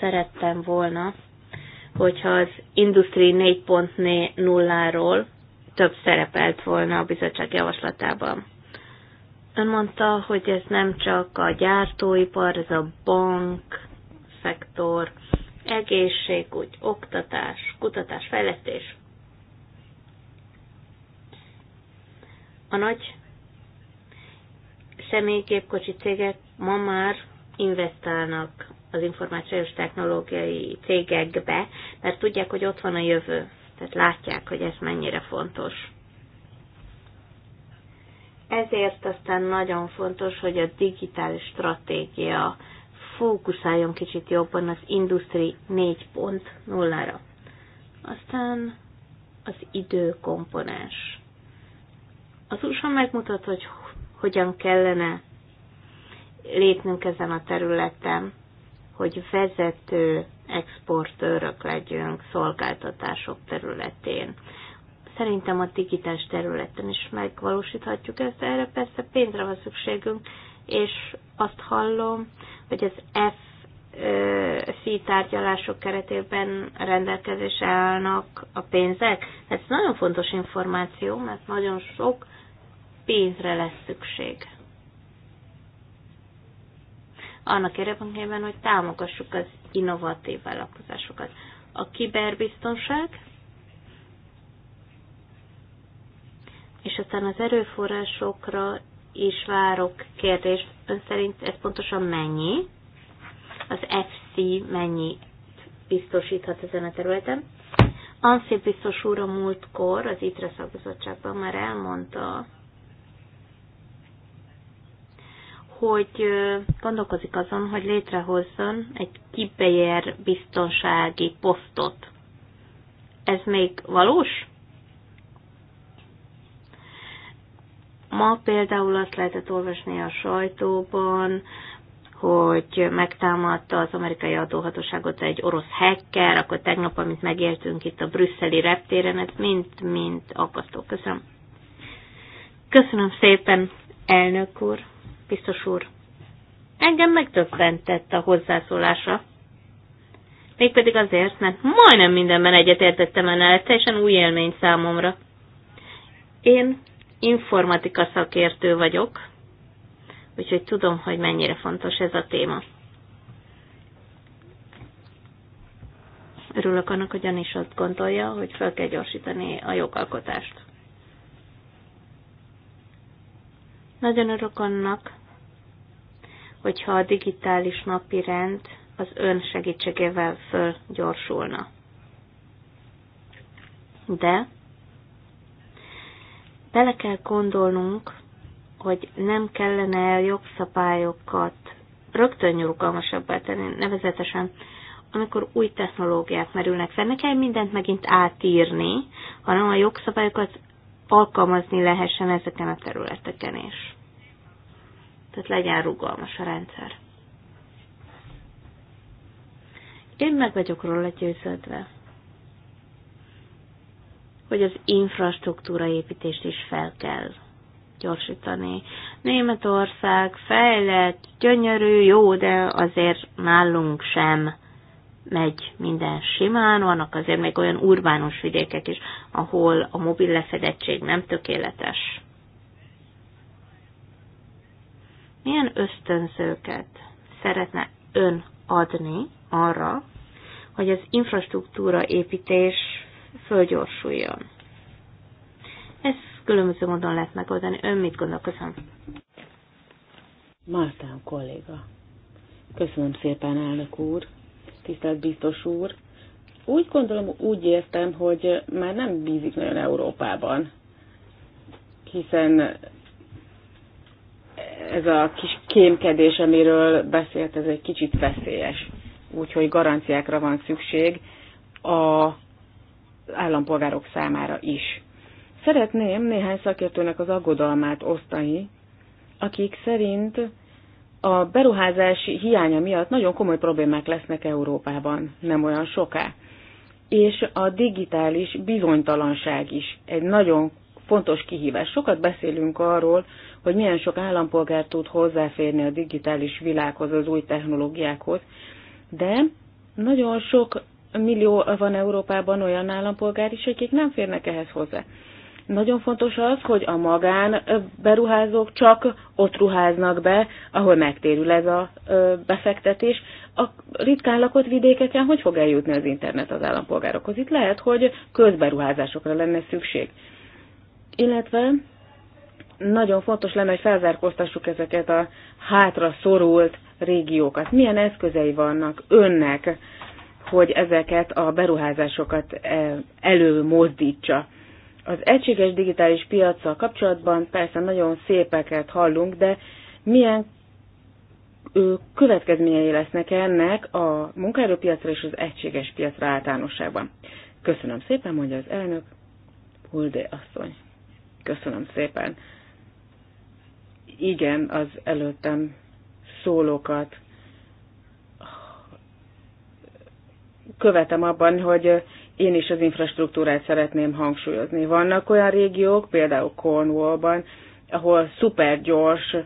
szerettem volna, hogyha az Industri 4.0-ról több szerepelt volna a bizottság javaslatában. Ön mondta, hogy ez nem csak a gyártóipar, ez a bank, szektor, egészségügy, oktatás, kutatás, fejlesztés. A nagy személygépkocsi cégek ma már investálnak az információs technológiai cégekbe, mert tudják, hogy ott van a jövő. Tehát látják, hogy ez mennyire fontos. Ezért aztán nagyon fontos, hogy a digitális stratégia fókuszáljon kicsit jobban az Industri 4.0-ra. Aztán az időkomponens. Az USA megmutat, hogy hogyan kellene lépnünk ezen a területen, hogy vezető exportőrök legyünk szolgáltatások területén. Szerintem a digitális területen is megvalósíthatjuk ezt, erre persze pénzre van szükségünk, és azt hallom, hogy az F tárgyalások keretében rendelkezésre állnak a pénzek. Ez nagyon fontos információ, mert nagyon sok pénzre lesz szükség annak érdekében, hogy támogassuk az innovatív vállalkozásokat. A kiberbiztonság, és aztán az erőforrásokra is várok kérdést. Ön szerint ez pontosan mennyi? Az FC mennyi biztosíthat ezen a területen? Anszép biztos úr a múltkor az ITRE szakbizottságban már elmondta, hogy gondolkozik azon, hogy létrehozzon egy kibejér biztonsági posztot. Ez még valós? Ma például azt lehetett olvasni a sajtóban, hogy megtámadta az amerikai adóhatóságot egy orosz hacker, akkor tegnap, amit megéltünk itt a brüsszeli reptéren, ez mind-mind aggasztó. Köszönöm. Köszönöm szépen, elnök úr biztos úr. Engem megdöbbentett a hozzászólása. Mégpedig azért, mert majdnem mindenben egyetértettem ennel, teljesen új élmény számomra. Én informatika szakértő vagyok, úgyhogy tudom, hogy mennyire fontos ez a téma. Örülök annak, hogy is azt gondolja, hogy fel kell gyorsítani a jogalkotást. Nagyon örök annak, hogyha a digitális napi rend az ön segítségével fölgyorsulna. De bele kell gondolnunk, hogy nem kellene jogszabályokat rögtön nyugalmasabbá tenni, nevezetesen amikor új technológiák merülnek fel, ne kell mindent megint átírni, hanem a jogszabályokat alkalmazni lehessen ezeken a területeken is tehát legyen rugalmas a rendszer. Én meg vagyok róla győződve, hogy az infrastruktúra építést is fel kell gyorsítani. Németország fejlett, gyönyörű, jó, de azért nálunk sem megy minden simán, vannak azért még olyan urbánus vidékek is, ahol a mobil lefedettség nem tökéletes. milyen ösztönzőket szeretne ön adni arra, hogy az infrastruktúra építés fölgyorsuljon. Ez különböző módon lehet megoldani. Ön mit gondol? Köszönöm. Mártán kolléga. Köszönöm szépen, elnök úr. Tisztelt biztos úr. Úgy gondolom, úgy értem, hogy már nem bízik nagyon Európában, hiszen ez a kis kémkedés, amiről beszélt, ez egy kicsit veszélyes. Úgyhogy garanciákra van szükség a állampolgárok számára is. Szeretném néhány szakértőnek az aggodalmát osztani, akik szerint a beruházási hiánya miatt nagyon komoly problémák lesznek Európában, nem olyan soká. És a digitális bizonytalanság is egy nagyon fontos kihívás. Sokat beszélünk arról, hogy milyen sok állampolgár tud hozzáférni a digitális világhoz, az új technológiákhoz, de nagyon sok millió van Európában olyan állampolgár is, akik nem férnek ehhez hozzá. Nagyon fontos az, hogy a magán beruházók csak ott ruháznak be, ahol megtérül ez a befektetés. A ritkán lakott vidékeken hogy fog eljutni az internet az állampolgárokhoz? Itt lehet, hogy közberuházásokra lenne szükség. Illetve nagyon fontos lenne, hogy felzárkóztassuk ezeket a hátra szorult régiókat. Milyen eszközei vannak önnek, hogy ezeket a beruházásokat e, előmozdítsa? Az egységes digitális piacsal kapcsolatban persze nagyon szépeket hallunk, de milyen következményei lesznek ennek a munkaerőpiacra és az egységes piacra általánosságban. Köszönöm szépen, mondja az elnök, Huldé asszony. Köszönöm szépen igen az előttem szólókat. Követem abban, hogy én is az infrastruktúrát szeretném hangsúlyozni. Vannak olyan régiók, például Cornwallban, ahol szupergyors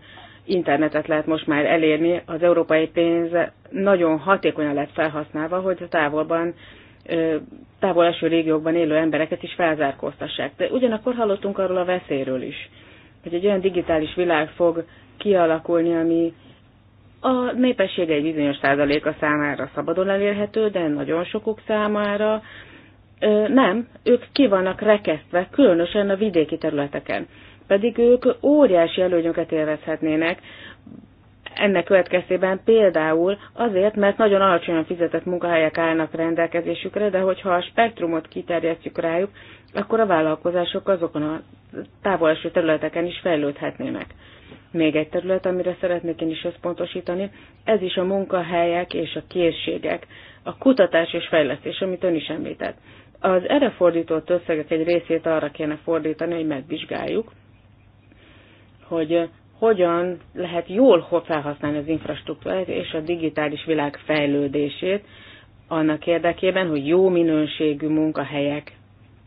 internetet lehet most már elérni, az európai pénz nagyon hatékonyan lett felhasználva, hogy a távolban távol eső régiókban élő embereket is felzárkóztassák. De ugyanakkor hallottunk arról a veszélyről is, hogy egy olyan digitális világ fog kialakulni, ami a népesség egy bizonyos százaléka számára szabadon elérhető, de nagyon sokuk számára nem, ők ki vannak rekesztve, különösen a vidéki területeken. Pedig ők óriási előnyöket élvezhetnének, ennek következtében például azért, mert nagyon alacsonyan fizetett munkahelyek állnak rendelkezésükre, de hogyha a spektrumot kiterjesztjük rájuk, akkor a vállalkozások azokon a eső területeken is fejlődhetnének. Még egy terület, amire szeretnék én is összpontosítani, ez is a munkahelyek és a készségek, a kutatás és fejlesztés, amit ön is említett. Az erre fordított összegek egy részét arra kéne fordítani, hogy megvizsgáljuk, hogy hogyan lehet jól felhasználni az infrastruktúrát és a digitális világ fejlődését, annak érdekében, hogy jó minőségű munkahelyek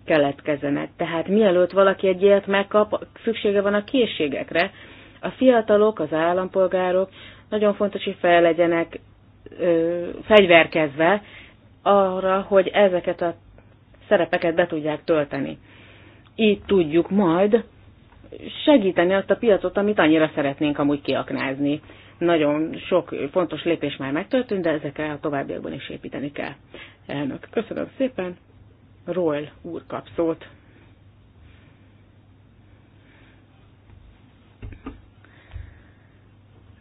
keletkezenek. Tehát mielőtt valaki egy ilyet megkap, szüksége van a készségekre. A fiatalok, az állampolgárok nagyon fontos, hogy fel legyenek ö, fegyverkezve arra, hogy ezeket a szerepeket be tudják tölteni. Így tudjuk majd segíteni azt a piacot, amit annyira szeretnénk amúgy kiaknázni. Nagyon sok fontos lépés már megtörtént, de ezekre a továbbiakban is építeni kell. Elnök, köszönöm szépen! Roel úr kap szót.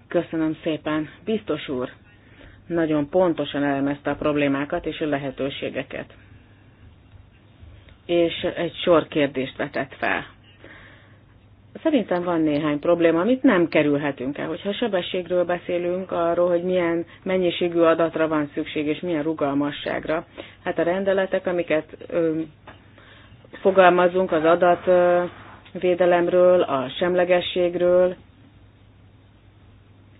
Köszönöm szépen, biztos úr. Nagyon pontosan elemezte a problémákat és a lehetőségeket. És egy sor kérdést vetett fel. Szerintem van néhány probléma, amit nem kerülhetünk el. Hogyha sebességről beszélünk, arról, hogy milyen mennyiségű adatra van szükség, és milyen rugalmasságra, hát a rendeletek, amiket ö, fogalmazunk az adatvédelemről, a semlegességről,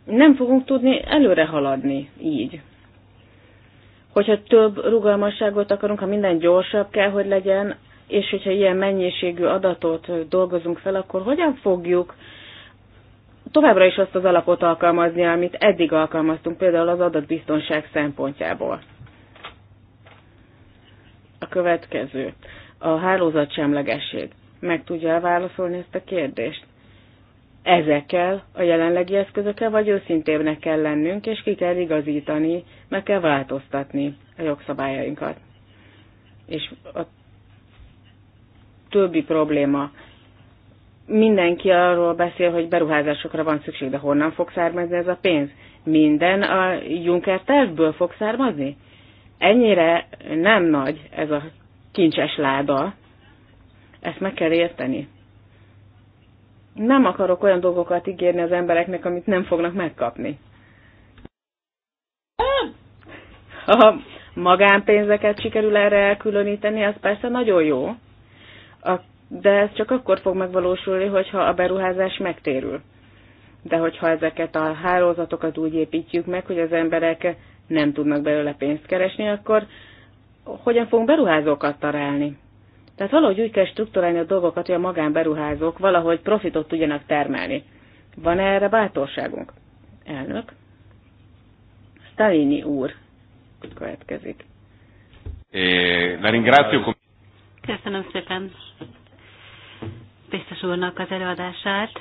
nem fogunk tudni előre haladni így. Hogyha több rugalmasságot akarunk, ha minden gyorsabb kell, hogy legyen, és hogyha ilyen mennyiségű adatot dolgozunk fel, akkor hogyan fogjuk továbbra is azt az alapot alkalmazni, amit eddig alkalmaztunk, például az adatbiztonság szempontjából. A következő. A hálózat semlegesség. Meg tudja válaszolni ezt a kérdést? Ezekkel, a jelenlegi eszközökkel, vagy őszintébbnek kell lennünk, és ki kell igazítani, meg kell változtatni a jogszabályainkat. És a többi probléma. Mindenki arról beszél, hogy beruházásokra van szükség, de honnan fog származni ez a pénz? Minden a Juncker tervből fog származni? Ennyire nem nagy ez a kincses láda. Ezt meg kell érteni. Nem akarok olyan dolgokat ígérni az embereknek, amit nem fognak megkapni. Ha magánpénzeket sikerül erre elkülöníteni, az persze nagyon jó de ez csak akkor fog megvalósulni, hogyha a beruházás megtérül. De hogyha ezeket a hálózatokat úgy építjük meg, hogy az emberek nem tudnak belőle pénzt keresni, akkor hogyan fogunk beruházókat találni? Tehát valahogy úgy kell struktúrálni a dolgokat, hogy a magánberuházók valahogy profitot tudjanak termelni. Van -e erre bátorságunk? Elnök. Stalini úr következik. Eh, la ringrazio. Köszönöm szépen biztos úrnak az előadását,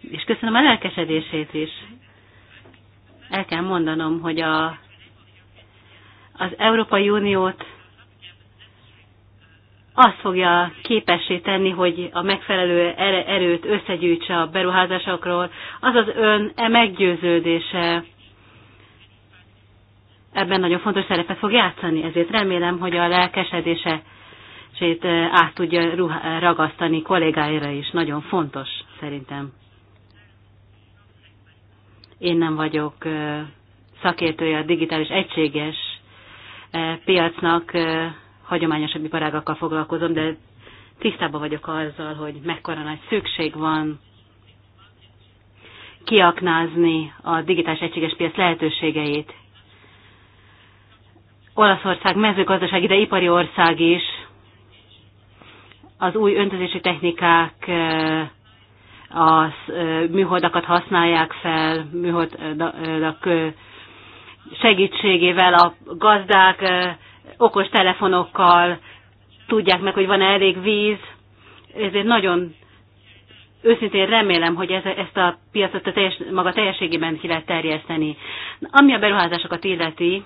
és köszönöm a lelkesedését is. El kell mondanom, hogy a, az Európai Uniót azt fogja képessé tenni, hogy a megfelelő erőt összegyűjtse a beruházásokról, az az ön e meggyőződése, ebben nagyon fontos szerepet fog játszani, ezért remélem, hogy a lelkesedése sét eh, át tudja ragasztani kollégáira is. Nagyon fontos szerintem. Én nem vagyok eh, szakértője a digitális egységes eh, piacnak, hagyományosabb iparágakkal foglalkozom, de tisztában vagyok azzal, hogy mekkora nagy szükség van kiaknázni a digitális egységes piac lehetőségeit Olaszország mezőgazdasági, de ipari ország is az új öntözési technikák a műholdakat használják fel, műholdak segítségével a gazdák okos telefonokkal tudják meg, hogy van -e elég víz, ezért nagyon őszintén remélem, hogy ez, ezt a piacot a teljes, maga teljességében ki lehet terjeszteni. Ami a beruházásokat illeti,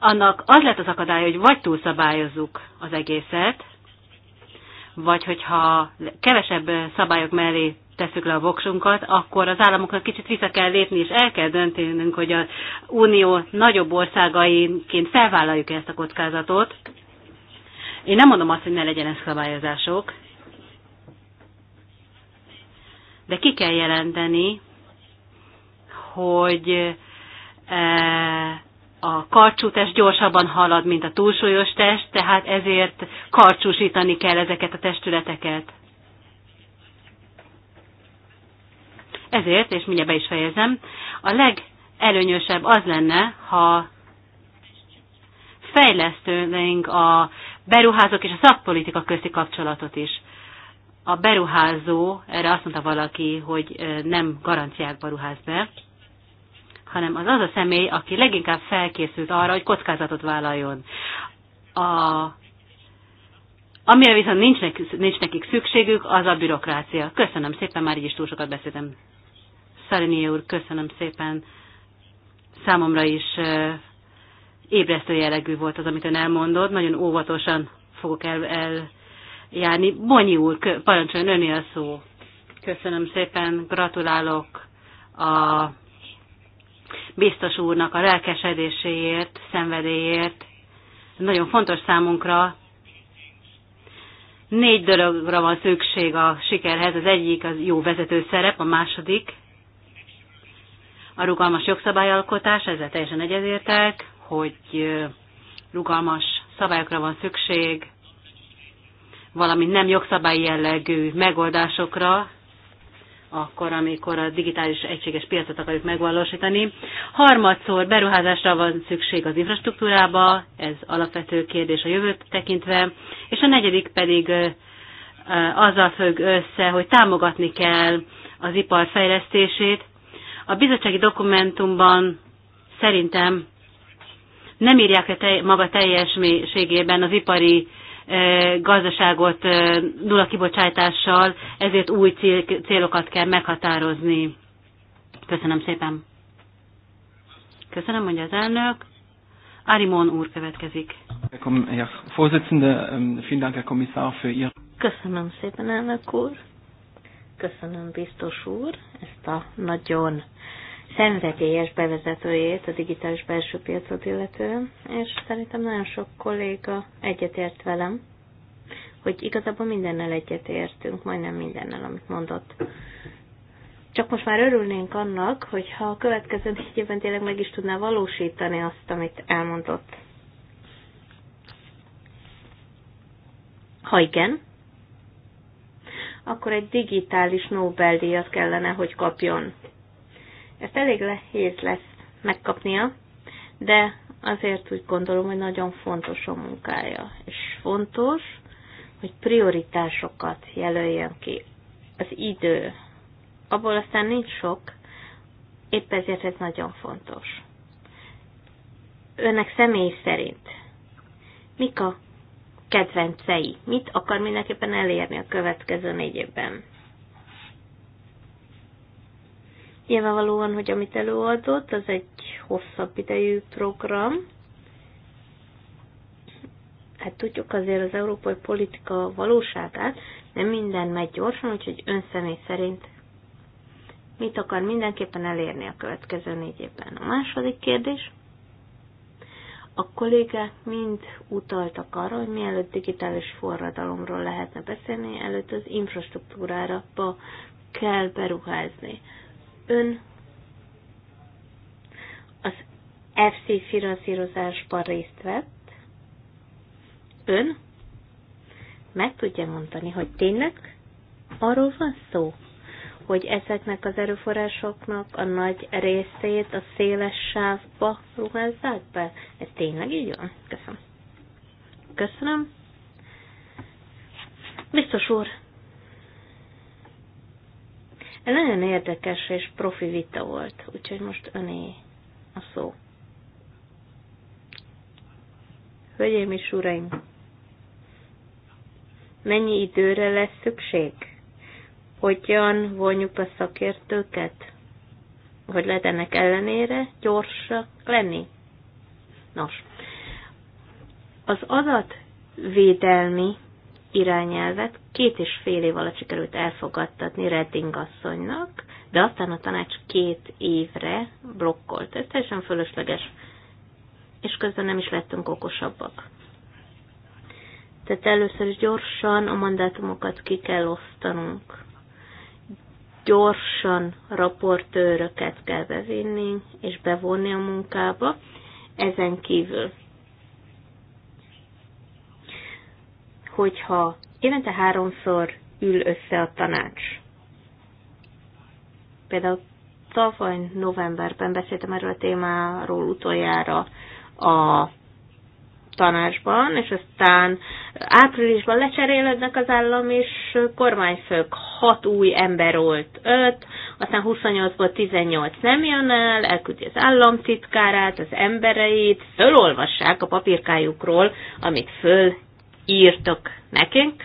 annak az lett az akadály, hogy vagy túlszabályozzuk az egészet, vagy hogyha kevesebb szabályok mellé tesszük le a voksunkat, akkor az államoknak kicsit vissza kell lépni, és el kell döntenünk, hogy az Unió nagyobb országaiként felvállaljuk ezt a kockázatot. Én nem mondom azt, hogy ne legyenek szabályozások, de ki kell jelenteni, hogy e, a karcsú test gyorsabban halad, mint a túlsúlyos test, tehát ezért karcsúsítani kell ezeket a testületeket. Ezért, és mindjárt be is fejezem, a legelőnyösebb az lenne, ha fejlesztőnénk a beruházók és a szakpolitika közti kapcsolatot is. A beruházó, erre azt mondta valaki, hogy nem garanciák beruház be, hanem az az a személy, aki leginkább felkészült arra, hogy kockázatot vállaljon. A, amire viszont nincs, nekik, nincs nekik szükségük, az a bürokrácia. Köszönöm szépen, már így is túl sokat beszéltem. Szalini úr, köszönöm szépen. Számomra is ébresztő jellegű volt az, amit ön elmondott. Nagyon óvatosan fogok el, eljárni. Bonyi úr, parancsoljon, öné a szó. Köszönöm szépen, gratulálok a biztos úrnak a lelkesedéséért, szenvedélyért. Nagyon fontos számunkra. Négy dologra van szükség a sikerhez. Az egyik az jó vezető szerep, a második a rugalmas jogszabályalkotás, ezzel teljesen egyezértek, hogy rugalmas szabályokra van szükség, valamint nem jogszabályi jellegű megoldásokra, akkor, amikor a digitális egységes piacot akarjuk megvalósítani. Harmadszor beruházásra van szükség az infrastruktúrába, ez alapvető kérdés a jövőt tekintve, és a negyedik pedig azzal függ össze, hogy támogatni kell az ipar fejlesztését. A bizottsági dokumentumban szerintem nem írják -e maga teljes mélységében az ipari E, gazdaságot e, nulla kibocsátással, ezért új célokat kell meghatározni. Köszönöm szépen. Köszönöm, mondja az elnök. Arimon úr következik. Köszönöm szépen, elnök úr. Köszönöm, biztos úr, ezt a nagyon szenvedélyes bevezetőjét a digitális belső piacot illetően, és szerintem nagyon sok kolléga egyetért velem, hogy igazából mindennel egyetértünk, majdnem mindennel, amit mondott. Csak most már örülnénk annak, hogyha a következő négy évben tényleg meg is tudná valósítani azt, amit elmondott. Ha igen, akkor egy digitális Nobel-díjat kellene, hogy kapjon. Ezt elég nehéz lesz megkapnia, de azért úgy gondolom, hogy nagyon fontos a munkája, és fontos, hogy prioritásokat jelöljön ki. Az idő. Abból aztán nincs sok, épp ezért ez nagyon fontos. Önnek személy szerint mik a kedvencei? Mit akar mindenképpen elérni a következő négy évben? Nyilvánvalóan, hogy amit előadott, az egy hosszabb idejű program. Hát tudjuk azért az európai politika valóságát, nem minden megy gyorsan, úgyhogy ön személy szerint mit akar mindenképpen elérni a következő négy évben. A második kérdés. A kollégák mind utaltak arra, hogy mielőtt digitális forradalomról lehetne beszélni, előtt az infrastruktúrára kell beruházni. Ön az FC finanszírozásban részt vett. Ön meg tudja mondani, hogy tényleg arról van szó, hogy ezeknek az erőforrásoknak a nagy részét a széles sávba ruházzák be? Ez tényleg így van? Köszönöm. Köszönöm. Biztos úr, ez nagyon érdekes és profi vita volt, úgyhogy most öné a szó. Hölgyeim és uraim, mennyi időre lesz szükség? Hogyan vonjuk a szakértőket? Hogy lehet ennek ellenére gyorsak lenni? Nos, az adatvédelmi irányelvet két és fél év alatt sikerült elfogadtatni Redding asszonynak, de aztán a tanács két évre blokkolt. Ez teljesen fölösleges, és közben nem is lettünk okosabbak. Tehát először is gyorsan a mandátumokat ki kell osztanunk. Gyorsan raportőröket kell bevinni és bevonni a munkába. Ezen kívül hogyha évente háromszor ül össze a tanács. Például tavaly novemberben beszéltem erről a témáról utoljára a tanácsban, és aztán áprilisban lecserélődnek az állam és kormányfők. Hat új ember volt, öt, aztán 28-ból 18 nem jön el, elküldi az államtitkárát, az embereit, fölolvassák a papírkájukról, amit föl írtak nekünk,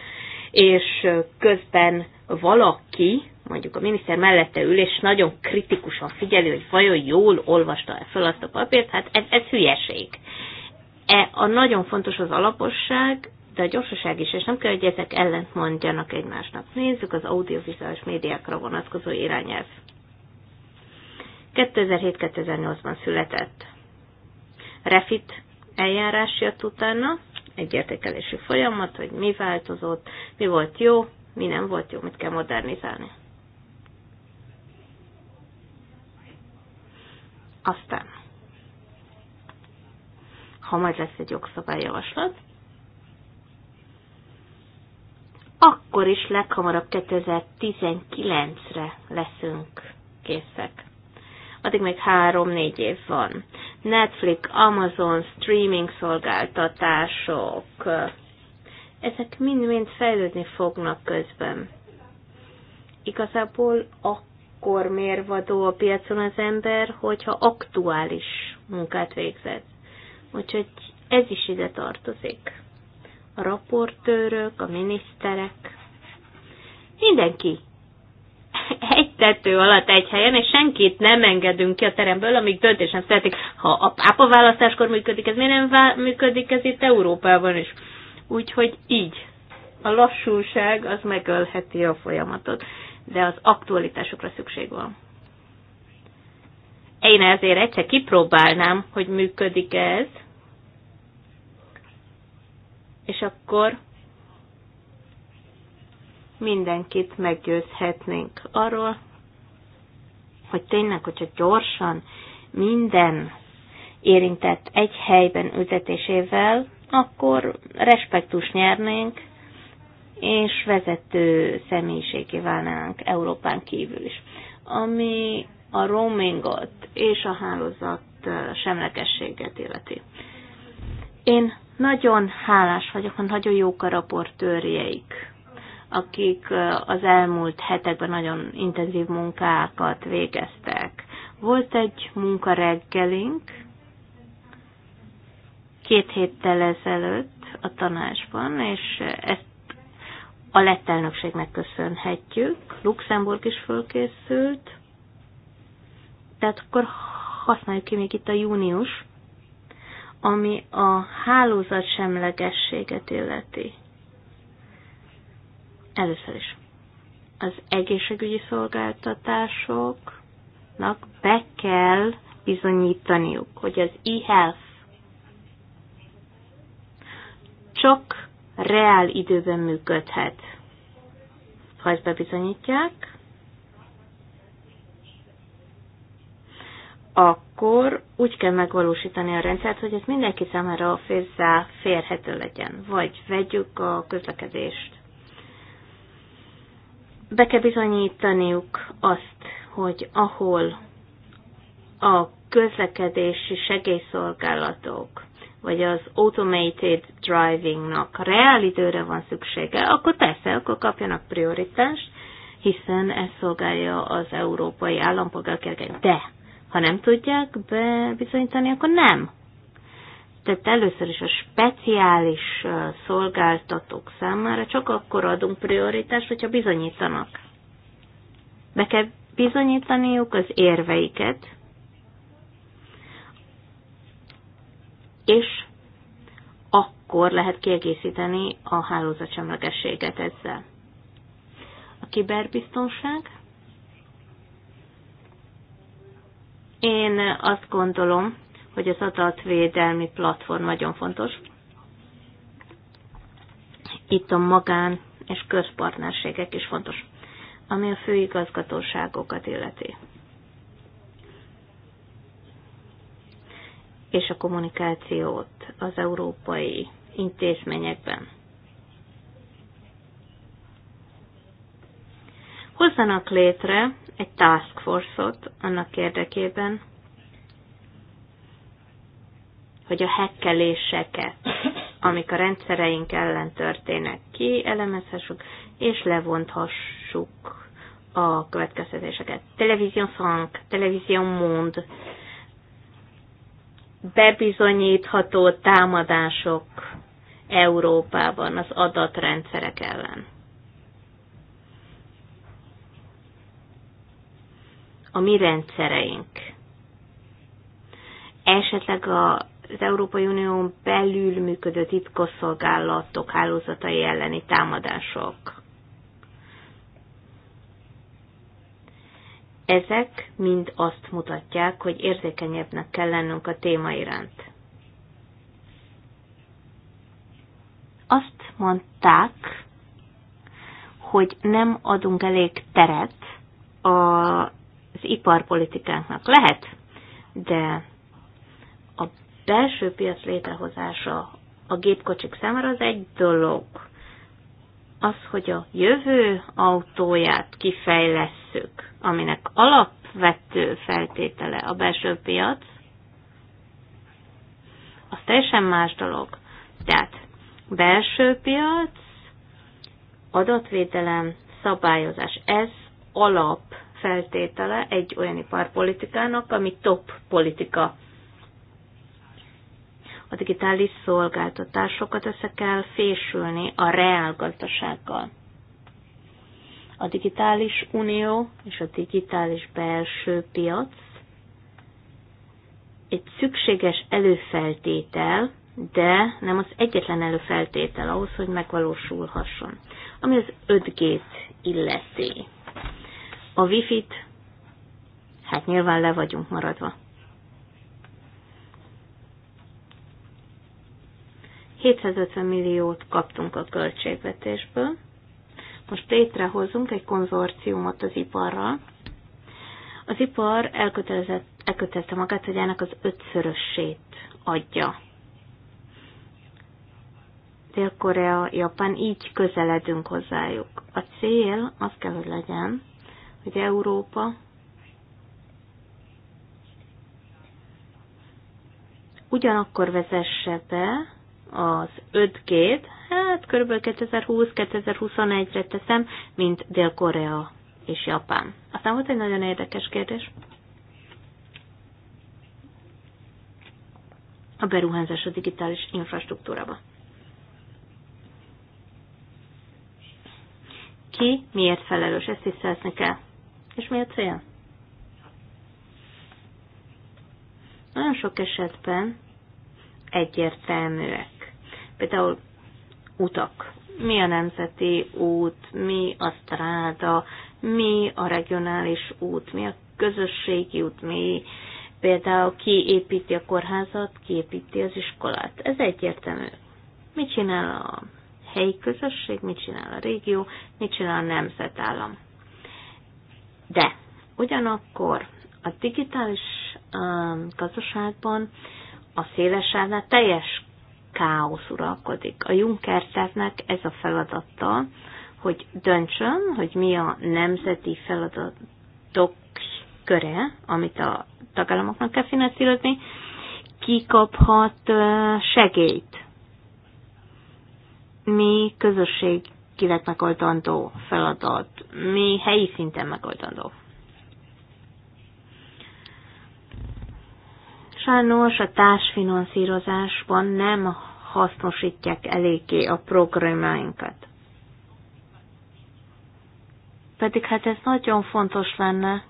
és közben valaki, mondjuk a miniszter mellette ül, és nagyon kritikusan figyeli, hogy vajon jól olvasta-e fel azt a papírt, hát ez, ez hülyeség. E, a nagyon fontos az alaposság, de a gyorsaság is, és nem kell, hogy ezek ellent mondjanak egymásnak. Nézzük az audiovizuális médiákra vonatkozó irányelv. 2007-2008-ban született. Refit eljárás jött utána, egy értékelési folyamat, hogy mi változott, mi volt jó, mi nem volt jó, mit kell modernizálni. Aztán, ha majd lesz egy jogszabályjavaslat, akkor is leghamarabb 2019-re leszünk készek. Addig még három-négy év van. Netflix, Amazon, streaming szolgáltatások, ezek mind-mind fejlődni fognak közben. Igazából akkor mérvadó a piacon az ember, hogyha aktuális munkát végzett. Úgyhogy ez is ide tartozik. A raportőrök, a miniszterek, mindenki egy tető alatt egy helyen, és senkit nem engedünk ki a teremből, amíg döntés nem születik. Ha a pápa választáskor működik, ez miért nem működik ez itt Európában is? Úgyhogy így. A lassúság az megölheti a folyamatot, de az aktualitásokra szükség van. Én ezért egyszer kipróbálnám, hogy működik ez, és akkor mindenkit meggyőzhetnénk arról, hogy tényleg, hogyha gyorsan minden érintett egy helyben üzetésével, akkor respektus nyernénk, és vezető személyiségé válnánk Európán kívül is. Ami a roamingot és a hálózat semlegességet illeti. Én nagyon hálás vagyok, hogy nagyon jók a raportőrjeik akik az elmúlt hetekben nagyon intenzív munkákat végeztek. Volt egy reggelink, két héttel ezelőtt a tanácsban, és ezt a lett elnökségnek köszönhetjük. Luxemburg is fölkészült, tehát akkor használjuk ki még itt a június, ami a hálózat semlegességet illeti. Először is. Az egészségügyi szolgáltatásoknak be kell bizonyítaniuk, hogy az e-health csak reál időben működhet. Ha ezt bebizonyítják, akkor úgy kell megvalósítani a rendszert, hogy ez mindenki számára férhető legyen. Vagy vegyük a közlekedést be kell bizonyítaniuk azt, hogy ahol a közlekedési segélyszolgálatok, vagy az automated drivingnak reál időre van szüksége, akkor persze, akkor kapjanak prioritást, hiszen ez szolgálja az európai állampolgárok De ha nem tudják bebizonyítani, akkor nem. Tehát először is a speciális szolgáltatók számára csak akkor adunk prioritást, hogyha bizonyítanak. Be kell bizonyítaniuk az érveiket, és akkor lehet kiegészíteni a hálózatsemlegességet ezzel. A kiberbiztonság. Én azt gondolom, hogy az adatvédelmi platform nagyon fontos. Itt a magán és közpartnerségek is fontos, ami a főigazgatóságokat illeti. És a kommunikációt az európai intézményekben. Hozzanak létre egy task force-ot annak érdekében, hogy a hekkeléseket, amik a rendszereink ellen történnek, kielemezhessük, és levonthassuk a következtetéseket. Televízió Frank, Televízió Mond, bebizonyítható támadások Európában az adatrendszerek ellen. A mi rendszereink. Esetleg a az Európai Unión belül működő titkosszolgálatok hálózatai elleni támadások. Ezek mind azt mutatják, hogy érzékenyebbnek kell lennünk a téma iránt. Azt mondták, hogy nem adunk elég teret az iparpolitikánknak. Lehet, de belső piac létrehozása a gépkocsik számára az egy dolog. Az, hogy a jövő autóját kifejlesszük, aminek alapvető feltétele a belső piac, az teljesen más dolog. Tehát belső piac, adatvédelem, szabályozás. Ez alapfeltétele egy olyan iparpolitikának, ami top politika a digitális szolgáltatásokat össze kell fésülni a reál gazdasággal. A digitális unió és a digitális belső piac egy szükséges előfeltétel, de nem az egyetlen előfeltétel ahhoz, hogy megvalósulhasson. Ami az 5G-t illeti. A Wi-Fi-t, hát nyilván le vagyunk maradva. 750 milliót kaptunk a költségvetésből. Most létrehozunk egy konzorciumot az iparral. Az ipar elkötelezett, elkötelezte magát, hogy ennek az ötszörösét adja. Dél-Korea, Japán, így közeledünk hozzájuk. A cél az kell, hogy legyen, hogy Európa ugyanakkor vezesse be az 5G-t, hát kb. 2020-2021-re teszem, mint Dél-Korea és Japán. Aztán volt egy nagyon érdekes kérdés. A beruházás a digitális infrastruktúrába. Ki miért felelős, ezt tisztázni kell. És mi a cél? Nagyon sok esetben egyértelműek Például utak. Mi a nemzeti út, mi a stráda, mi a regionális út, mi a közösségi út, mi például ki építi a kórházat, ki építi az iskolát. Ez egyértelmű. Mit csinál a helyi közösség, mit csinál a régió, mit csinál a nemzetállam. De ugyanakkor a digitális um, gazdaságban a szélesávnál teljes káosz uralkodik. A Juncker ez a feladata, hogy döntsön, hogy mi a nemzeti feladatok köre, amit a tagállamoknak kell finanszírozni, ki kaphat segélyt. Mi közösségileg megoldandó feladat, mi helyi szinten megoldandó. Sajnos a társfinanszírozásban nem hasznosítják eléggé a programjainkat. Pedig hát ez nagyon fontos lenne,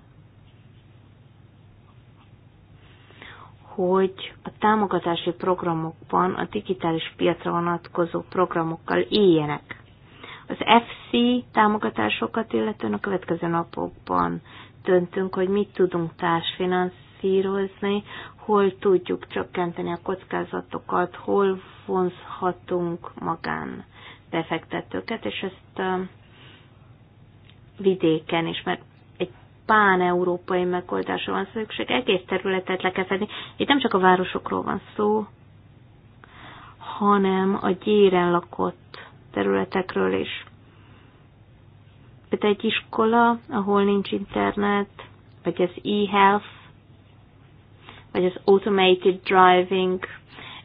hogy a támogatási programokban a digitális piacra vonatkozó programokkal éljenek. Az FC támogatásokat illetően a következő napokban döntünk, hogy mit tudunk társfinanszírozni, finanszírozni, hol tudjuk csökkenteni a kockázatokat, hol vonzhatunk magán befektetőket, és ezt vidéken is, mert egy pán-európai megoldásra van szükség, egész területet le kell fedni. Itt nem csak a városokról van szó, hanem a gyéren lakott területekről is. Például egy iskola, ahol nincs internet, vagy az e-health, vagy az automated driving.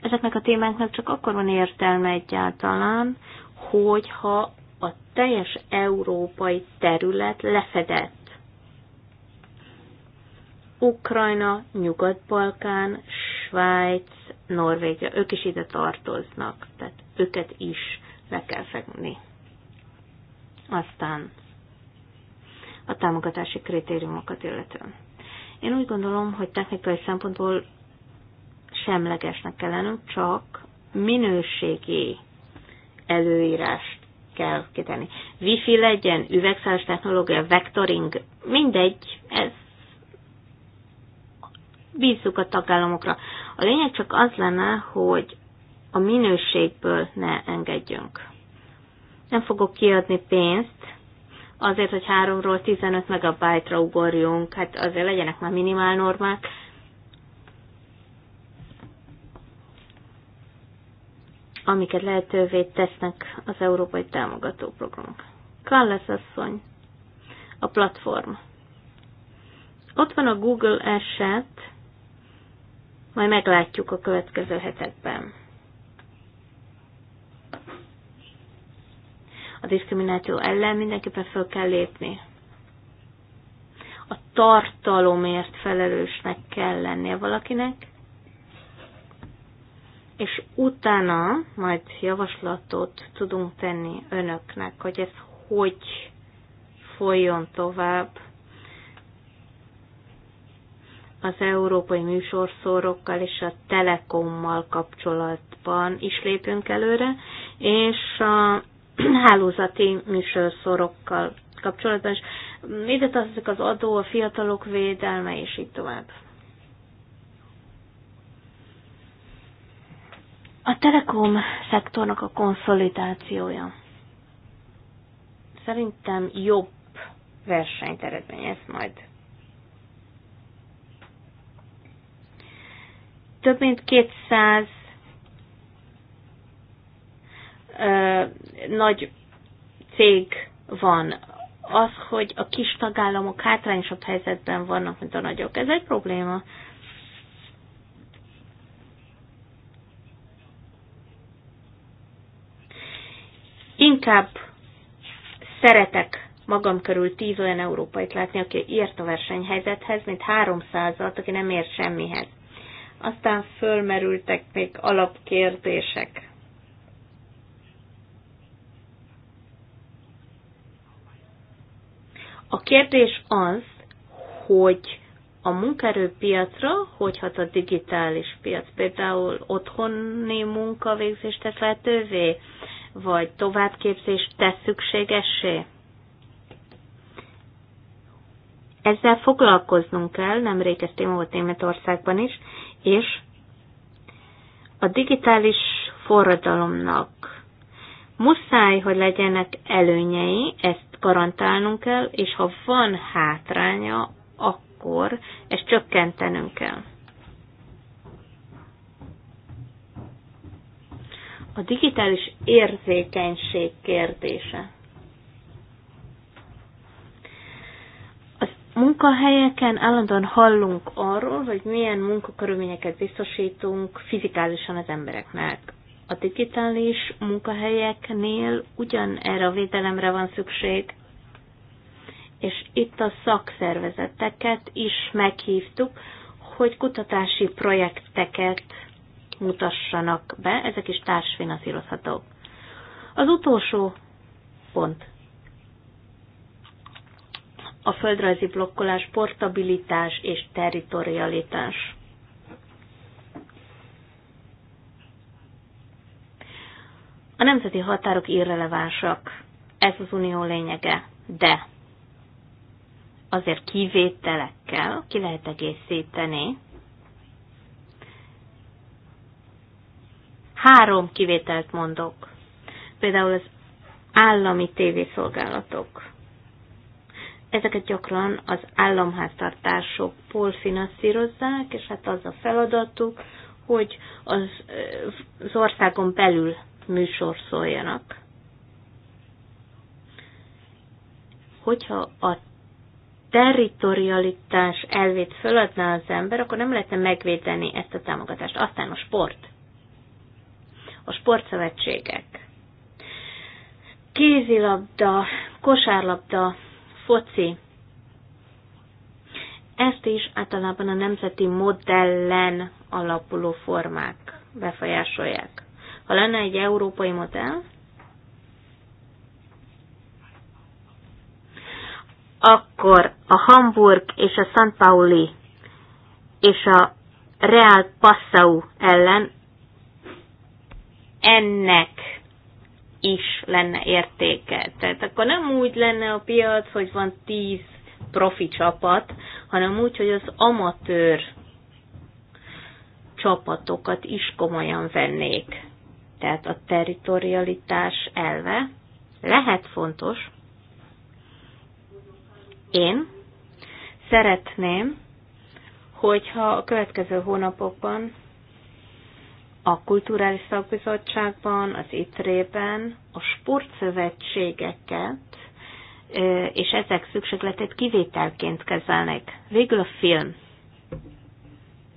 Ezeknek a témáknak csak akkor van értelme egyáltalán, hogyha a teljes európai terület lefedett. Ukrajna, Nyugat-Balkán, Svájc, Norvégia, ők is ide tartoznak, tehát őket is le kell fegni. Aztán a támogatási kritériumokat illetően. Én úgy gondolom, hogy technikai szempontból semlegesnek kell lennünk, csak minőségi előírást kell kitenni. Wi-Fi legyen, üvegszálas technológia, vectoring, mindegy, ez bízzuk a tagállamokra. A lényeg csak az lenne, hogy a minőségből ne engedjünk. Nem fogok kiadni pénzt azért, hogy 3-ról 15 megabájtra ugorjunk, hát azért legyenek már minimál normák. amiket lehetővé tesznek az európai támogató programok. Kallas asszony, a platform. Ott van a Google eset, majd meglátjuk a következő hetekben. a diszkrimináció ellen mindenképpen fel kell lépni. A tartalomért felelősnek kell lennie valakinek, és utána majd javaslatot tudunk tenni önöknek, hogy ez hogy folyjon tovább az európai műsorszórokkal és a telekommal kapcsolatban is lépünk előre, és a hálózati műsorszorokkal kapcsolatban, és ide tartozik az adó, a fiatalok védelme, és így tovább. A telekom szektornak a konszolidációja. Szerintem jobb versenyt eredményez majd. Több mint 200 nagy cég van, az, hogy a kis tagállamok hátrányosabb helyzetben vannak, mint a nagyok, ez egy probléma. Inkább szeretek magam körül tíz olyan európait látni, aki ért a versenyhelyzethez, mint háromszázat, aki nem ér semmihez. Aztán fölmerültek még alapkérdések. A kérdés az, hogy a munkaerőpiacra, hogy hat a digitális piac, például otthoni munkavégzést tesz lehetővé, vagy továbbképzést tesz szükségessé? Ezzel foglalkoznunk kell, nemrég ez téma volt Németországban is, és a digitális forradalomnak Muszáj, hogy legyenek előnyei, ezt garantálnunk kell, és ha van hátránya, akkor ezt csökkentenünk kell. A digitális érzékenység kérdése. munkahelyeken állandóan hallunk arról, hogy milyen munkakörülményeket biztosítunk fizikálisan az embereknek a digitális munkahelyeknél ugyan erre a védelemre van szükség, és itt a szakszervezeteket is meghívtuk, hogy kutatási projekteket mutassanak be, ezek is társfinanszírozhatók. Az utolsó pont. A földrajzi blokkolás, portabilitás és territorialitás. A nemzeti határok irrelevánsak, ez az unió lényege, de azért kivételekkel ki lehet egészíteni. Három kivételt mondok. Például az állami tévészolgálatok. Ezeket gyakran az államháztartásokból finanszírozzák, és hát az a feladatuk, hogy az, az országon belül műsor szóljanak. Hogyha a territorialitás elvét föladná az ember, akkor nem lehetne megvédeni ezt a támogatást. Aztán a sport. A sportszövetségek. Kézilabda, kosárlabda, foci. Ezt is általában a nemzeti modellen alapuló formák befolyásolják. Ha lenne egy európai modell, akkor a Hamburg és a St. Pauli és a Real Passau ellen ennek is lenne értéke. Tehát akkor nem úgy lenne a piac, hogy van tíz profi csapat, hanem úgy, hogy az amatőr csapatokat is komolyan vennék. Tehát a territorialitás elve lehet fontos. Én szeretném, hogyha a következő hónapokban a Kulturális Szakbizottságban, az ITRE-ben a sportszövetségeket és ezek szükségletét kivételként kezelnek. Végül a film.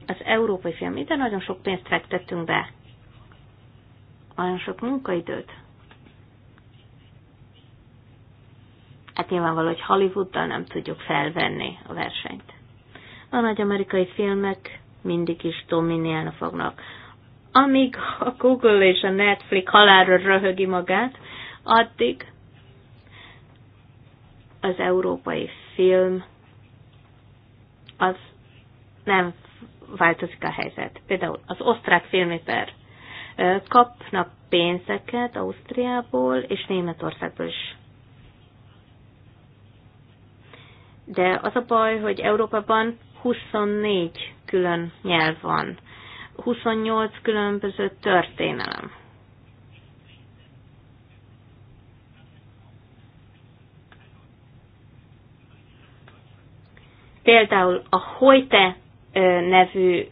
Az európai film. Ide nagyon sok pénzt fektettünk be olyan sok munkaidőt? Hát nyilvánvaló, hogy Hollywooddal nem tudjuk felvenni a versenyt. A nagy amerikai filmek mindig is dominálni fognak. Amíg a Google és a Netflix halálra röhögi magát, addig az európai film az nem változik a helyzet. Például az osztrák filmiper kapnak pénzeket Ausztriából és Németországból is. De az a baj, hogy Európában 24 külön nyelv van, 28 különböző történelem. Például a Hojte nevű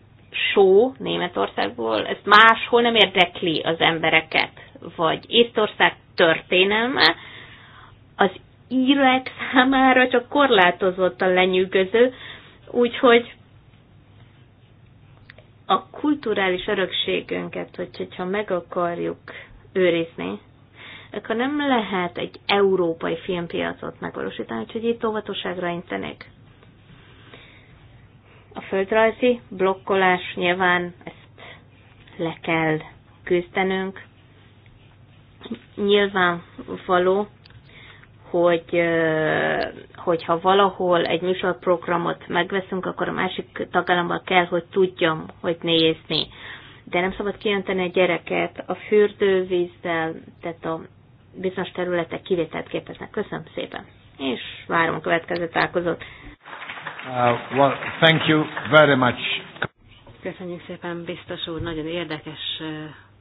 só Németországból, ez máshol nem érdekli az embereket, vagy Észtország történelme, az írek számára csak korlátozottan lenyűgöző, úgyhogy a kulturális örökségünket, hogy, hogyha meg akarjuk őrizni, akkor nem lehet egy európai filmpiacot megvalósítani, úgyhogy itt óvatosságra intenék a földrajzi blokkolás nyilván ezt le kell küzdenünk. Nyilvánvaló, hogy hogyha valahol egy műsorprogramot megveszünk, akkor a másik tagállamban kell, hogy tudjam, hogy nézni. De nem szabad kijönteni a gyereket a fürdővízzel, tehát a bizonyos területek kivételt képeznek. Köszönöm szépen, és várom a következő találkozót. Uh, well, thank you very much. Köszönjük szépen, biztos úr, nagyon érdekes uh,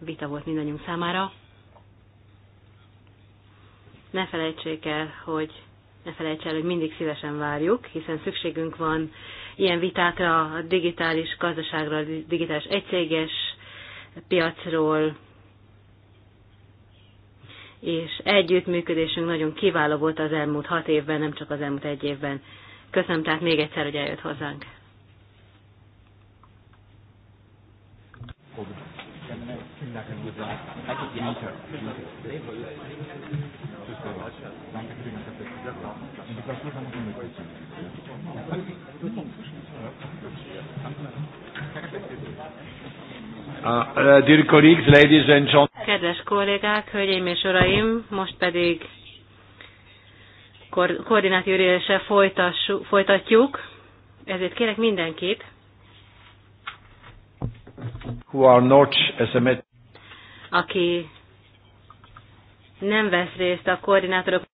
vita volt mindannyiunk számára. Ne felejtsék el, hogy ne felejts el, hogy mindig szívesen várjuk, hiszen szükségünk van ilyen vitákra a digitális gazdaságra, a digitális egységes piacról, és együttműködésünk nagyon kiváló volt az elmúlt hat évben, nem csak az elmúlt egy évben. Köszönöm tehát még egyszer, hogy eljött hozzánk. Uh, uh, Kedves kollégák, hölgyeim és uraim, most pedig koordinációülése folytatjuk, ezért kérek mindenkit, who are not a aki nem vesz részt a koordinátorok